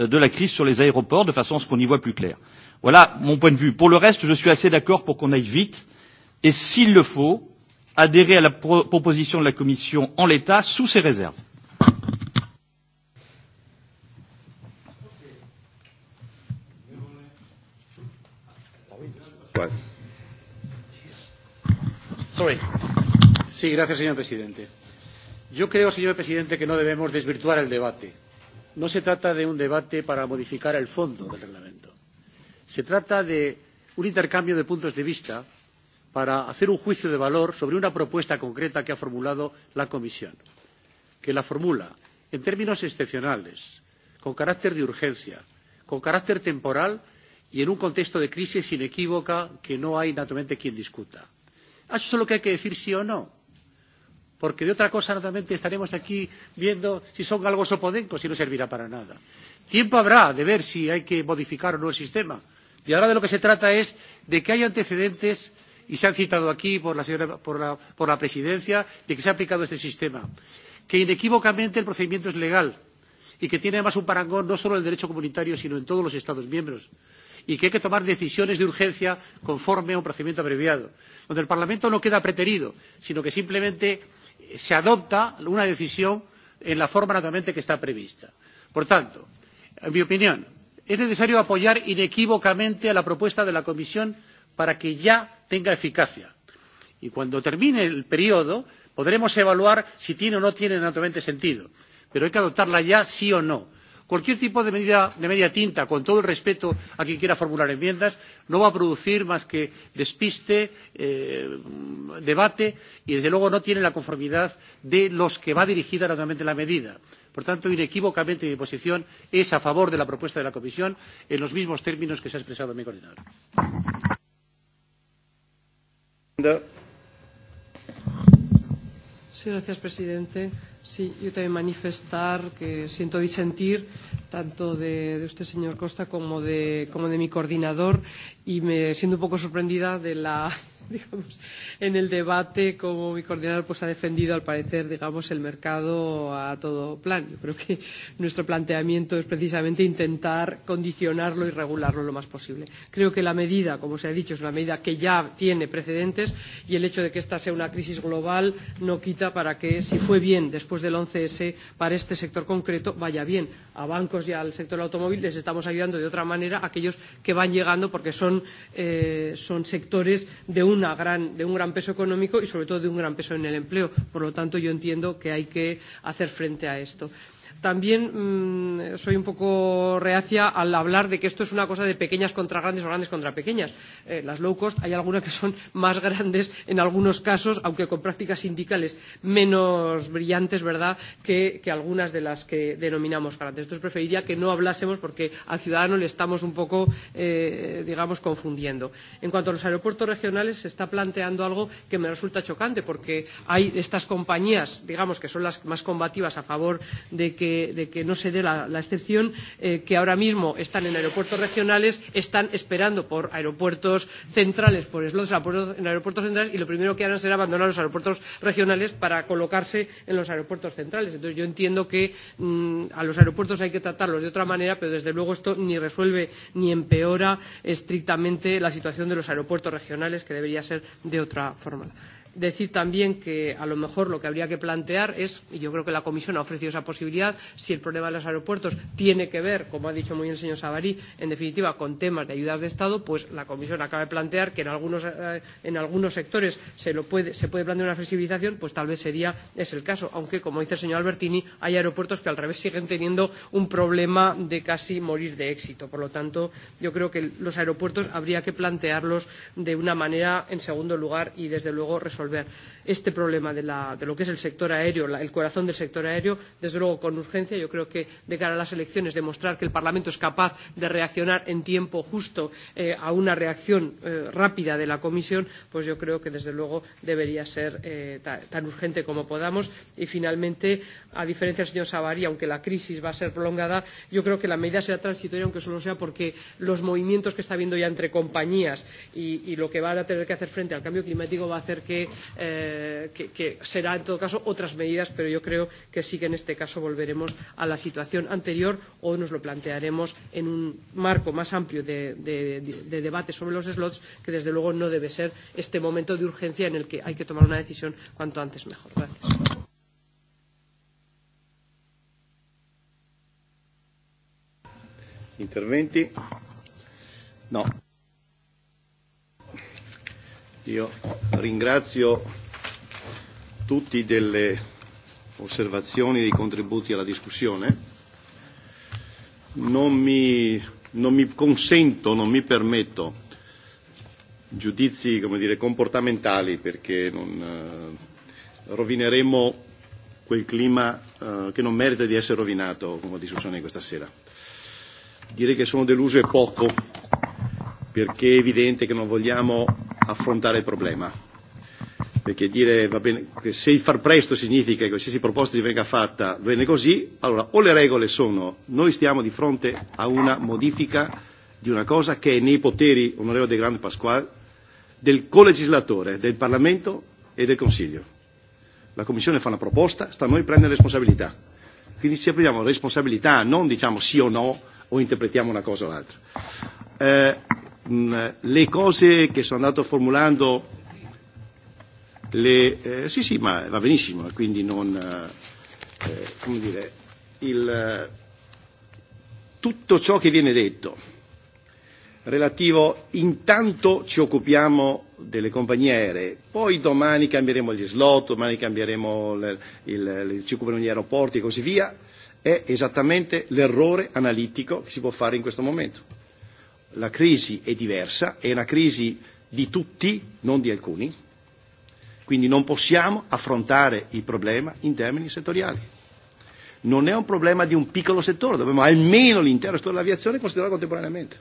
euh, de la crise sur les aéroports de façon à ce qu'on y voit plus clair. Voilà mon point de vue. Pour le reste, je suis assez d'accord pour qu'on aille vite et, s'il le faut, adhérer à la pro proposition de la Commission en l'état sous ses réserves. Sorry. Sí, gracias, señor presidente. Yo creo, señor presidente, que no debemos desvirtuar el debate. No se trata de un debate para modificar el fondo del reglamento. Se trata de un intercambio de puntos de vista para hacer un juicio de valor sobre una propuesta concreta que ha formulado la Comisión, que la formula en términos excepcionales, con carácter de urgencia, con carácter temporal y en un contexto de crisis inequívoca que no hay naturalmente quien discuta. Ah, eso es lo que hay que decir sí o no. Porque de otra cosa naturalmente estaremos aquí viendo si son galgos o podencos y no servirá para nada. Tiempo habrá de ver si hay que modificar o no el sistema. Y ahora de lo que se trata es de que haya antecedentes, y se han citado aquí por la, señora, por la, por la presidencia, de que se ha aplicado este sistema. Que inequívocamente el procedimiento es legal y que tiene además un parangón no solo en el derecho comunitario, sino en todos los Estados miembros y que hay que tomar decisiones de urgencia conforme a un procedimiento abreviado, donde el Parlamento no queda preterido, sino que simplemente eh, se adopta una decisión en la forma naturalmente que está prevista. Por tanto, en mi opinión, es necesario apoyar inequívocamente a la propuesta de la Comisión para que ya tenga eficacia. Y cuando termine el periodo, podremos evaluar si tiene o no tiene naturalmente sentido. Pero hay que adoptarla ya sí o no. Cualquier tipo de medida de media tinta, con todo el respeto a quien quiera formular enmiendas, no va a producir más que despiste, eh, debate y, desde luego, no tiene la conformidad de los que va dirigida naturalmente la medida. Por tanto, inequívocamente mi posición es a favor de la propuesta de la Comisión en los mismos términos que se ha expresado mi coordinador. Sí, gracias, presidente. Sí, yo también manifestar que siento disentir tanto de, de usted, señor Costa, como de, como de mi coordinador y me siento un poco sorprendida de la, [LAUGHS] digamos, en el debate como mi coordinador pues, ha defendido, al parecer, digamos, el mercado a todo plan. Yo creo que nuestro planteamiento es precisamente intentar condicionarlo y regularlo lo más posible. Creo que la medida, como se ha dicho, es una medida que ya tiene precedentes y el hecho de que esta sea una crisis global no quita para que, si fue bien después después del 11S para este sector concreto vaya bien. A bancos y al sector automóvil les estamos ayudando de otra manera a aquellos que van llegando porque son, eh, son sectores de, una gran, de un gran peso económico y sobre todo de un gran peso en el empleo. Por lo tanto, yo entiendo que hay que hacer frente a esto. También mmm, soy un poco reacia al hablar de que esto es una cosa de pequeñas contra grandes o grandes contra pequeñas. Eh, las low cost hay algunas que son más grandes en algunos casos, aunque con prácticas sindicales menos brillantes, ¿verdad?, que, que algunas de las que denominamos grandes. Entonces preferiría que no hablásemos porque al ciudadano le estamos un poco, eh, digamos, confundiendo. En cuanto a los aeropuertos regionales, se está planteando algo que me resulta chocante porque hay estas compañías, digamos, que son las más combativas a favor de que que, de que no se dé la, la excepción eh, que ahora mismo están en aeropuertos regionales, están esperando por aeropuertos centrales, por slots en aeropuertos centrales y lo primero que harán será abandonar los aeropuertos regionales para colocarse en los aeropuertos centrales. Entonces yo entiendo que mmm, a los aeropuertos hay que tratarlos de otra manera, pero desde luego esto ni resuelve ni empeora estrictamente la situación de los aeropuertos regionales, que debería ser de otra forma decir también que a lo mejor lo que habría que plantear es, y yo creo que la Comisión ha ofrecido esa posibilidad, si el problema de los aeropuertos tiene que ver, como ha dicho muy bien el señor Sabarí, en definitiva con temas de ayudas de Estado, pues la Comisión acaba de plantear que en algunos, eh, en algunos sectores se, lo puede, se puede plantear una flexibilización, pues tal vez sería es el caso, aunque como dice el señor Albertini, hay aeropuertos que al revés siguen teniendo un problema de casi morir de éxito. Por lo tanto, yo creo que los aeropuertos habría que plantearlos de una manera, en segundo lugar, y desde luego resolver resolver este problema de, la, de lo que es el sector aéreo, la, el corazón del sector aéreo, desde luego con urgencia. Yo creo que de cara a las elecciones demostrar que el Parlamento es capaz de reaccionar en tiempo justo eh, a una reacción eh, rápida de la Comisión, pues yo creo que desde luego debería ser eh, ta, tan urgente como podamos. Y finalmente, a diferencia del señor Savary, aunque la crisis va a ser prolongada, yo creo que la medida será transitoria, aunque solo sea porque los movimientos que está habiendo ya entre compañías y, y lo que van a tener que hacer frente al cambio climático va a hacer que eh, que, que será en todo caso otras medidas, pero yo creo que sí que en este caso volveremos a la situación anterior o nos lo plantearemos en un marco más amplio de, de, de, de debate sobre los slots, que desde luego no debe ser este momento de urgencia en el que hay que tomar una decisión cuanto antes mejor. Gracias. Interventi? No. Io ringrazio tutti delle osservazioni e dei contributi alla discussione. Non mi, non mi consento, non mi permetto giudizi come dire, comportamentali perché non, eh, rovineremo quel clima eh, che non merita di essere rovinato con la discussione di questa sera. Direi che sono deluso e poco perché è evidente che non vogliamo affrontare il problema. Perché dire va bene, che se il far presto significa che qualsiasi proposta ci venga fatta bene così, allora o le regole sono noi stiamo di fronte a una modifica di una cosa che è nei poteri, onorevole De Grande Pasquale, del colegislatore, del Parlamento e del Consiglio. La Commissione fa una proposta, sta a noi prendere responsabilità. Quindi ci apriamo responsabilità, non diciamo sì o no o interpretiamo una cosa o l'altra. Eh, Mm, le cose che sono andato formulando le, eh, sì sì ma va benissimo e quindi non eh, eh, come dire il, tutto ciò che viene detto relativo intanto ci occupiamo delle compagnie aeree, poi domani cambieremo gli slot, domani cambieremo le, il, le, ci occuperemo gli aeroporti e così via, è esattamente l'errore analitico che si può fare in questo momento la crisi è diversa, è una crisi di tutti, non di alcuni, quindi non possiamo affrontare il problema in termini settoriali. Non è un problema di un piccolo settore, dobbiamo almeno l'intero settore dell'aviazione considerarlo contemporaneamente.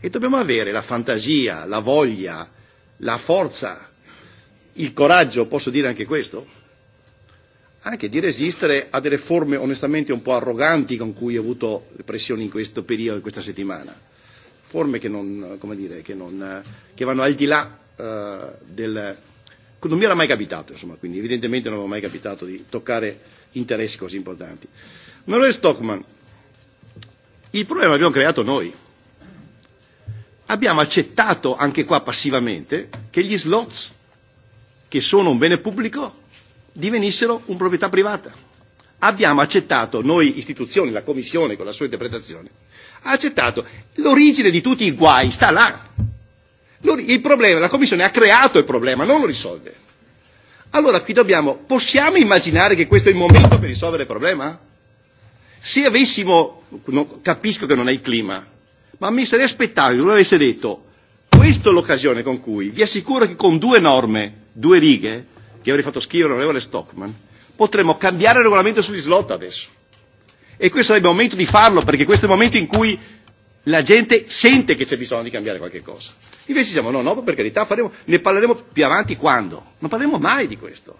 E dobbiamo avere la fantasia, la voglia, la forza, il coraggio, posso dire anche questo, anche di resistere a delle forme onestamente un po' arroganti con cui ho avuto pressioni in questo periodo, in questa settimana forme che non, come dire, che non, che vanno al di là uh, del, non mi era mai capitato, insomma, quindi evidentemente non avevo mai capitato di toccare interessi così importanti. Onorevole Stockman, il problema l'abbiamo creato noi. Abbiamo accettato anche qua passivamente che gli slots, che sono un bene pubblico, divenissero un proprietà privata. Abbiamo accettato noi istituzioni, la Commissione con la sua interpretazione, ha accettato. L'origine di tutti i guai sta là. Il problema, la Commissione ha creato il problema, non lo risolve. Allora qui dobbiamo, possiamo immaginare che questo è il momento per risolvere il problema? Se avessimo, no, capisco che non è il clima, ma mi sarei aspettato che lui avesse detto, questa è l'occasione con cui, vi assicuro che con due norme, due righe, che avrei fatto scrivere l'onorevole Stockman, potremmo cambiare il regolamento sugli slot adesso E questo sarebbe il momento di farlo, perché questo è il momento in cui la gente sente che c'è bisogno di cambiare qualche cosa. Invece diciamo no, no, per carità, faremo, ne parleremo più avanti quando? Non parleremo mai di questo.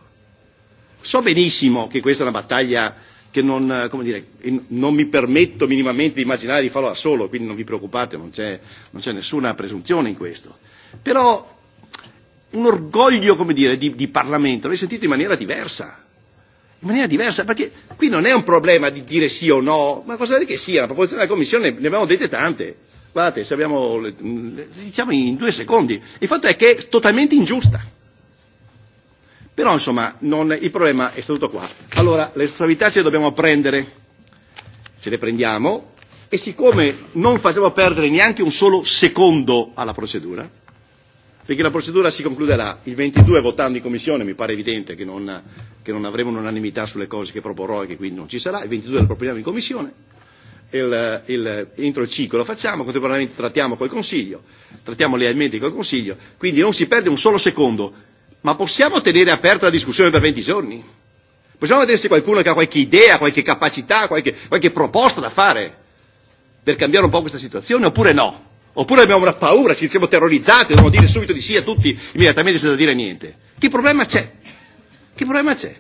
So benissimo che questa è una battaglia che non, come dire, non mi permetto minimamente di immaginare di farlo da solo, quindi non vi preoccupate, non c'è, non c'è nessuna presunzione in questo. Però un orgoglio, come dire, di, di Parlamento l'hai sentito in maniera diversa in maniera diversa, perché qui non è un problema di dire sì o no, ma cosa vuol dire che sia, la proposizione della Commissione ne abbiamo dette tante, guardate, se abbiamo, le, diciamo in due secondi, il fatto è che è totalmente ingiusta. Però insomma non, il problema è stato qua. Allora le responsabilità ce le dobbiamo prendere, ce le prendiamo e siccome non facciamo perdere neanche un solo secondo alla procedura, perché la procedura si concluderà il 22 votando in Commissione, mi pare evidente che non, che non avremo un'unanimità sulle cose che proporrò e che quindi non ci sarà, il 22 lo proponiamo in Commissione, il, il, entro il 5 lo facciamo, contemporaneamente trattiamo col Consiglio, trattiamo lealmente col Consiglio, quindi non si perde un solo secondo, ma possiamo tenere aperta la discussione per 20 giorni? Possiamo vedere se qualcuno che ha qualche idea, qualche capacità, qualche, qualche proposta da fare per cambiare un po' questa situazione oppure no? Oppure abbiamo una paura, ci siamo terrorizzati, dobbiamo dire subito di sì a tutti, immediatamente senza dire niente. Che problema c'è? Che problema c'è?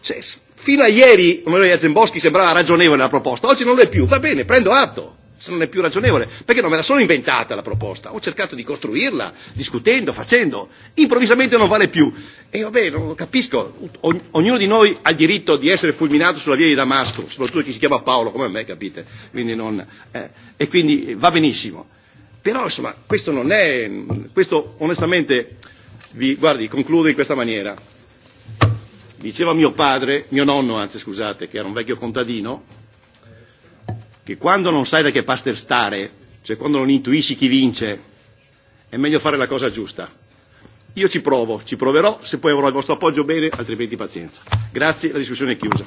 Cioè, fino a ieri, onorevole Zemboschi, sembrava ragionevole la proposta, oggi non lo è più, va bene, prendo atto se non è più ragionevole, perché non me la sono inventata la proposta, ho cercato di costruirla, discutendo, facendo, improvvisamente non vale più. E vabbè, non capisco, o, ognuno di noi ha il diritto di essere fulminato sulla via di Damasco, soprattutto chi si chiama Paolo come me, capite? Quindi non, eh, e quindi va benissimo. Però insomma questo non è, questo onestamente, vi, guardi, concludo in questa maniera. Diceva mio padre, mio nonno anzi scusate, che era un vecchio contadino, che quando non sai da che paster stare, cioè quando non intuisci chi vince, è meglio fare la cosa giusta. Io ci provo, ci proverò, se poi avrò il vostro appoggio bene, altrimenti pazienza. Grazie, la discussione è chiusa.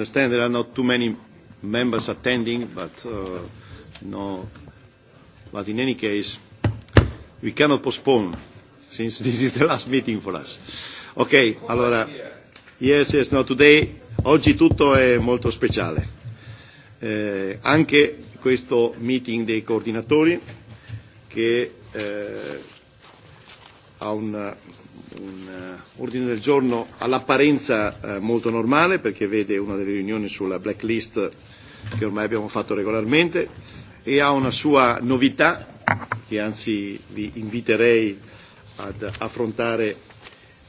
understand there are not too many members attending, but uh, no. But in any case, we cannot postpone, since [LAUGHS] this is the last meeting for us. Ok, allora, yes, yes, no, today, oggi tutto è molto speciale. Eh, anche questo meeting dei coordinatori, che eh, ha un un uh, ordine del giorno all'apparenza uh, molto normale perché vede una delle riunioni sulla blacklist che ormai abbiamo fatto regolarmente e ha una sua novità che anzi vi inviterei ad affrontare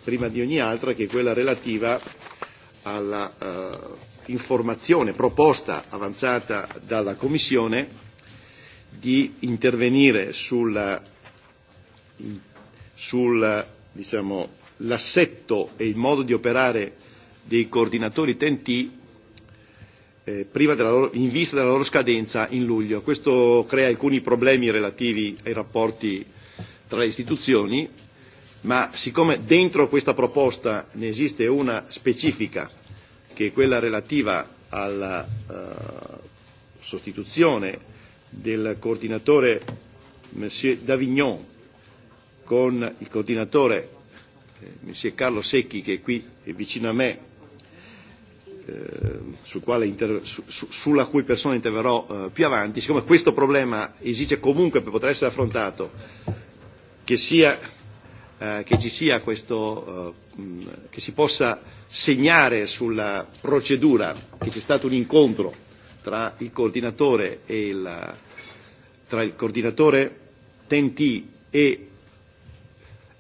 prima di ogni altra che è quella relativa alla uh, informazione proposta avanzata dalla Commissione di intervenire sulla, sul diciamo, l'assetto e il modo di operare dei coordinatori TNT eh, prima della loro, in vista della loro scadenza in luglio. Questo crea alcuni problemi relativi ai rapporti tra le istituzioni, ma siccome dentro questa proposta ne esiste una specifica, che è quella relativa alla eh, sostituzione del coordinatore Monsieur Davignon con il coordinatore, eh, Messie Carlo Secchi, che è qui è vicino a me, eh, sul quale inter- su- sulla cui persona interverrò eh, più avanti, siccome questo problema esige comunque per poter essere affrontato che, sia, eh, che ci sia questo, eh, mh, che si possa segnare sulla procedura che c'è stato un incontro tra il coordinatore e il, tra il coordinatore TNT e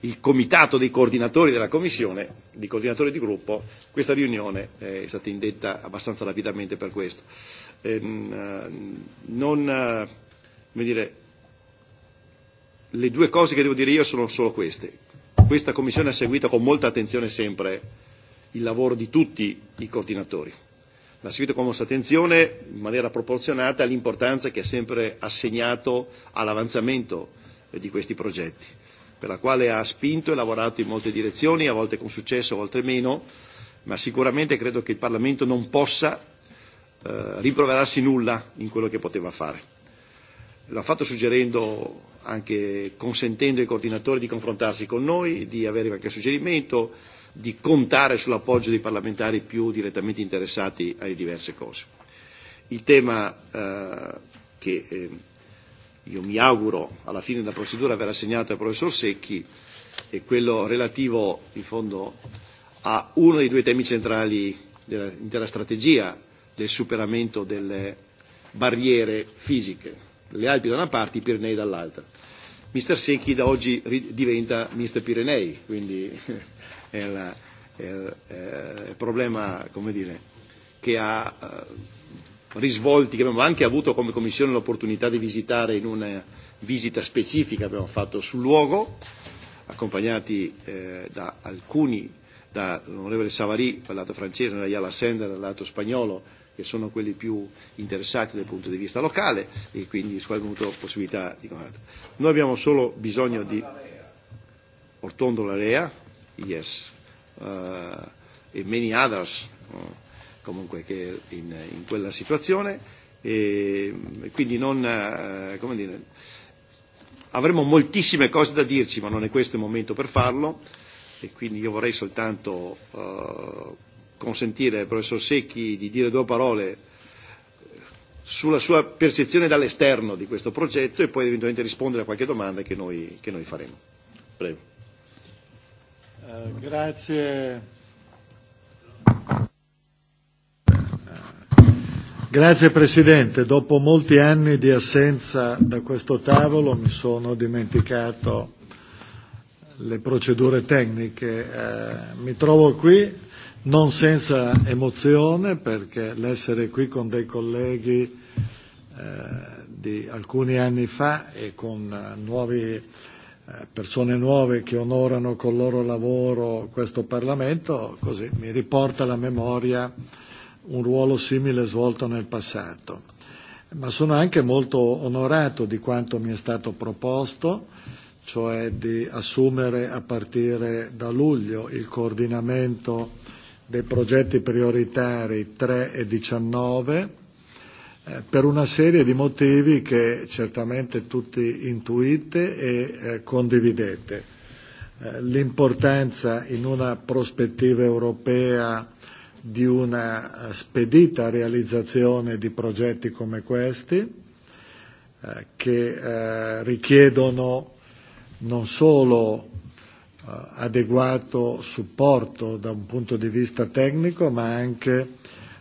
il comitato dei coordinatori della Commissione, di coordinatori di gruppo, questa riunione eh, è stata indetta abbastanza rapidamente per questo. Ehm, eh, non, eh, come dire, le due cose che devo dire io sono solo queste. Questa Commissione ha seguito con molta attenzione sempre il lavoro di tutti i coordinatori. L'ha seguito con molta attenzione in maniera proporzionata all'importanza che ha sempre assegnato all'avanzamento di questi progetti per la quale ha spinto e lavorato in molte direzioni, a volte con successo, a volte meno, ma sicuramente credo che il Parlamento non possa eh, rimproverarsi nulla in quello che poteva fare. L'ha fatto suggerendo, anche consentendo ai coordinatori di confrontarsi con noi, di avere qualche suggerimento, di contare sull'appoggio dei parlamentari più direttamente interessati alle diverse cose. Il tema eh, che eh, io mi auguro alla fine della procedura verrà assegnato al professor Secchi e quello relativo in fondo a uno dei due temi centrali dell'intera strategia del superamento delle barriere fisiche, le Alpi da una parte, i Pirenei dall'altra. Mister Secchi da oggi diventa Mister Pirenei, quindi [LAUGHS] è il, è è il problema come dire, che ha eh, risvolti che abbiamo anche avuto come Commissione l'opportunità di visitare in una visita specifica che abbiamo fatto sul luogo, accompagnati eh, da alcuni, da l'onorevole Savary per lato francese, da Yala Sender dal lato spagnolo, che sono quelli più interessati dal punto di vista locale e quindi su cui abbiamo avuto possibilità di conoscere. Noi abbiamo solo bisogno di Ortondo Larea, yes, uh, e many others. Uh, comunque che in, in quella situazione e, e quindi non, eh, come dire, avremo moltissime cose da dirci ma non è questo il momento per farlo e quindi io vorrei soltanto eh, consentire al professor Secchi di dire due parole eh, sulla sua percezione dall'esterno di questo progetto e poi eventualmente rispondere a qualche domanda che noi, che noi faremo. Prego. Eh, grazie Grazie Presidente, dopo molti anni di assenza da questo tavolo mi sono dimenticato le procedure tecniche. Eh, mi trovo qui non senza emozione perché l'essere qui con dei colleghi eh, di alcuni anni fa e con eh, nuovi, eh, persone nuove che onorano col loro lavoro questo Parlamento, così mi riporta la memoria eh, un ruolo simile svolto nel passato, ma sono anche molto onorato di quanto mi è stato proposto, cioè di assumere a partire da luglio il coordinamento dei progetti prioritari 3 e 19 eh, per una serie di motivi che certamente tutti intuite e eh, condividete. Eh, L'importanza in una prospettiva europea di una eh, spedita realizzazione di progetti come questi eh, che eh, richiedono non solo eh, adeguato supporto da un punto di vista tecnico ma anche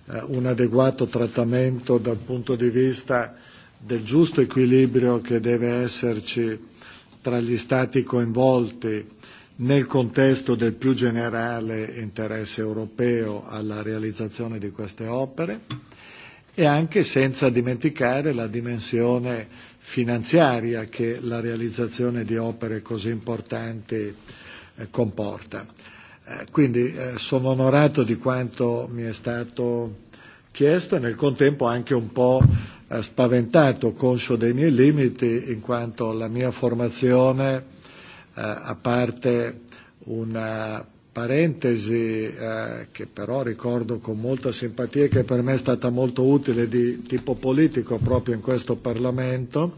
eh, un adeguato trattamento dal punto di vista del giusto equilibrio che deve esserci tra gli stati coinvolti nel contesto del più generale interesse europeo alla realizzazione di queste opere e anche senza dimenticare la dimensione finanziaria che la realizzazione di opere così importanti eh, comporta. Eh, quindi eh, sono onorato di quanto mi è stato chiesto e nel contempo anche un po' eh, spaventato, conscio dei miei limiti, in quanto la mia formazione Eh, a parte una parentesi eh, che però ricordo con molta simpatia e che per me è stata molto utile di tipo politico proprio in questo Parlamento.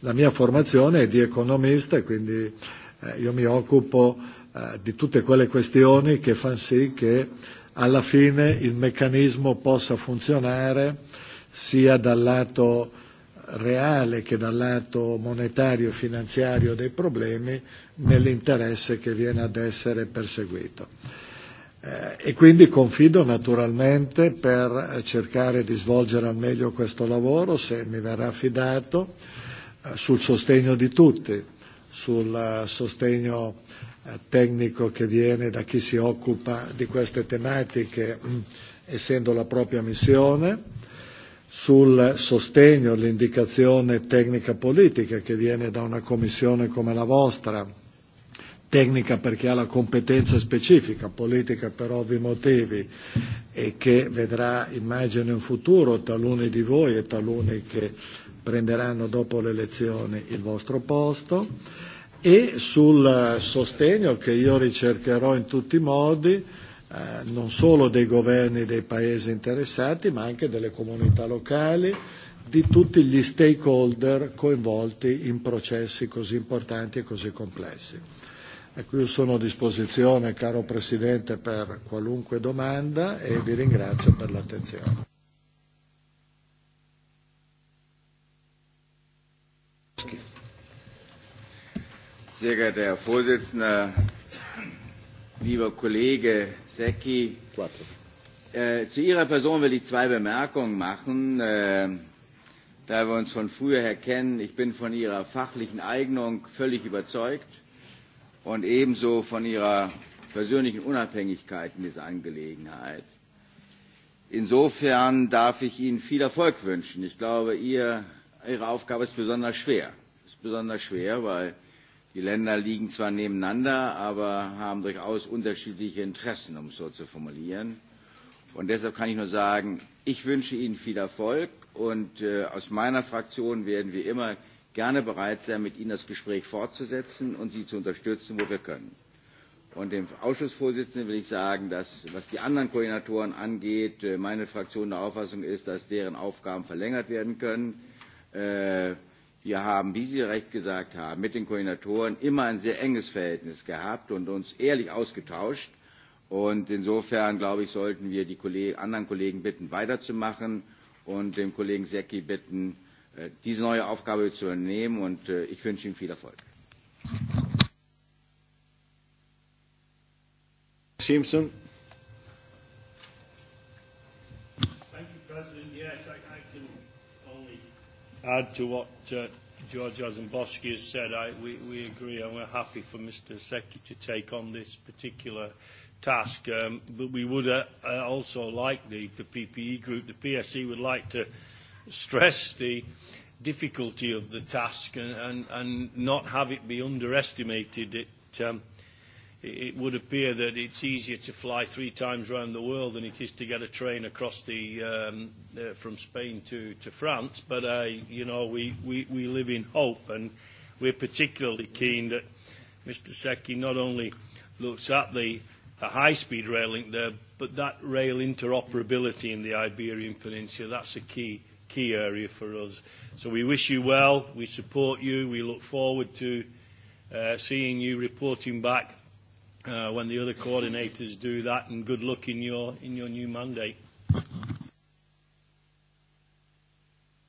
La mia formazione è di economista e quindi eh, io mi occupo eh, di tutte quelle questioni che fanno sì che alla fine il meccanismo possa funzionare sia dal lato reale che dal lato monetario e finanziario dei problemi nell'interesse che viene ad essere perseguito. Eh, e quindi confido naturalmente per cercare di svolgere al meglio questo lavoro, se mi verrà affidato, eh, sul sostegno di tutti, sul eh, sostegno eh, tecnico che viene da chi si occupa di queste tematiche, mm, essendo la propria missione, sul sostegno l'indicazione tecnica politica che viene da una commissione come la vostra, tecnica perché ha la competenza specifica, politica per ovvi motivi e che vedrà immagino in futuro taluni di voi e taluni che prenderanno dopo le elezioni il vostro posto e sul sostegno che io ricercherò in tutti i modi Eh, non solo dei governi dei paesi interessati ma anche delle comunità locali, di tutti gli stakeholder coinvolti in processi così importanti e così complessi. Ecco, io sono a disposizione, caro Presidente, per qualunque domanda e vi ringrazio per l'attenzione. Sehr geehrter Herr Vorsitzender, lieber Kollege Secchi. Äh, zu Ihrer Person will ich zwei Bemerkungen machen. Äh, da wir uns von früher her kennen, ich bin von Ihrer fachlichen Eignung völlig überzeugt und ebenso von Ihrer persönlichen Unabhängigkeit in dieser Angelegenheit. Insofern darf ich Ihnen viel Erfolg wünschen. Ich glaube, ihr, Ihre Aufgabe ist besonders schwer. Ist besonders schwer, weil Die Länder liegen zwar nebeneinander, aber haben durchaus unterschiedliche Interessen, um es so zu formulieren. Und deshalb kann ich nur sagen, ich wünsche Ihnen viel Erfolg und äh, aus meiner Fraktion werden wir immer gerne bereit sein, mit Ihnen das Gespräch fortzusetzen und Sie zu unterstützen, wo wir können. Und dem Ausschussvorsitzenden will ich sagen, dass, was die anderen Koordinatoren angeht, äh, meine Fraktion der Auffassung ist, dass deren Aufgaben verlängert werden können. Äh, wir haben, wie Sie recht gesagt haben, mit den Koordinatoren immer ein sehr enges Verhältnis gehabt und uns ehrlich ausgetauscht. Und insofern, glaube ich, sollten wir die anderen Kollegen bitten, weiterzumachen und dem Kollegen Secki bitten, äh, diese neue Aufgabe zu übernehmen. Und äh, ich wünsche ihm viel Erfolg. Simpson. add to what uh, George Ozenboski has said. I, we, we agree and we're happy for Mr. Secchi to take on this particular task. Um, but we would uh, uh, also like the, the PPE group, the PSE would like to stress the difficulty of the task and, and, and not have it be underestimated. It, um, it would appear that it's easier to fly three times around the world than it is to get a train across the um, uh, from Spain to, to France. But uh, you know, we, we, we live in hope, and we're particularly keen that Mr. Secchi not only looks at the a high-speed rail link there, but that rail interoperability in the Iberian Peninsula, that's a key, key area for us. So we wish you well, we support you, we look forward to uh, seeing you reporting back uh, when the other coordinators do that, and good luck in your, in your new mandate.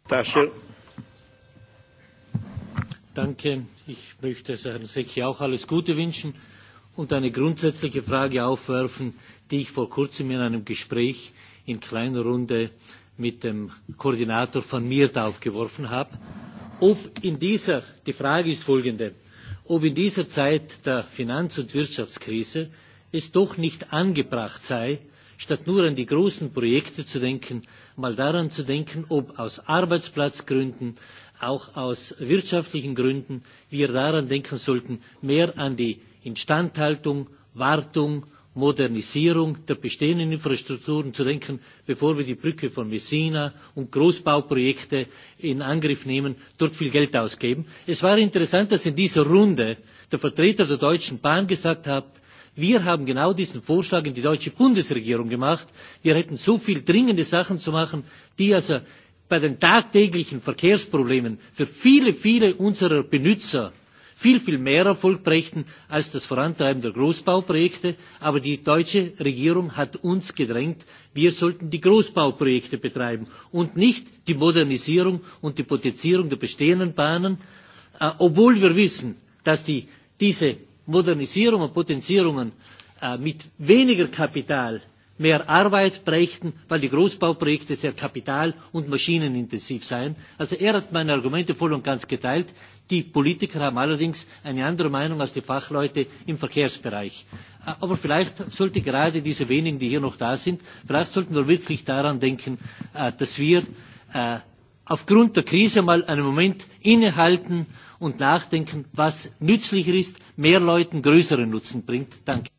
Tasche. Danke. Ich möchte Herrn Secchi auch alles Gute wünschen und eine grundsätzliche Frage aufwerfen, die ich vor kurzem in einem Gespräch in kleiner Runde mit dem Koordinator von MIRT aufgeworfen habe. Ob in dieser, die Frage ist folgende, ob in dieser Zeit der Finanz- und Wirtschaftskrise es doch nicht angebracht sei, statt nur an die großen Projekte zu denken, mal daran zu denken, ob aus Arbeitsplatzgründen, auch aus wirtschaftlichen Gründen wir daran denken sollten, mehr an die Instandhaltung, Wartung Modernisierung der bestehenden Infrastrukturen zu denken, bevor wir die Brücke von Messina und Großbauprojekte in Angriff nehmen, dort viel Geld ausgeben. Es war interessant, dass in dieser Runde der Vertreter der Deutschen Bahn gesagt hat, wir haben genau diesen Vorschlag in die deutsche Bundesregierung gemacht. Wir hätten so viel dringende Sachen zu machen, die also bei den tagtäglichen Verkehrsproblemen für viele, viele unserer Benutzer viel, viel mehr Erfolg brächten als das Vorantreiben der Großbauprojekte. Aber die deutsche Regierung hat uns gedrängt, wir sollten die Großbauprojekte betreiben und nicht die Modernisierung und die Potenzierung der bestehenden Bahnen, äh, obwohl wir wissen, dass die, diese Modernisierung und Potenzierungen äh, mit weniger Kapital mehr Arbeit brächten, weil die Großbauprojekte sehr kapital- und maschinenintensiv seien. Also er hat meine Argumente voll und ganz geteilt. Die Politiker haben allerdings eine andere Meinung als die Fachleute im Verkehrsbereich. Äh, aber vielleicht sollte gerade diese wenigen, die hier noch da sind, vielleicht sollten wir wirklich daran denken, äh, dass wir äh, aufgrund der Krise mal einen Moment innehalten und nachdenken, was nützlicher ist, mehr Leuten größeren Nutzen bringt. Danke.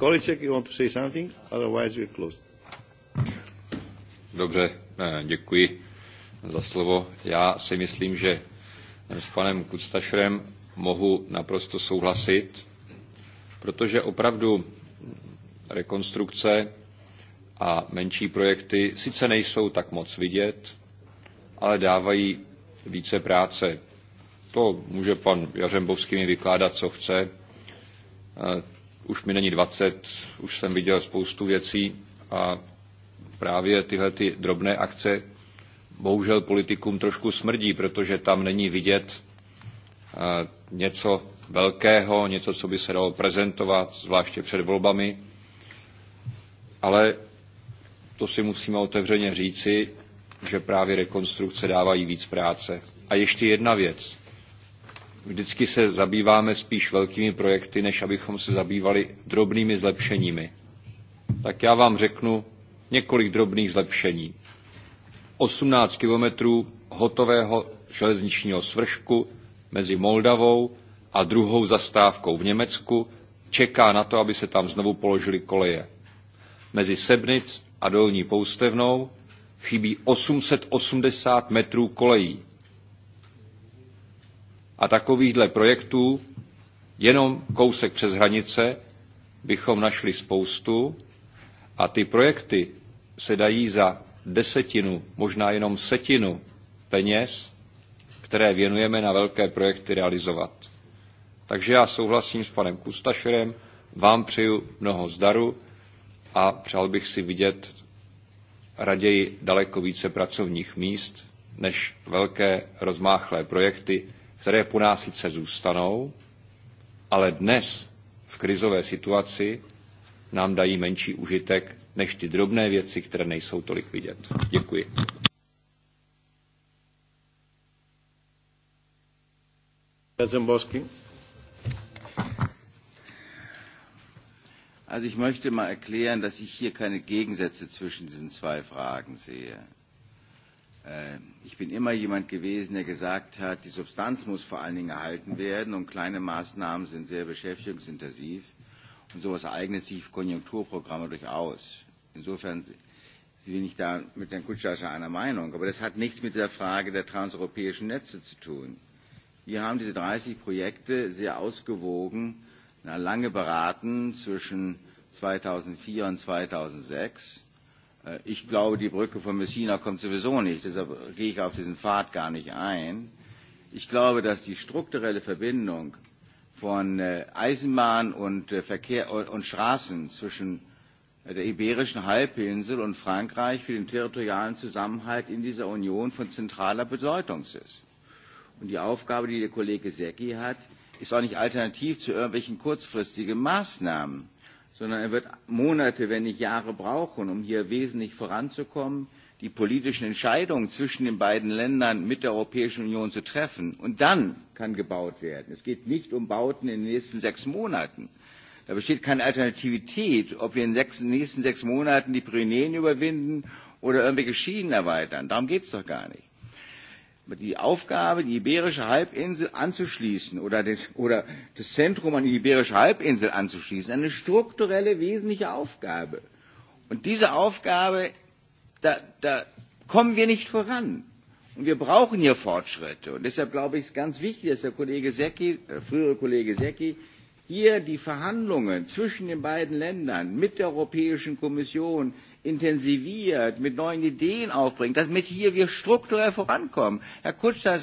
Kolicek, you want to say something? Otherwise we're closed. Dobře, eh, děkuji za slovo. Já si myslím, že s panem Kustašrem mohu naprosto souhlasit, protože opravdu rekonstrukce a menší projekty sice nejsou tak moc vidět, ale dávají více práce. To může pan Jařembovský mi vykládat, co chce. Eh, už mi není 20, už jsem viděl spoustu věcí a právě tyhle ty drobné akce bohužel politikům trošku smrdí, protože tam není vidět eh, něco velkého, něco, co by se dalo prezentovat, zvláště před volbami. Ale to si musíme otevřeně říci, že právě rekonstrukce dávají víc práce. A ještě jedna věc vždycky se zabýváme spíš velkými projekty, než abychom se zabývali drobnými zlepšeními. Tak já vám řeknu několik drobných zlepšení. 18 kilometrů hotového železničního svršku mezi Moldavou a druhou zastávkou v Německu čeká na to, aby se tam znovu položily koleje. Mezi Sebnic a Dolní Poustevnou chybí 880 metrů kolejí A takovýchhle projektů jenom kousek přes hranice bychom našli spoustu a ty projekty se dají za desetinu, možná jenom setinu peněz, které věnujeme na velké projekty realizovat. Takže já souhlasím s panem Kustašerem, vám přeju mnoho zdaru a přál bych si vidět raději daleko více pracovních míst než velké rozmáchlé projekty, které po nás sice zůstanou, ale dnes v krizové situaci nám dají menší užitek než ty drobné věci, které nejsou tolik vidět. Děkuji. Also ich möchte mal erklären, dass ich hier keine Gegensätze zwischen diesen zwei Fragen sehe. Ähm, ich bin immer jemand gewesen, der gesagt hat, die Substanz muss vor allen Dingen erhalten werden und kleine Maßnahmen sind sehr beschäftigungsintensiv und sowas eignet sich Konjunkturprogramme durchaus. Insofern bin ich da mit Herrn Kutschascher einer Meinung, aber das hat nichts mit der Frage der transeuropäischen Netze zu tun. Wir haben diese 30 Projekte sehr ausgewogen, lange beraten zwischen 2004 und 2006 Äh, ich glaube, die Brücke von Messina kommt sowieso nicht, deshalb gehe ich auf diesen Pfad gar nicht ein. Ich glaube, dass die strukturelle Verbindung von äh, Eisenbahn und, äh, Verkehr und Straßen zwischen der iberischen Halbinsel und Frankreich für den territorialen Zusammenhalt in dieser Union von zentraler Bedeutung ist. Und die Aufgabe, die der Kollege Secki hat, ist auch nicht alternativ zu irgendwelchen kurzfristigen Maßnahmen sondern er wird Monate, wenn nicht Jahre brauchen, um hier wesentlich voranzukommen, die politischen Entscheidungen zwischen den beiden Ländern mit der Europäischen Union zu treffen. Und dann kann gebaut werden. Es geht nicht um Bauten in den nächsten sechs Monaten. Da besteht keine Alternativität, ob wir in den nächsten sechs Monaten die Pyrenäen überwinden oder irgendwelche Schienen erweitern. Darum geht es doch gar nicht die Aufgabe, die Iberische Halbinsel anzuschließen oder, den, oder das Zentrum an die Iberische Halbinsel anzuschließen, eine strukturelle, wesentliche Aufgabe. Und diese Aufgabe, da, da kommen wir nicht voran. Und wir brauchen hier Fortschritte. Und deshalb glaube ich, ist ganz wichtig, dass der Kollege Secki, der äh, frühere Kollege Secki, hier die Verhandlungen zwischen den beiden Ländern mit der Europäischen Kommission, intensiviert, mit neuen Ideen aufbringt, damit hier wir strukturell vorankommen. Herr Kutscher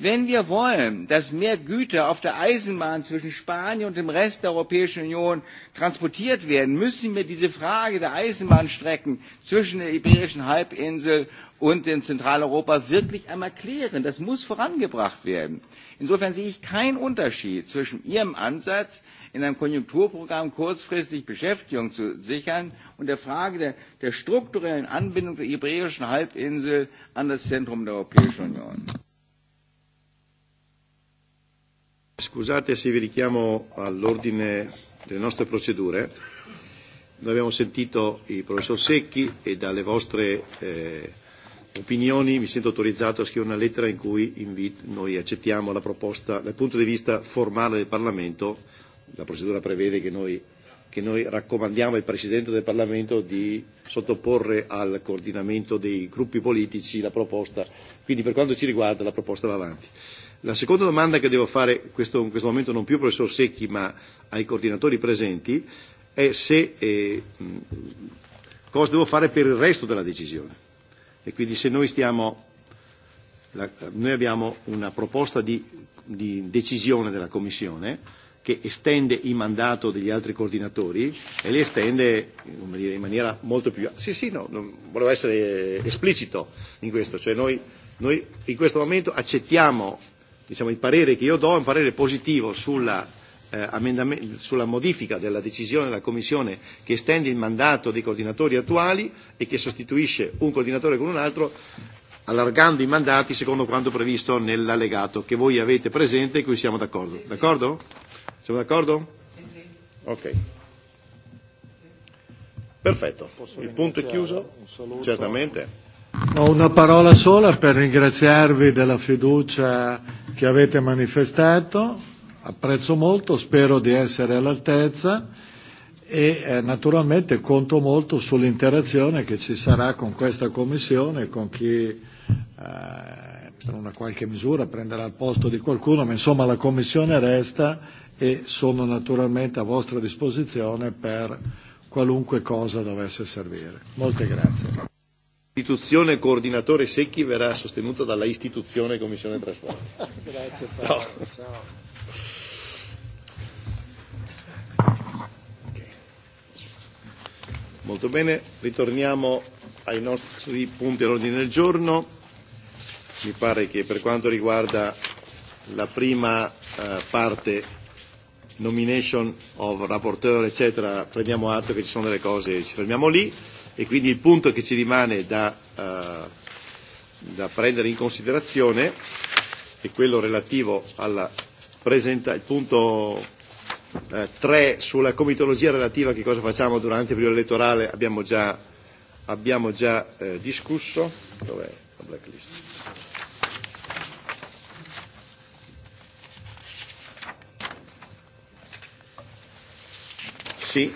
Wenn wir wollen, dass mehr Güter auf der Eisenbahn zwischen Spanien und dem Rest der Europäischen Union transportiert werden, müssen wir diese Frage der Eisenbahnstrecken zwischen der Iberischen Halbinsel und in Zentraleuropa wirklich einmal klären. Das muss vorangebracht werden. Insofern sehe ich keinen Unterschied zwischen Ihrem Ansatz, in einem Konjunkturprogramm kurzfristig Beschäftigung zu sichern und der Frage der, der strukturellen Anbindung der Iberischen Halbinsel an das Zentrum der Europäischen Union. Scusate se vi richiamo all'ordine delle nostre procedure. Noi abbiamo sentito il professor Secchi e dalle vostre eh, opinioni mi sento autorizzato a scrivere una lettera in cui invito, noi accettiamo la proposta dal punto di vista formale del Parlamento. La procedura prevede che noi, che noi raccomandiamo al Presidente del Parlamento di sottoporre al coordinamento dei gruppi politici la proposta. Quindi per quanto ci riguarda la proposta va avanti. La seconda domanda che devo fare questo, in questo momento non più al professor Secchi ma ai coordinatori presenti è se, eh, cosa devo fare per il resto della decisione. E quindi se noi stiamo, la, noi abbiamo una proposta di, di decisione della Commissione che estende il mandato degli altri coordinatori e li estende come dire, in maniera molto più... Sì, sì, no, non, volevo essere esplicito in questo, cioè noi, noi in questo momento accettiamo diciamo, il parere che io do è un parere positivo sulla, eh, sulla modifica della decisione della Commissione che estende il mandato dei coordinatori attuali e che sostituisce un coordinatore con un altro allargando i mandati secondo quanto previsto nell'allegato che voi avete presente e cui siamo d'accordo. Sì, sì. D'accordo? Siamo d'accordo? Sì, sì. Ok. Perfetto. Posso il punto è chiuso? Certamente. Ho una parola sola per ringraziarvi della fiducia che avete manifestato, apprezzo molto, spero di essere all'altezza e eh, naturalmente conto molto sull'interazione che ci sarà con questa Commissione, con chi eh, per una qualche misura prenderà il posto di qualcuno, ma insomma la Commissione resta e sono naturalmente a vostra disposizione per qualunque cosa dovesse servire. Molte grazie. L'istituzione coordinatore Secchi verrà sostenuta dalla istituzione Commissione Trasporti. Grazie Paolo. Ciao. Ciao. Molto bene, ritorniamo ai nostri punti all'ordine del giorno. Mi pare che per quanto riguarda la prima eh, parte nomination of rapporteur eccetera, prendiamo atto che ci sono delle cose e ci fermiamo lì. E quindi il punto che ci rimane da, uh, da prendere in considerazione è quello relativo alla presenta, il punto 3 eh, sulla comitologia relativa che cosa facciamo durante il periodo elettorale abbiamo già, abbiamo già eh, discusso. Dov'è la blacklist? Sì,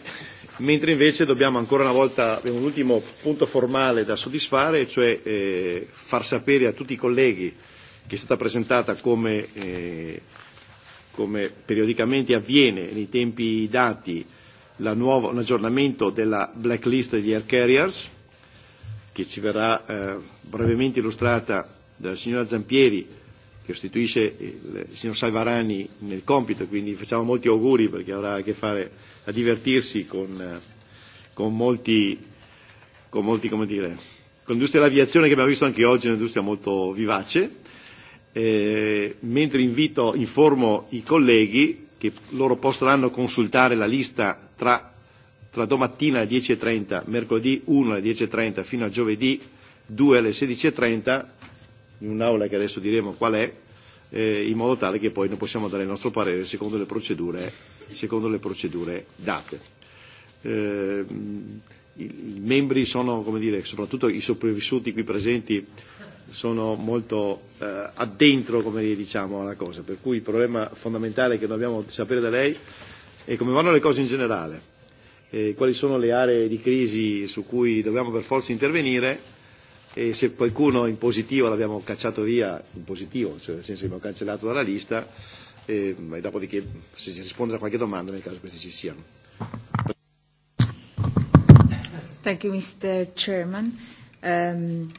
mentre invece dobbiamo ancora una volta, abbiamo un ultimo punto formale da soddisfare, cioè eh, far sapere a tutti i colleghi che è stata presentata come, eh, come periodicamente avviene nei tempi dati la nuova, un aggiornamento della blacklist degli air carriers, che ci verrà eh, brevemente illustrata dalla signora Zampieri, che sostituisce il, signor Salvarani nel compito, quindi facciamo molti auguri perché avrà a che fare a divertirsi con, eh, con molti, con molti come dire, con l'industria dell'aviazione che abbiamo visto anche oggi, un'industria molto vivace, eh, mentre invito, informo i colleghi che loro potranno consultare la lista tra, tra domattina alle 10.30, e mercoledì 1 alle 10.30 e fino a giovedì 2 alle 16.30, e in un'aula che adesso diremo qual è, eh, in modo tale che poi noi possiamo dare il nostro parere secondo le procedure secondo le procedure date. Eh, I membri sono, come dire, soprattutto i sopravvissuti qui presenti, sono molto eh, addentro, come diciamo, alla cosa, per cui il problema fondamentale che dobbiamo sapere da lei è come vanno le cose in generale, eh, quali sono le aree di crisi su cui dobbiamo per forza intervenire e se qualcuno in positivo l'abbiamo cacciato via, in positivo, cioè nel senso che abbiamo cancellato dalla lista, e, e dopodiché se si risponde a qualche domanda nel caso questi ci siano. Thank you, Mr. Chairman. Um,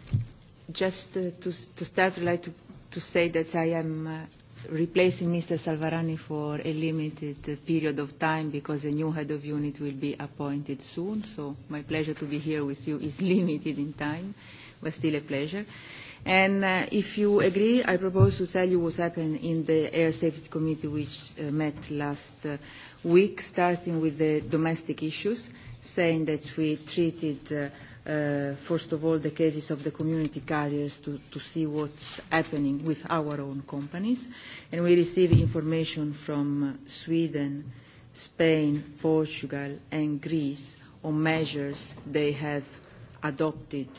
just uh, to, to start, I'd like to, to say that I am uh, replacing Mr. Salvarani for a limited uh, period of time because a new head of unit will be appointed soon. So my pleasure to be here with you is [LAUGHS] limited in time, but still a pleasure. And uh, if you agree, I propose to tell you what happened in the Air Safety Committee, which uh, met last uh, week, starting with the domestic issues, saying that we treated, uh, uh, first of all, the cases of the community carriers to, to see what's happening with our own companies. And we received information from uh, Sweden, Spain, Portugal, and Greece on measures they have adopted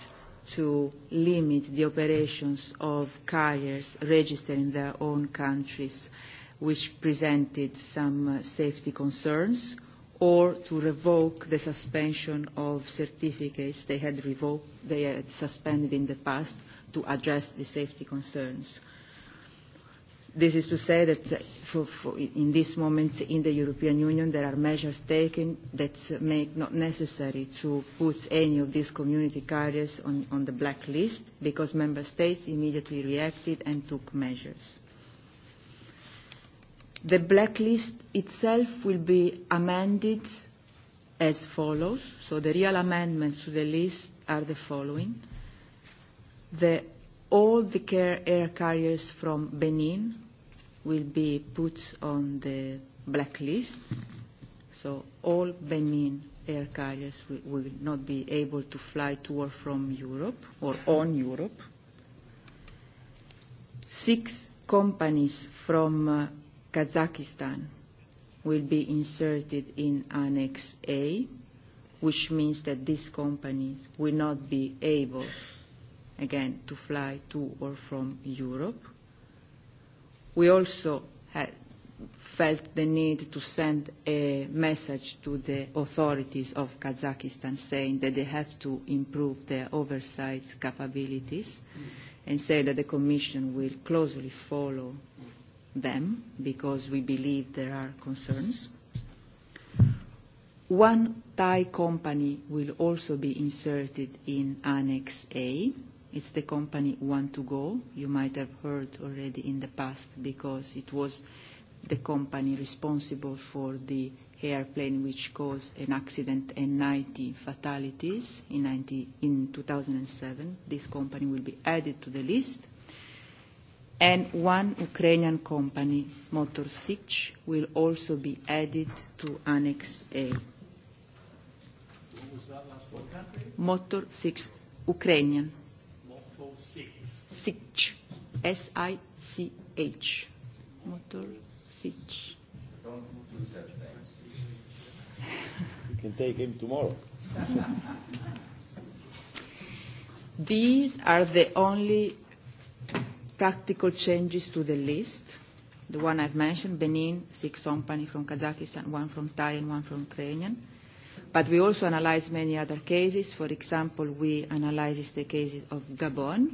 to limit the operations of carriers registered in their own countries which presented some uh, safety concerns or to revoke the suspension of certificates they had, revoked, they had suspended in the past to address the safety concerns. This is to say that uh, for, for in this moment in the European Union there are measures taken that make not necessary to put any of these community carriers on, on the black list because member states immediately reacted and took measures. The blacklist itself will be amended as follows. So the real amendments to the list are the following. The, all the care air carriers from Benin, will be put on the blacklist. So all Benin air carriers will, will not be able to fly to or from Europe or on Europe. Six companies from uh, Kazakhstan will be inserted in Annex A, which means that these companies will not be able, again, to fly to or from Europe we also felt the need to send a message to the authorities of Kazakhstan saying that they have to improve their oversight capabilities mm. and say that the Commission will closely follow them because we believe there are concerns. One Thai company will also be inserted in Annex A it's the company want to go. You might have heard already in the past because it was the company responsible for the airplane which caused an accident and 90 fatalities in, 90, in 2007. This company will be added to the list. And one Ukrainian company, Motor Sich, will also be added to Annex A. What was that last one Motor Sich, Ukrainian. Sich. S-I-C-H. Motor Sitch. you can take him tomorrow. [LAUGHS] These are the only practical changes to the list. The one I've mentioned, Benin, six companies from Kazakhstan, one from Thai and one from Ukrainian. But we also analyze many other cases. For example, we analyze the cases of Gabon.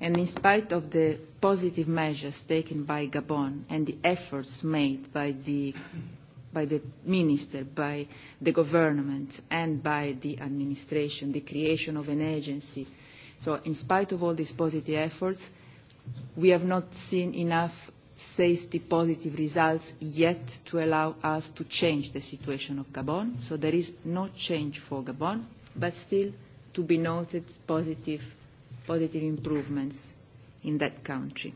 And in spite of the positive measures taken by Gabon and the efforts made by the, by the minister, by the government, and by the administration, the creation of an agency, so in spite of all these positive efforts, we have not seen enough safety positive results yet to allow us to change the situation of Gabon. So there is no change for Gabon, but still to be noted positive, positive improvements in that country.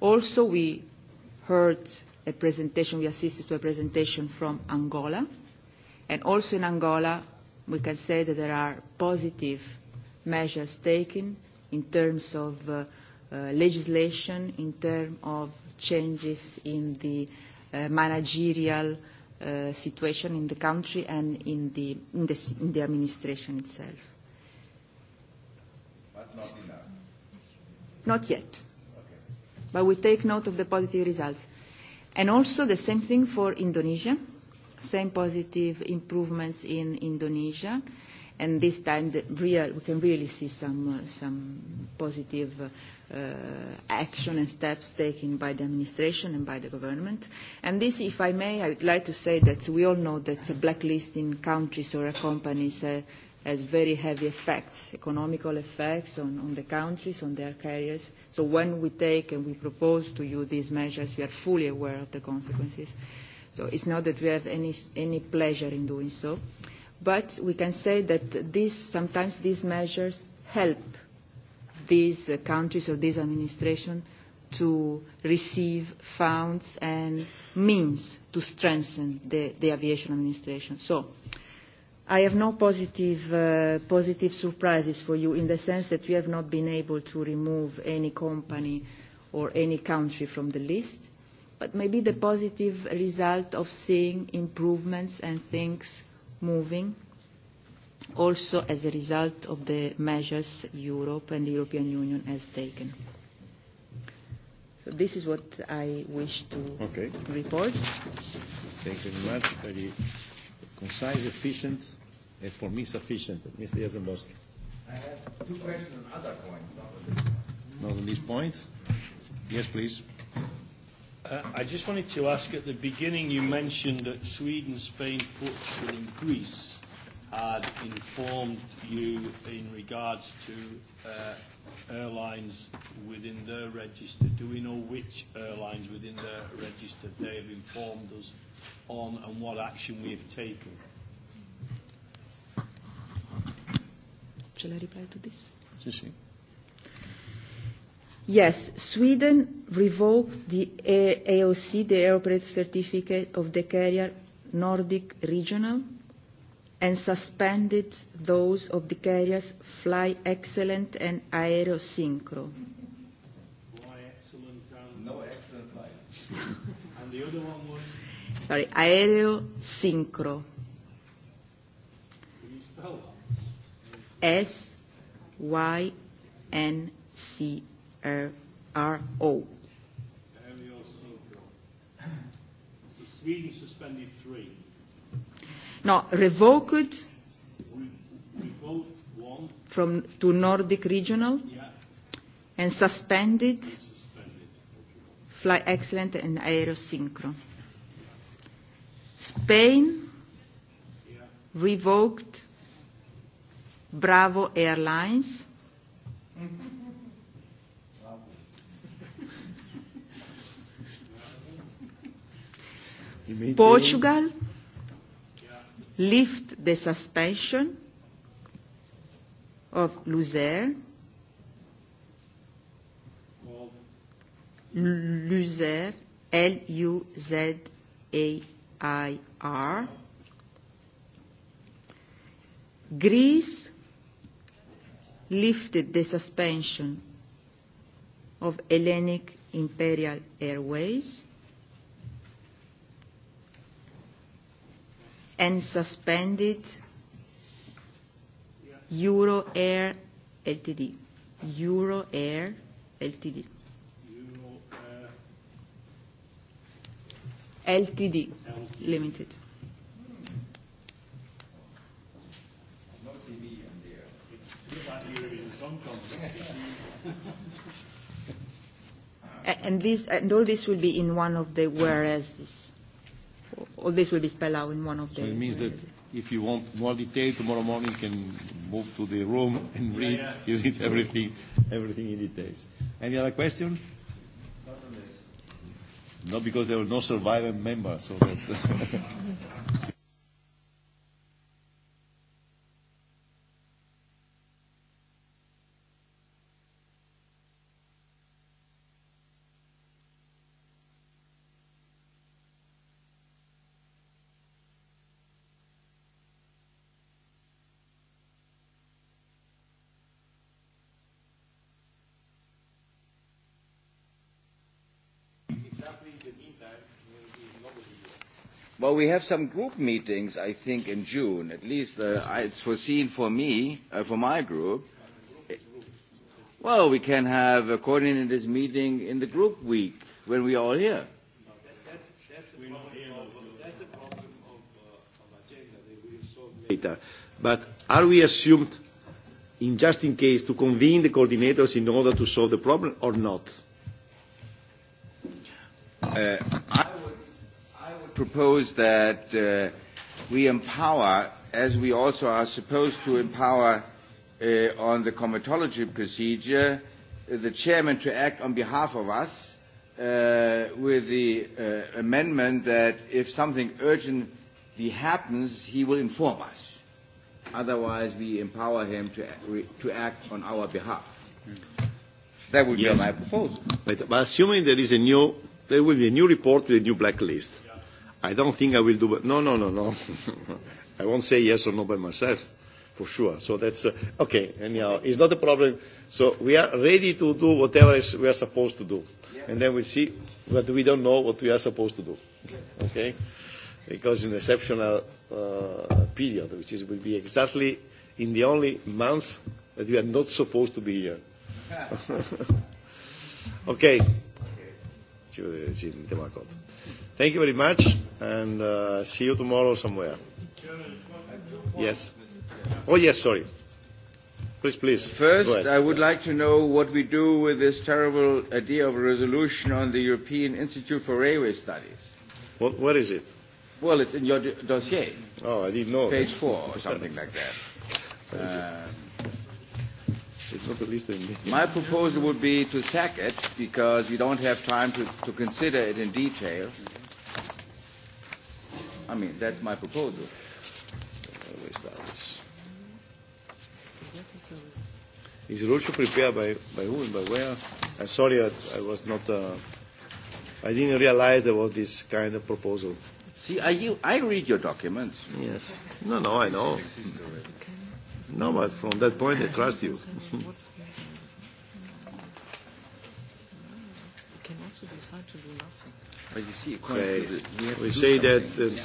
Also, we heard a presentation, we assisted to a presentation from Angola, and also in Angola we can say that there are positive measures taken in terms of uh, Uh, legislation in terms of changes in the uh, managerial uh, situation in the country and in the, in the, in the administration itself. But not enough. Not yet. Okay. But we take note of the positive results. And also the same thing for Indonesia, same positive improvements in Indonesia and this time the real, we can really see some, uh, some positive uh, uh, action and steps taken by the administration and by the government. And this, if I may, I would like to say that we all know that blacklisting countries or companies uh, has very heavy effects, economical effects on, on the countries, on their carriers. So when we take and we propose to you these measures, we are fully aware of the consequences. So it's not that we have any, any pleasure in doing so. Uh, But we can say that this, sometimes these measures help these uh, countries or these administrations to receive funds and means to strengthen the, the aviation administration. So I have no positive, uh, positive surprises for you in the sense that we have not been able to remove any company or any country from the list, but maybe the positive result of seeing improvements and things moving also as a result of the measures Europe and the European Union has taken. So this is what I wish to okay. report. Thank you very much. Very concise, efficient, and for me sufficient. Mr. Yazembowski. I have two questions on other points. Not on this point. Yes, please. Uh, I just wanted to ask at the beginning you mentioned that Sweden, Spain, Portugal and Greece had informed you in regards to uh, airlines within their register. Do we know which airlines within their register they have informed us on and what action we have taken? Shall I reply to this? Yes, sir. Yes, Sweden revoked the AOC, the Air Operative Certificate of the Carrier Nordic Regional, and suspended those of the carriers Fly Excellent and Aerosynchro. Fly Excellent and... No Excellent flight. [LAUGHS] and the other one was? Sorry, Aerosynchro. Can you spell that? S-Y-N-C-O. SRO. Sweden suspended three. No, revoked from to Nordic regional yeah. and suspended, suspended. fly excellent and aerosynchro. Spain yeah. revoked Bravo Airlines. Mm -hmm. Portugal lift the suspension of Luzer, Luzer, L-U-Z-A-I-R, Greece lifted the suspension of Hellenic Imperial Airways. and suspended Euro Air Ltd. Euro Air Ltd. Ltd. Limited. and, this, and all this will be in one of the whereas all this will be spelled out in one of the... So it means that if you want more detail, tomorrow morning you can move to the room and read, yeah, yeah. you read everything, everything in details. Any other question? Not because there were no surviving members, so that's... [LAUGHS] we have some group meetings, I think, in June. At least uh, it's foreseen for me, uh, for my group. Well, we can have a uh, coordinators meeting in the group week when we are all here. Uh, later. But are we assumed, in just in case, to convene the coordinators in order to solve the problem or not? Uh, propose that uh, we empower, as we also are supposed to empower uh, on the comitology procedure, uh, the chairman to act on behalf of us uh, with the uh, amendment that if something urgently happens, he will inform us. Otherwise, we empower him to, to act on our behalf. That would yes. be my proposal. But, but assuming there is a new, there will be a new report with a new blacklist. I don't think I will do it. No, no, no, no. [LAUGHS] I won't say yes or no by myself, for sure. So that's, uh, okay, anyhow, it's not a problem. So we are ready to do whatever is we are supposed to do. Yeah. And then we see, but we don't know what we are supposed to do. Okay? Because in exceptional uh, period, which is, will be exactly in the only months that we are not supposed to be here. [LAUGHS] [LAUGHS] okay. okay. Thank you very much, and uh, see you tomorrow somewhere. Yes. Oh, yes, sorry. Please, please. First, I would like to know what we do with this terrible idea of a resolution on the European Institute for Railway Studies. What, what is it? Well, it's in your dossier. Oh, I didn't know. Page four or something like that. [LAUGHS] Um, it's not the least thing. My proposal would be to sack it because we don't have time to, to consider it in detail. I mean, that's my proposal. Is it also prepared by, by who and by where? I'm sorry, I, I was not, uh, I didn't realize there was this kind of proposal. See, I, you, I read your documents. Yes. No, no, I know. No, but from that point, I trust you. [LAUGHS] But you see, okay. we, we say that the,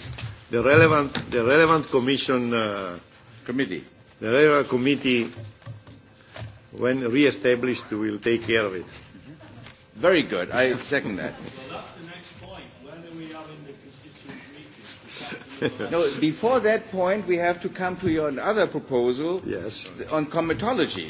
the relevant the relevant commission uh, committee the relevant committee when re-established will take care of it. Mm-hmm. Very good. I second that. [LAUGHS] Well, that's the next point. When are the constituent no, before that point, we have to come to your other proposal yes. on comitology.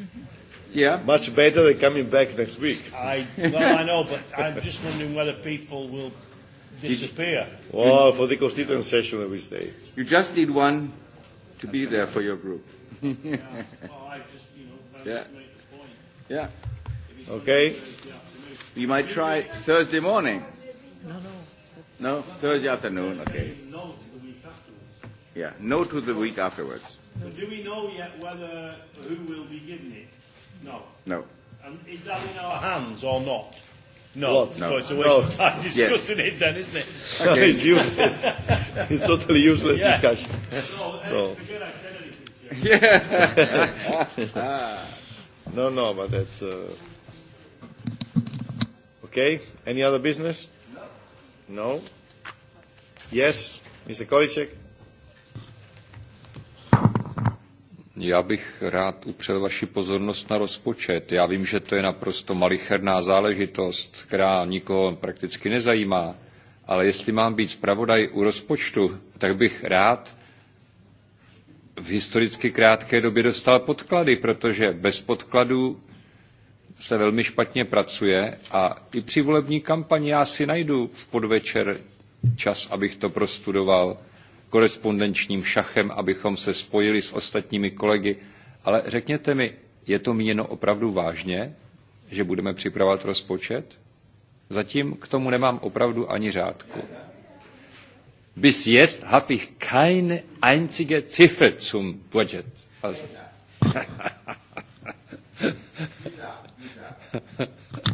Mm-hmm. Yeah. Much better than coming back next week. I, well, I know, but I'm just wondering whether people will disappear. Well, oh, for the constituent session, I will stay. You just need one to be there for your group. yeah. Well, I just, you know, yeah. Yeah. Okay. We might try Thursday morning. No, no. No, Thursday afternoon, okay. the week afterwards. Yeah, no to the week afterwards. But do we know yet whether who will be giving it? No. No. And is that in our hands or not? No. What? no. So it's a waste no. of time discussing yes. it then, isn't it? [LAUGHS] Okay. it's useless. [LAUGHS] it's totally useless yeah. discussion. So, uh, so. forget I said anything. [LAUGHS] Yeah. no, no, but that's... Uh... Okay. Any other business? No. No? Yes, Mr. Kolicek? Já bych rád upřel vaši pozornost na rozpočet. Já vím, že to je naprosto malicherná záležitost, která nikoho prakticky nezajímá, ale jestli mám být zpravodaj u rozpočtu, tak bych rád v historicky krátké době dostal podklady, protože bez podkladů se velmi špatně pracuje a i při volební kampani já si najdu v podvečer čas, abych to prostudoval korespondenčním šachem, abychom se spojili s ostatními kolegy. Ale řekněte mi, je to míněno opravdu vážně, že budeme připravovat rozpočet? Zatím k tomu nemám opravdu ani řádku. Bis jetzt habe ich keine einzige Ziffer zum Budget. Also. [LAUGHS] [LAUGHS]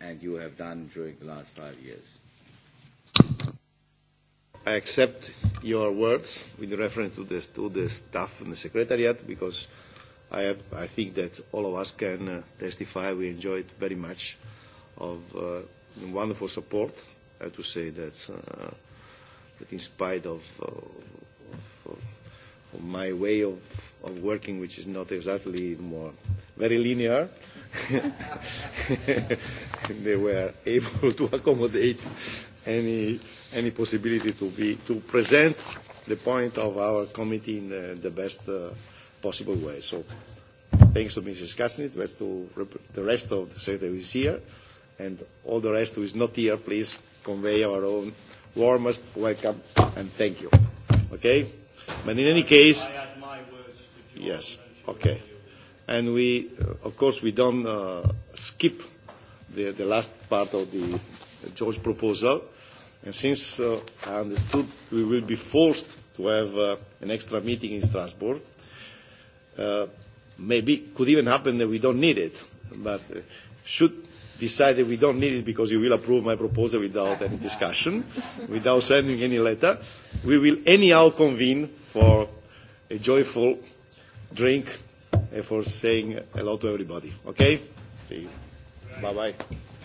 and you have done during the last five years. I accept your words with reference to the, to the staff and the secretariat because I, have, I think that all of us can uh, testify we enjoyed very much of uh, wonderful support. I have to say that, uh, that in spite of, uh, of, of my way of, of working, which is not exactly more very linear, [LAUGHS] they were able to accommodate any, any possibility to, be, to present the point of our committee in the, the best uh, possible way. So thanks to Mrs. Kassnit, thanks to the rest of the secretary who is here, and all the rest who is not here, please convey our own warmest welcome and thank you. Okay? But in any case, yes, okay. And we, uh, of course, we don't uh, skip the, the last part of the George proposal. And since uh, I understood we will be forced to have uh, an extra meeting in Strasbourg, uh, maybe could even happen that we don't need it. But uh, should decided we don't need it because you will approve my proposal without any discussion, without sending any letter. We will anyhow convene for a joyful drink and eh, for saying hello to everybody. Okay? See you. Bye-bye.